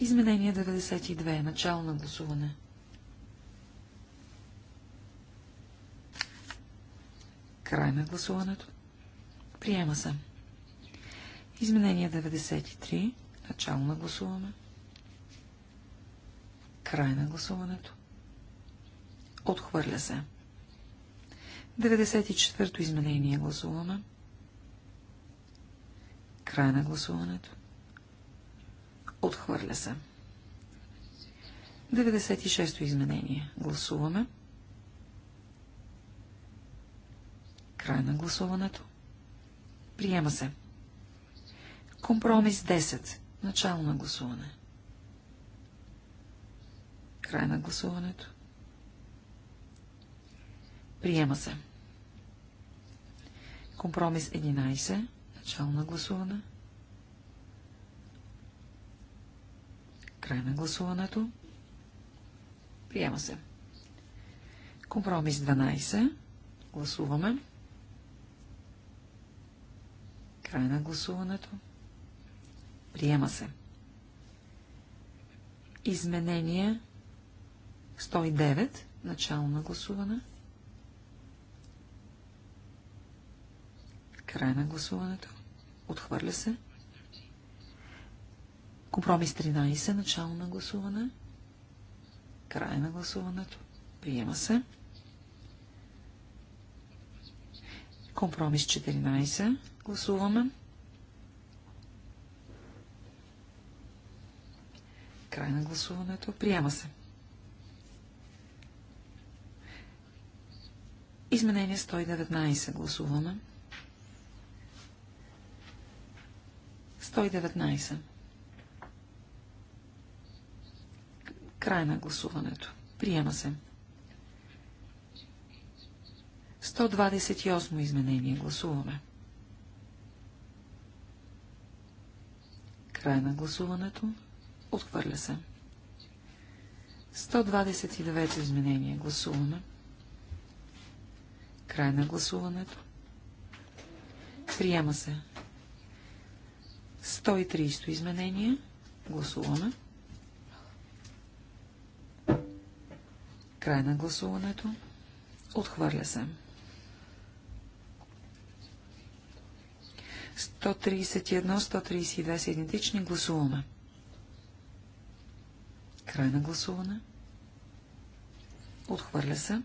Изменение 92. Начало на гласуване. Край на гласуването. Приема се. Изменение 93. Начало на гласуване. Край на гласуването. Отхвърля се. 94-то изменение гласуваме. Край на гласуването. Отхвърля се. 96-то изменение гласуваме. Край на гласуването. Приема се. Компромис 10. Начало на гласуване. Край на гласуването. Приема се. Компромис 11. Начало на гласуване. Край на гласуването. Приема се. Компромис 12. Гласуваме. Край на гласуването. Приема се. Изменение 109. Начало на гласуване. Край на гласуването. Отхвърля се. Компромис 13. Начало на гласуване. Край на гласуването. Приема се. Компромис 14. Гласуваме. Край на гласуването. Приема се. Изменение 119. Гласуваме. 119. Край на гласуването. Приема се. 128 изменение. Гласуваме. 128. Край на гласуването. Отхвърля се. 129 изменение. Гласуваме. Край на гласуването. Приема се. 130 изменение. Гласуваме. Край на гласуването. Отхвърля се. 131, 132 са идентични. Гласуваме. Край на гласуване. Отхвърля се.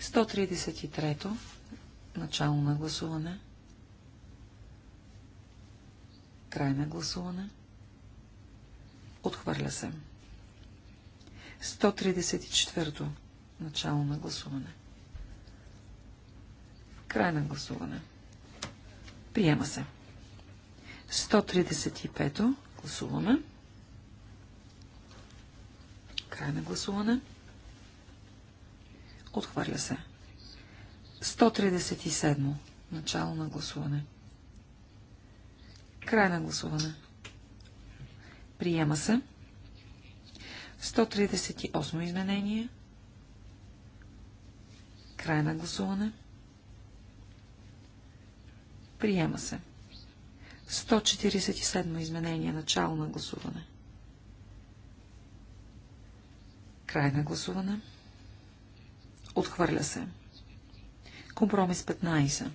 133. Начало на гласуване. Край на гласуване. Отхвърля се. 134. то Начало на гласуване. Край на гласуване. Приема се. 135-то. Гласуваме. Край на гласуване. Отхвърля се. 137. Начало на гласуване. Край на гласуване. Приема се. 138 изменение. Край на гласуване. Приема се. 147 изменение. Начало на гласуване. Край на гласуване. Отхвърля се. Компромис 15.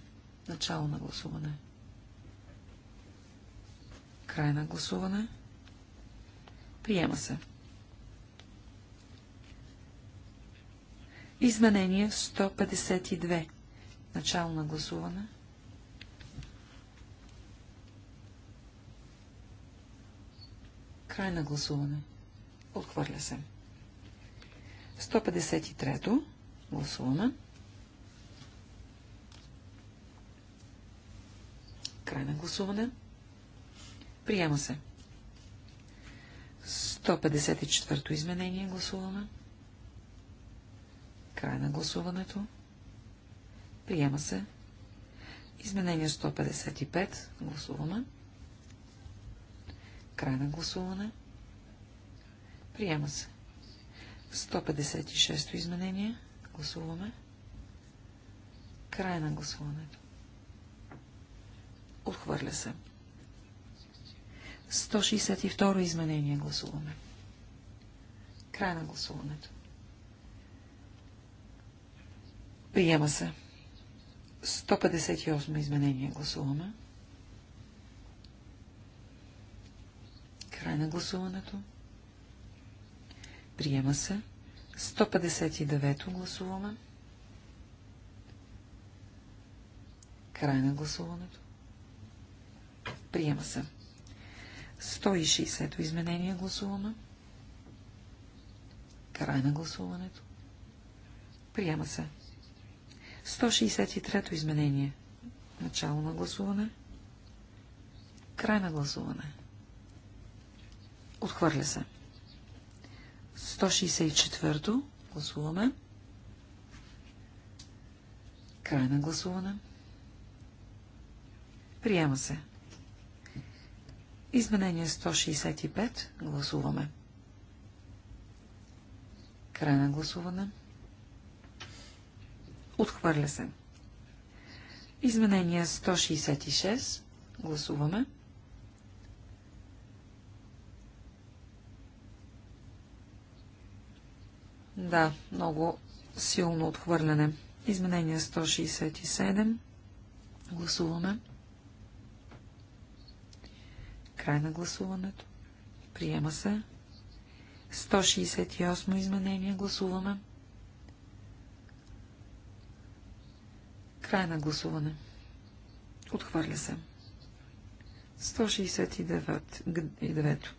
Начало на гласуване. Край на гласуване. Приема се. Изменение 152. Начало на гласуване. Край на гласуване. Отхвърля се. 153-то. Гласуваме. Край на гласуване. Приема се. 154-то изменение гласуваме. Край на гласуването. Приема се. Изменение 155. Гласуваме. Край на гласуване. Приема се. 156-то изменение. Гласуваме. Край на гласуването. Отхвърля се. 162 изменение гласуваме. Край на гласуването. Приема се. 158 изменение гласуваме. Край на гласуването. Приема се. 159-то гласуваме. Край на гласуването. Приема се. 160-то изменение гласуваме. Край на гласуването. Приема се. 163-то изменение. Начало на гласуване. Край на гласуване. Отхвърля се. 164-то. Гласуваме. Край на гласуване. Приема се. Изменение 165. Гласуваме. Край на гласуване. Отхвърля се. Изменение 166. Гласуваме. Да, много силно отхвърляне. Изменение 167. Гласуваме. Край на гласуването. Приема се. 168 изменение. Гласуваме. Край на гласуване. Отхвърля се. 169.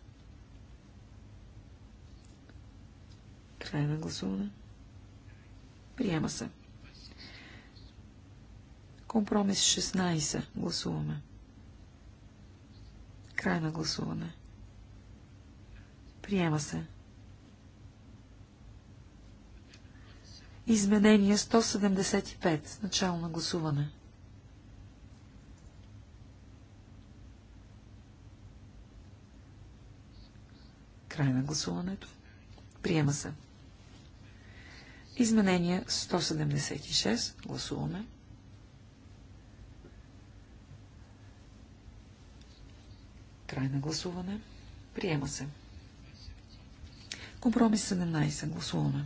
Край на гласуване. Приема се. Компромис 16. Гласуваме. Край на гласуване. Приема се. Изменение 175. Начало на гласуване. Край на гласуването. Приема се. Изменение 176. Гласуваме. Край на гласуване. Приема се. Компромис 17. Гласуваме.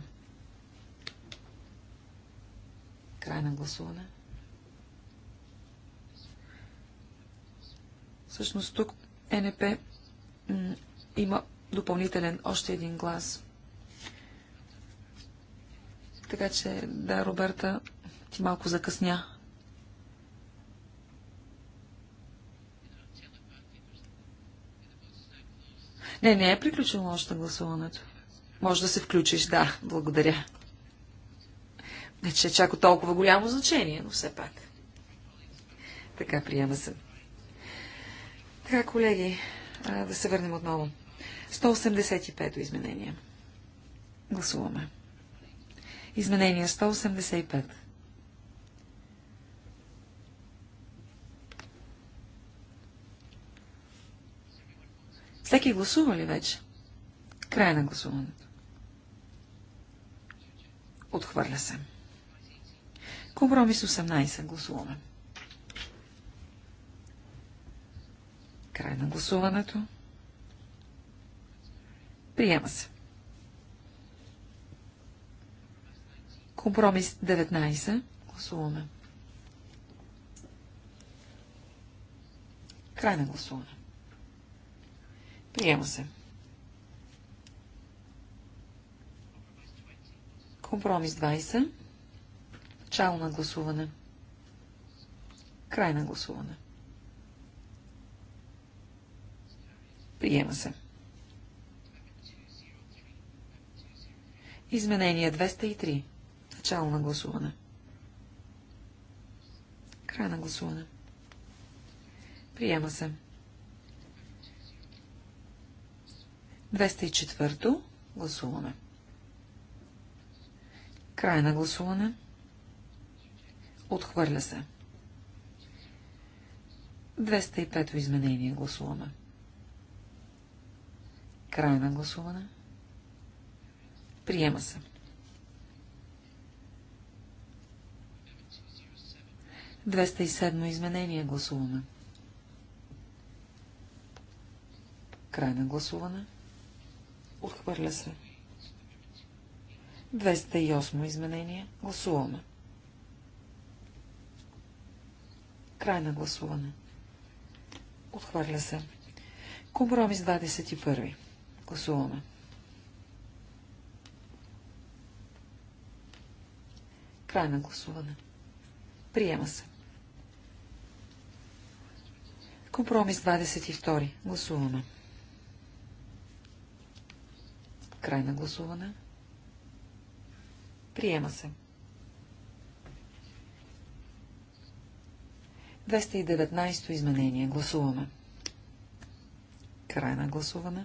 Край на гласуване. Всъщност тук НП има допълнителен още един глас. Така че, да, Роберта, ти малко закъсня. Не, не е приключило още гласуването. Може да се включиш, да, благодаря. Не, че чака толкова голямо значение, но все пак. Така, приема се. Така, колеги, да се върнем отново. 185 изменение. Гласуваме. Изменение 185. Всеки гласува ли вече? Край на гласуването. Отхвърля се. Компромис 18. Гласуваме. Край на гласуването. Приема се. Компромис 19. Гласуваме. Край на гласуване. Приема се. Компромис 20. Начало на гласуване. Край на гласуване. Приема се. Изменение 203. Начало на гласуване. Край на гласуване. Приема се. 204. то Гласуваме. Край на гласуване. Отхвърля се. 205 то изменение гласуваме. Край на гласуване. Приема се. 206. 207 изменение гласуваме. Край на гласуване. Отхвърля се. 208 изменение. Гласуваме. Край на гласуване. Отхвърля се. Компромис 21. Гласуваме. Край на гласуване. Приема се. Компромис 22. Гласуваме. Край на гласуване. Приема се. 219 изменение. Гласуваме. Край на гласуване.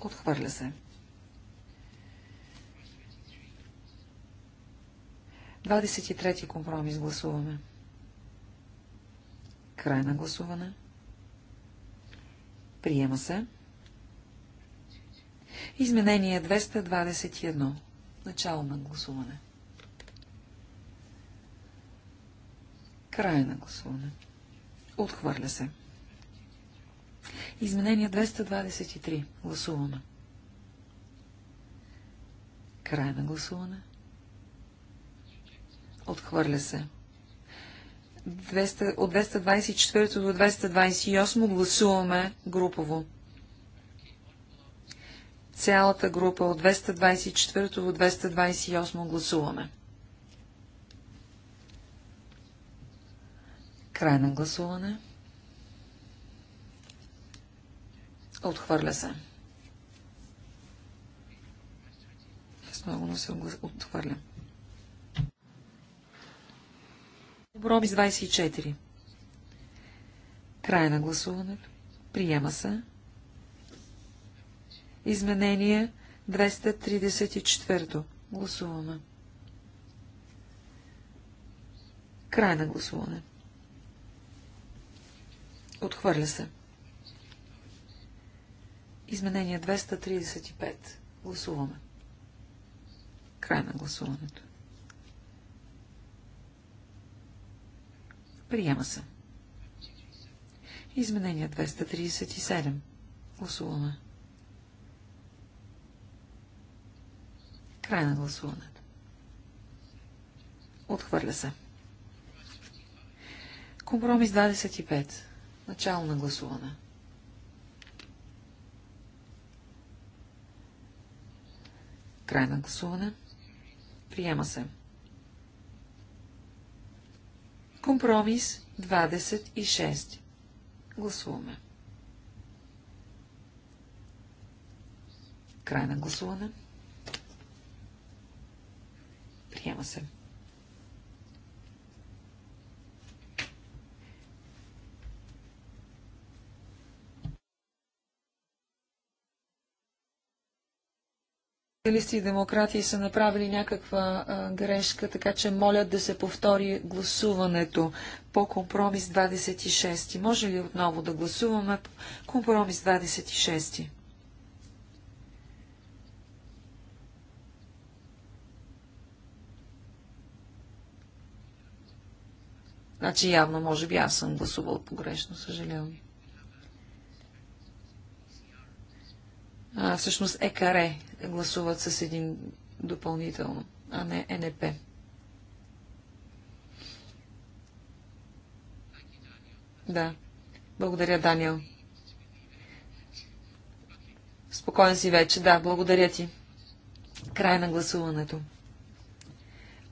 Отхвърля се. 23 компромис. Гласуваме. Край на гласуване. Приема се. Изменение 221. Начало на гласуване. Край на гласуване. Отхвърля се. Изменение 223. Гласуваме. Край на гласуване. Отхвърля се. 200, от 224 до 228 гласуваме групово. Цялата група от 224 до 228 гласуваме. Край на гласуване. Отхвърля се. Много не се отхвърля. Оброби 24. Край на гласуването. Приема се. Изменение 234. Гласуваме. Край на гласуване. Отхвърля се. Изменение 235. Гласуваме. Край на гласуването. Приема се. Изменение 237. Гласуваме. Край на гласуването. Отхвърля се. Компромис 25. Начало на гласуване. Край на гласуване. Приема се. Компромис 26. Гласуваме. Край на гласуване. Приема се. Социалисти и демократи са направили някаква а, грешка, така че молят да се повтори гласуването по компромис 26. Може ли отново да гласуваме по компромис 26? Значи явно, може би аз съм гласувал погрешно, съжалявам. а, всъщност ЕКАРЕ гласуват с един допълнително, а не НП. Да. Благодаря, Даниел. Спокоен си вече. Да, благодаря ти. Край на гласуването.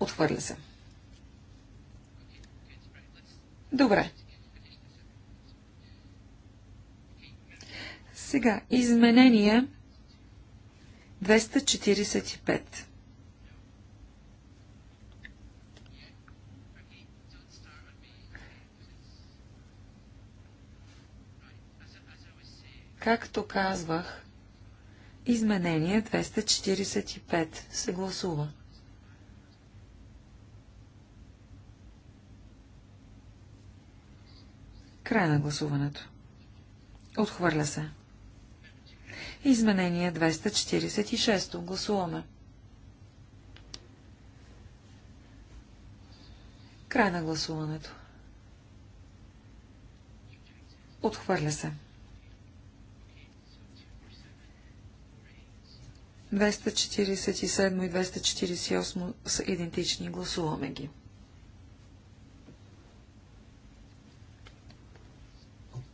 Отхвърля се. Добре. Сега, изменение 245. Както казвах, изменение 245 се гласува. Край на гласуването. Отхвърля се. Изменение 246. Гласуваме. Край на гласуването. Отхвърля се. 247 и 248 са идентични. Гласуваме ги.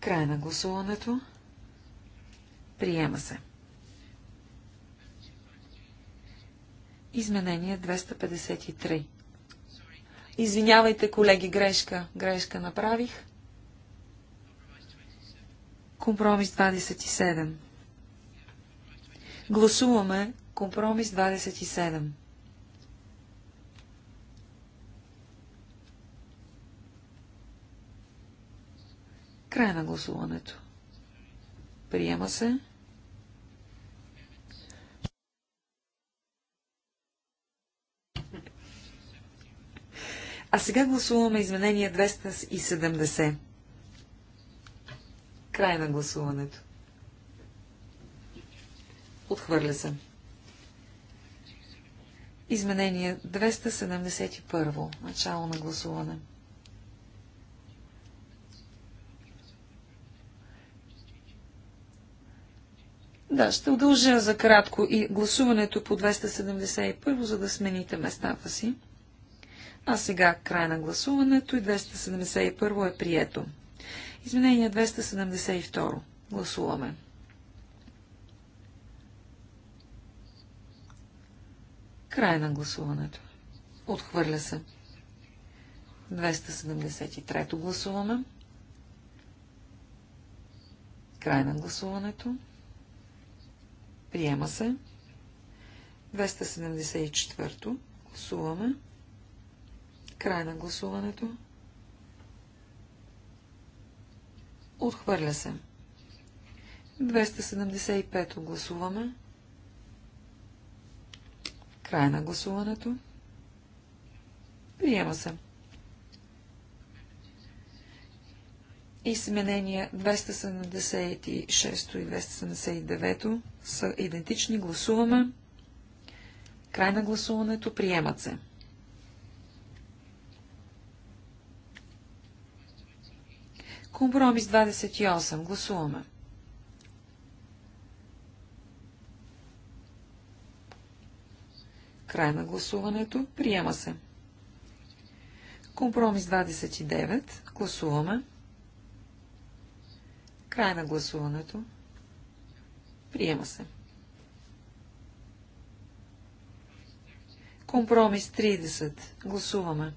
Край на гласуването. Приема се. Изменение 253. Извинявайте, колеги, грешка. Грешка направих. Компромис 27. Гласуваме компромис 27. Край на гласуването. Приема се. А сега гласуваме изменение 270. Край на гласуването. Отхвърля се. Изменение 271. Начало на гласуване. Да, ще удължа за кратко и гласуването по 271, за да смените местата си. А сега край на гласуването и 271 е прието. Изменение 272. Гласуваме. Край на гласуването. Отхвърля се. 273 гласуваме. Край на гласуването. Приема се. 274 гласуваме. Край на гласуването. Отхвърля се. 275 гласуваме. Край на гласуването. Приема се. Изменения 276 то и 279 то са идентични. Гласуваме. Край на гласуването. Приемат се. Компромис 28. Гласуваме. Край на гласуването. Приема се. Компромис 29. Гласуваме. Край на гласуването. Приема се. Компромис 30. Гласуваме.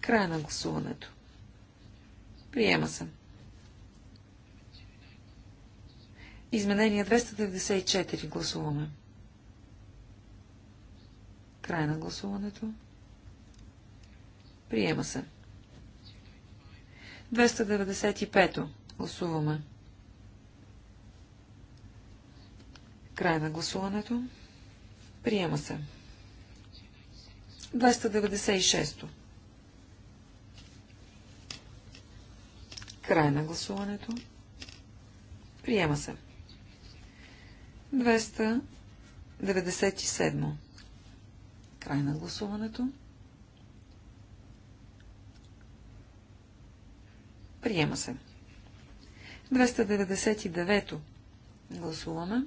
Край на гласуването. Приема се. Изменение 294 гласуваме. Край на гласуването. Приема се. 295 гласуваме. Край на гласуването. Приема се. 296 Край на гласуването. Приема се. 297. Край на гласуването. Приема се. 299. Гласуваме.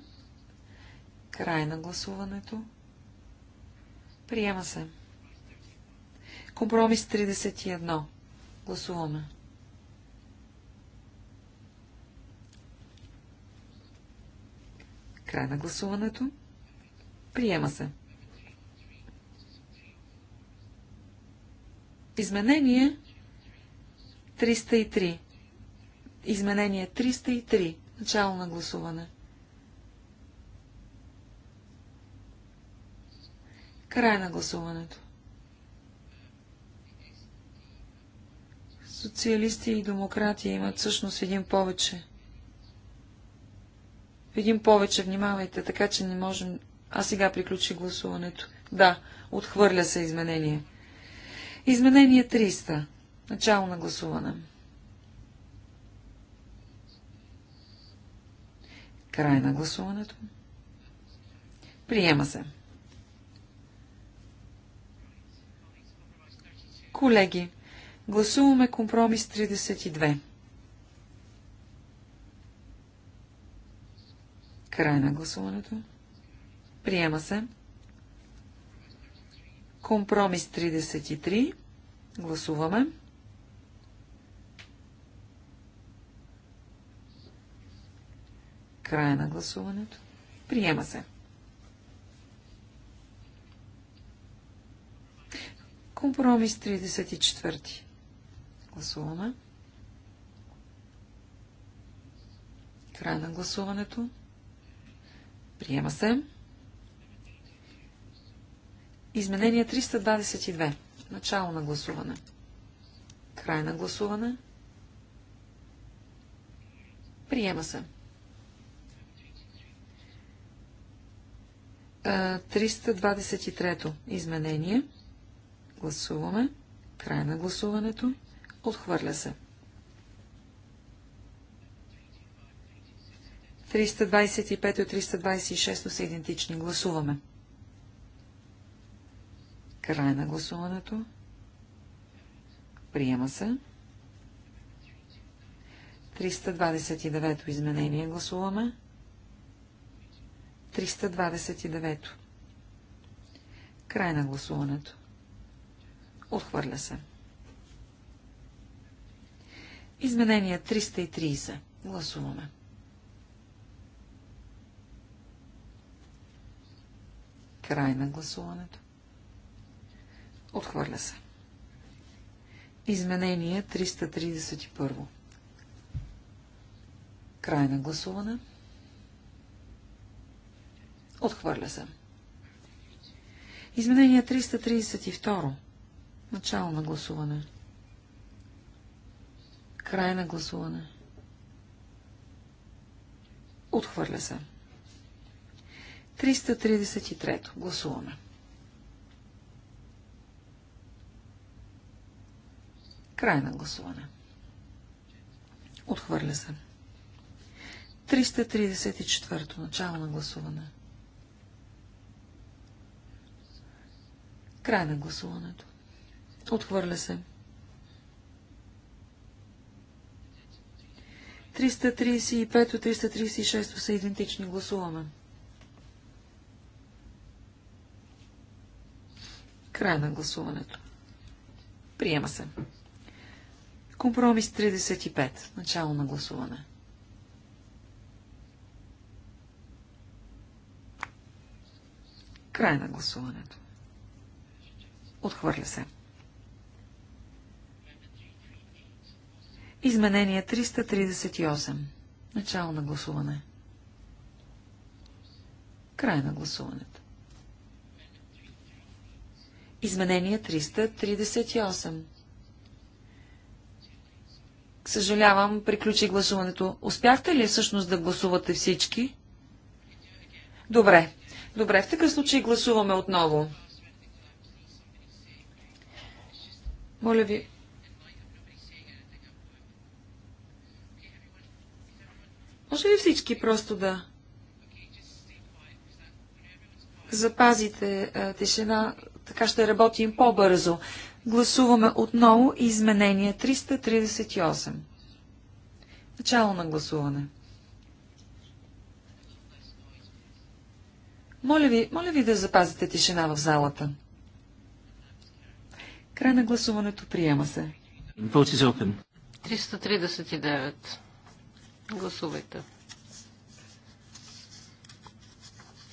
Край на гласуването. Приема се. Компромис 31. Гласуваме. Край на гласуването. Приема се. Изменение 303. Изменение 303. Начало на гласуване. Край на гласуването. Социалисти и демократи имат всъщност един повече видим повече, внимавайте, така че не можем... А сега приключи гласуването. Да, отхвърля се изменение. Изменение 300. Начало на гласуване. Край на гласуването. Приема се. Колеги, гласуваме компромис 32. Край на гласуването. Приема се. Компромис 33. Гласуваме. Края на гласуването. Приема се. Компромис 34. Гласуваме. Край на гласуването. Приема се. Изменение 322. Начало на гласуване. Край на гласуване. Приема се. 323 изменение. Гласуваме. Край на гласуването. Отхвърля се. 325 и 326 са идентични. Гласуваме. Край на гласуването. Приема се. 329 то изменение гласуваме. 329. Край на гласуването. Отхвърля се. Изменение 330. Гласуваме. Край на гласуването. Отхвърля се. Изменение 331. Край на гласуване. Отхвърля се. Изменение 332. Начало на гласуване. Край на гласуване. Отхвърля се. 333. Гласуваме. Край на гласуване. Отхвърля се. 334. Начало на гласуване. Край на гласуването. Отхвърля се. 335-336 са идентични. Гласуваме. 335. Край на гласуването. Приема се. Компромис 35. Начало на гласуване. Край на гласуването. Отхвърля се. Изменение 338. Начало на гласуване. Край на гласуването. Изменение 338. Съжалявам, приключи гласуването. Успяхте ли всъщност да гласувате всички? Добре. Добре, в такъв случай гласуваме отново. Моля ви. Може ли всички просто да запазите а, тишина, така ще работим по-бързо. Гласуваме отново изменение 338. Начало на гласуване. Моля ви, моля ви да запазите тишина в залата. Край на гласуването приема се. 339. Гласувайте.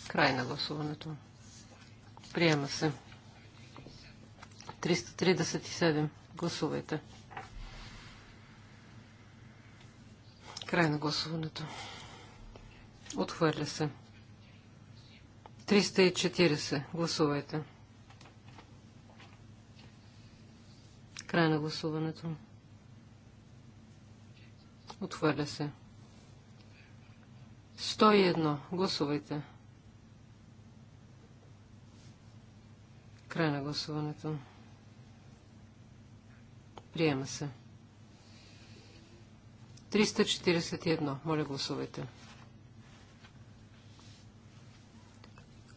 Край на гласуването. Приема се. 337. Гласувайте. Край на гласуването. Отхвърля се. 340. Гласувайте. Край на гласуването. Отхвърля се. 101. Гласувайте. Край на гласуването. Приема се. 341. Моля гласувайте.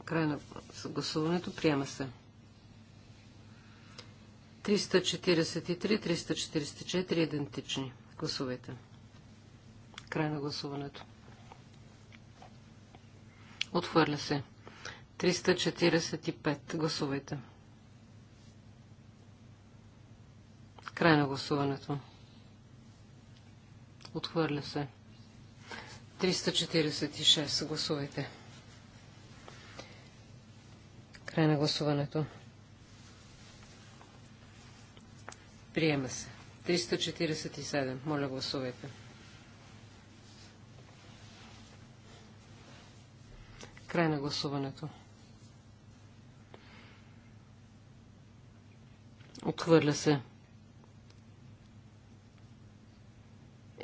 Край на гласуването. Приема се. 343, 344 идентични. Гласувайте. Край на гласуването. Отхвърля се. 345. Гласувайте. 345. Край на гласуването. Отхвърля се. 346. Гласувайте. Край на гласуването. Приема се. 347. Моля, гласувайте. Край на гласуването. Отхвърля се.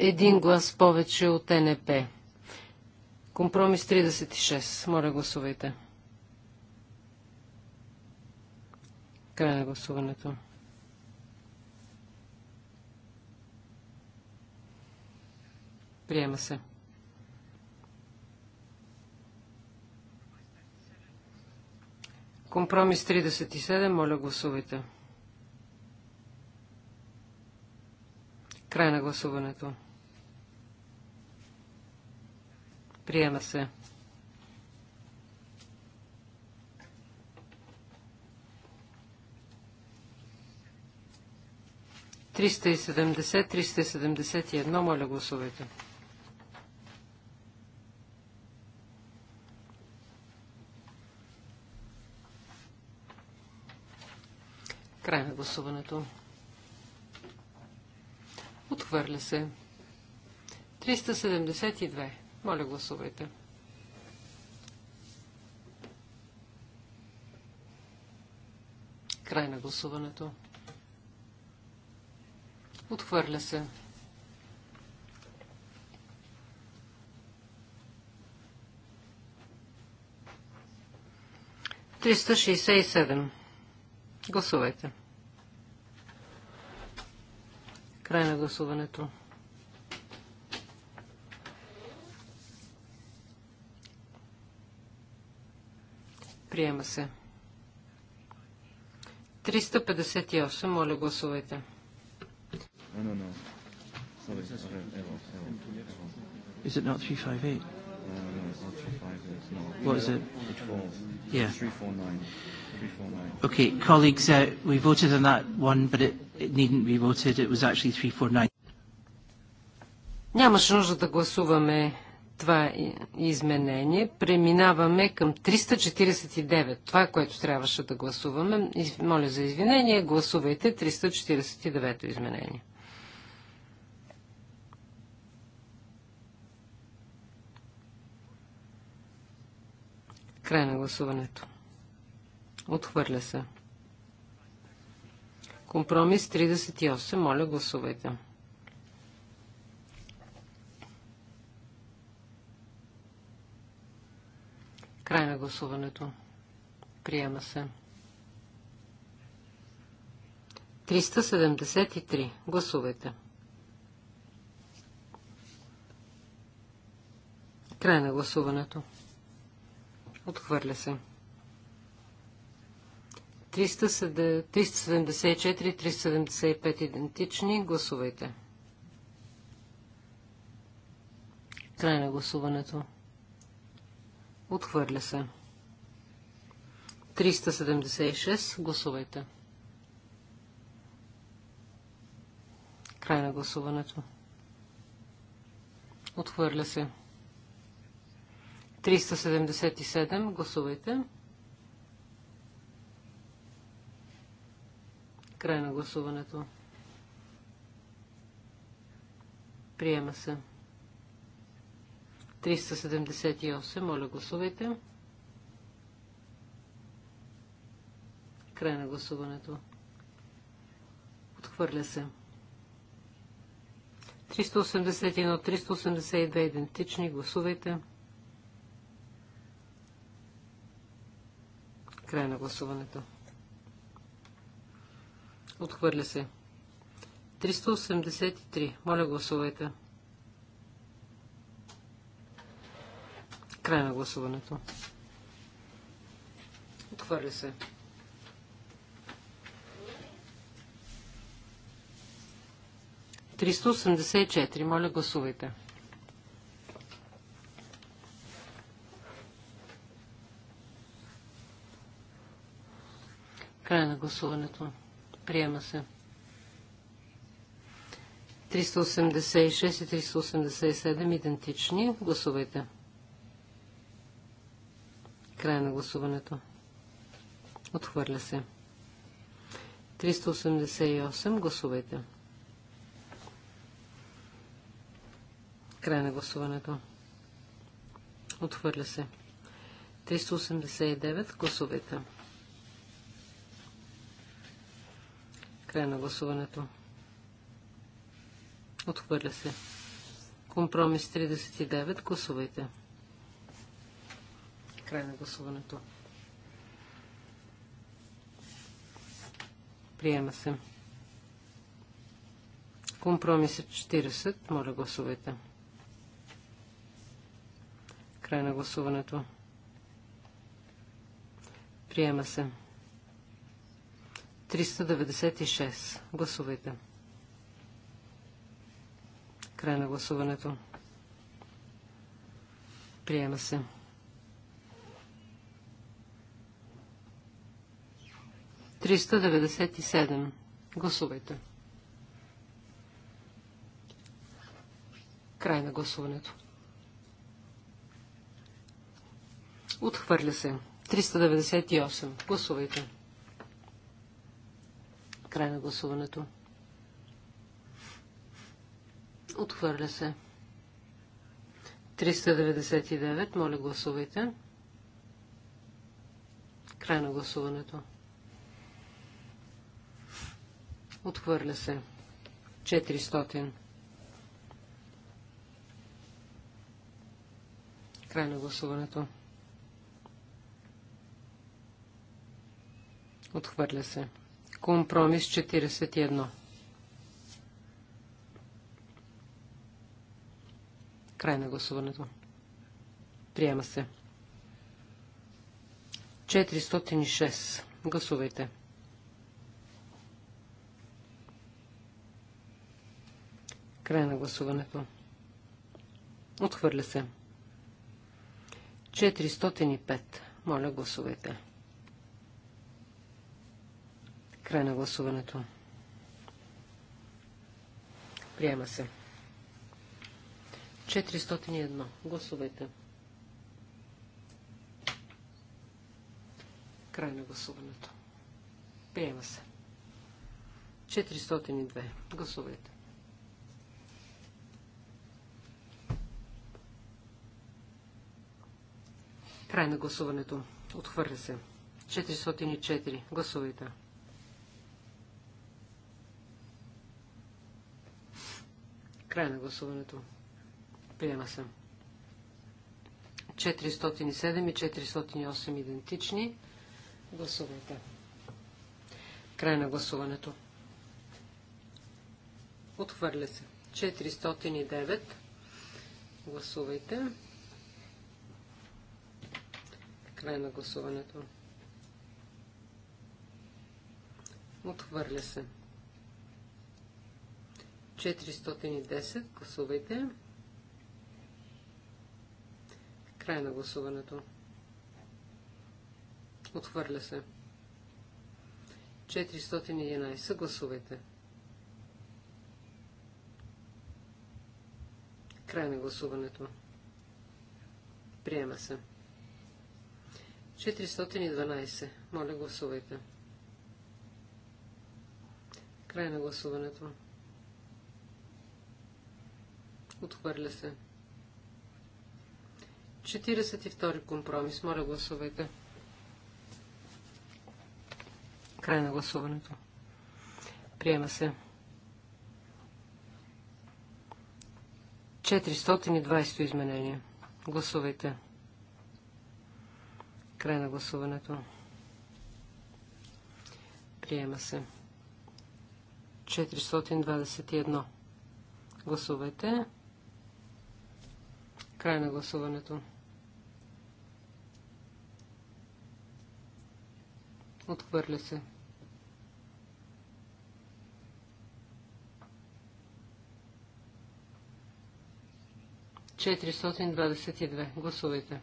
един глас повече от НП. Компромис 36. Моля, гласувайте. Край на гласуването. Приема се. Компромис 37. Моля, гласувайте. Край на гласуването. Приема се. Триста и седемдесет, триста и седемдесет и едно, моля гласувайте. Край на гласуването. Отхвърля се. Триста седемдесет и две. Моля, гласувайте. Край на гласуването. Отхвърля се. Триста шестдесет и седем. Гласувайте. Край на гласуването. Приема се. 358. Моля, гласувайте. Is it not 358? Uh, no, it's not 358. No. What is it? It Yeah. 349. 349. Okay, colleagues, uh, we voted on that one, but it, it needn't be voted. It was actually 349. Нямаше нужда да гласуваме това изменение. Преминаваме към 349. Това, е което трябваше да гласуваме. Моля за извинение, гласувайте 349 изменение. Край на гласуването. Отхвърля се. Компромис 38. Моля, гласувайте. Край на гласуването. Приема се. 373. Гласувайте. Край на гласуването. Отхвърля се. 374, 375 идентични. Гласувайте. Край на гласуването. Отхвърля се. 376. Гласувайте. Край на гласуването. Отхвърля се. 377. Гласувайте. Край на гласуването. Приема се. 378. 378. Моля, гласувайте. Край на гласуването. Отхвърля се. 381, 382 идентични. Гласувайте. Край на гласуването. Отхвърля се. 383. Моля, гласувайте. Край на гласуването. Отхвърля се. Триста Моля, гласувайте. Край на гласуването. Приема се. 386 и 387 идентични. Гласувайте. Край на гласуването. Отхвърля се. 388. Гласувайте. Край на гласуването. Отхвърля се. 389. Гласувайте. Край на гласуването. Отхвърля се. Компромис 39. Гласувайте. Край на гласуването. Приема се. Компромисът е 40. Моля гласувайте. Край на гласуването. Приема се. 396. Гласувайте. Край на гласуването. Приема се. 397. Гласувайте. Край на гласуването. Отхвърля се. 398. Гласувайте. Край на гласуването. Отхвърля се. 399. Моля, гласувайте. Край на гласуването. Отхвърля се. 400. Край на гласуването. Отхвърля се. Компромис 41. Край на гласуването. Приема се. 406. Гласувайте. Край на гласуването. Отхвърля се. 405. Моля, гласувайте. Край на гласуването. Приема се. 401. Гласувайте. Край на гласуването. Приема се. 402. Гласувайте. Край на гласуването. Отхвърля се. 404. Гласувайте. Край на гласуването. Приема се. 407 и 408 идентични. Гласувайте. Край на гласуването. Отхвърля се. 409. Гласувайте. Край на гласуването. Отхвърля се. 410. Гласувайте. Край на гласуването. Отхвърля се. 411. Гласувайте. Край на гласуването. Приема се. 412. Моля, гласувайте. Край на гласуването. Отхвърля се. 42 компромис. Моля, гласувайте. Край на гласуването. Приема се. 420 изменение. Гласувайте. Край на гласуването. Приема се. 421. Гласувайте. Край на гласуването. Отхвърля се. Четиристотин двадесет и две. Гласувайте.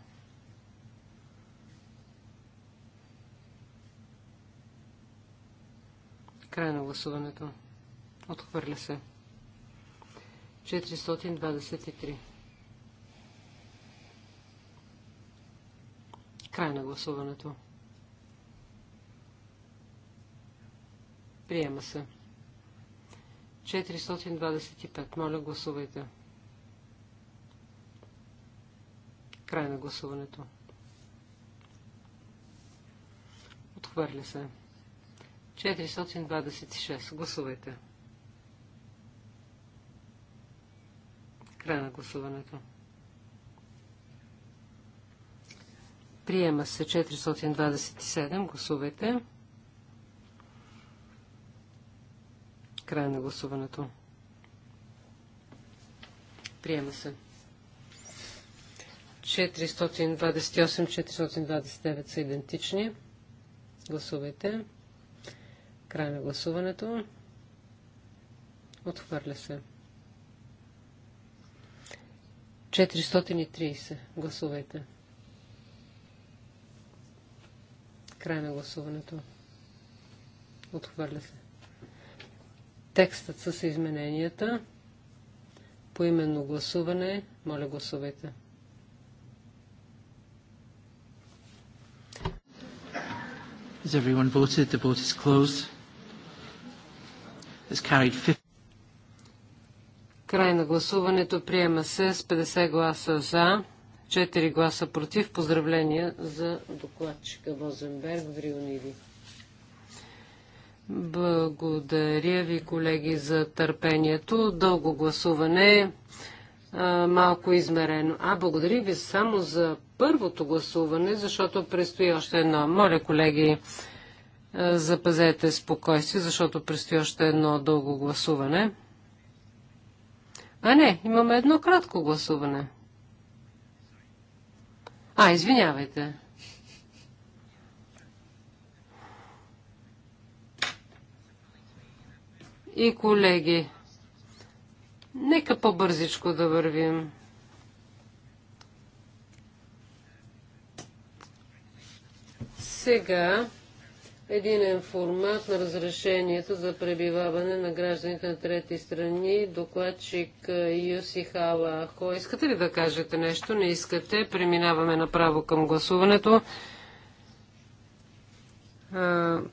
Край на гласуването. Отхвърля се. 423. Край на гласуването. Приема се. 425. Моля, гласувайте. Край на гласуването. Отхвърля се. 426. Гласувайте. Край на гласуването. Приема се 427. Гласувайте. Край на гласуването. Приема се. 428-429 са идентични. Гласувайте. Край на гласуването. Отхвърля се. 430. Гласувайте. Край на гласуването. Отхвърля се. Текстът с измененията. По именно гласуване. Моля, гласувайте. Has everyone voted? The vote is closed. Край на гласуването приема се с 50 гласа за, 4 гласа против. Поздравления за докладчика Возенберг в Риониви. Благодаря ви, колеги, за търпението. Дълго гласуване, малко измерено. А, благодаря ви само за първото гласуване, защото предстои още едно. Моля, колеги, е, запазете спокойствие, защото предстои още едно дълго гласуване. А не, имаме едно кратко гласуване. А, извинявайте. И колеги, нека по-бързичко да вървим. Сега единен формат на разрешението за пребиваване на гражданите на трети страни, докладчик Юси Хала. Ако искате ли да кажете нещо, не искате, преминаваме направо към гласуването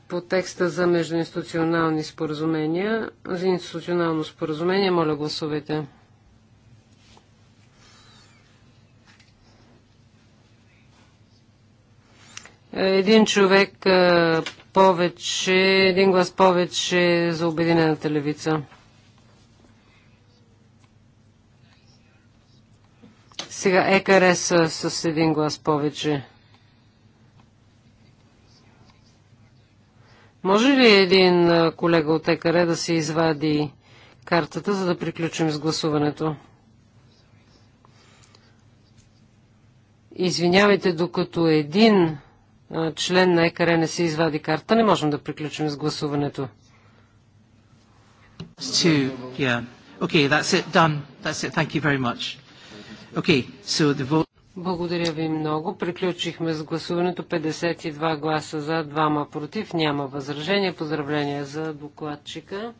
по текста за междуинституционални споразумения, за институционално споразумение. Моля, гласувайте. Един човек повече, един глас повече за Обединената левица. Сега ЕКРС с един глас повече. Може ли един колега от ЕКР да се извади картата, за да приключим с гласуването? Извинявайте, докато един член на ЕКР не се извади карта, не можем да приключим с гласуването. Благодаря ви много. Приключихме с гласуването. 52 гласа за, 2 против, няма възражения. Поздравления за докладчика.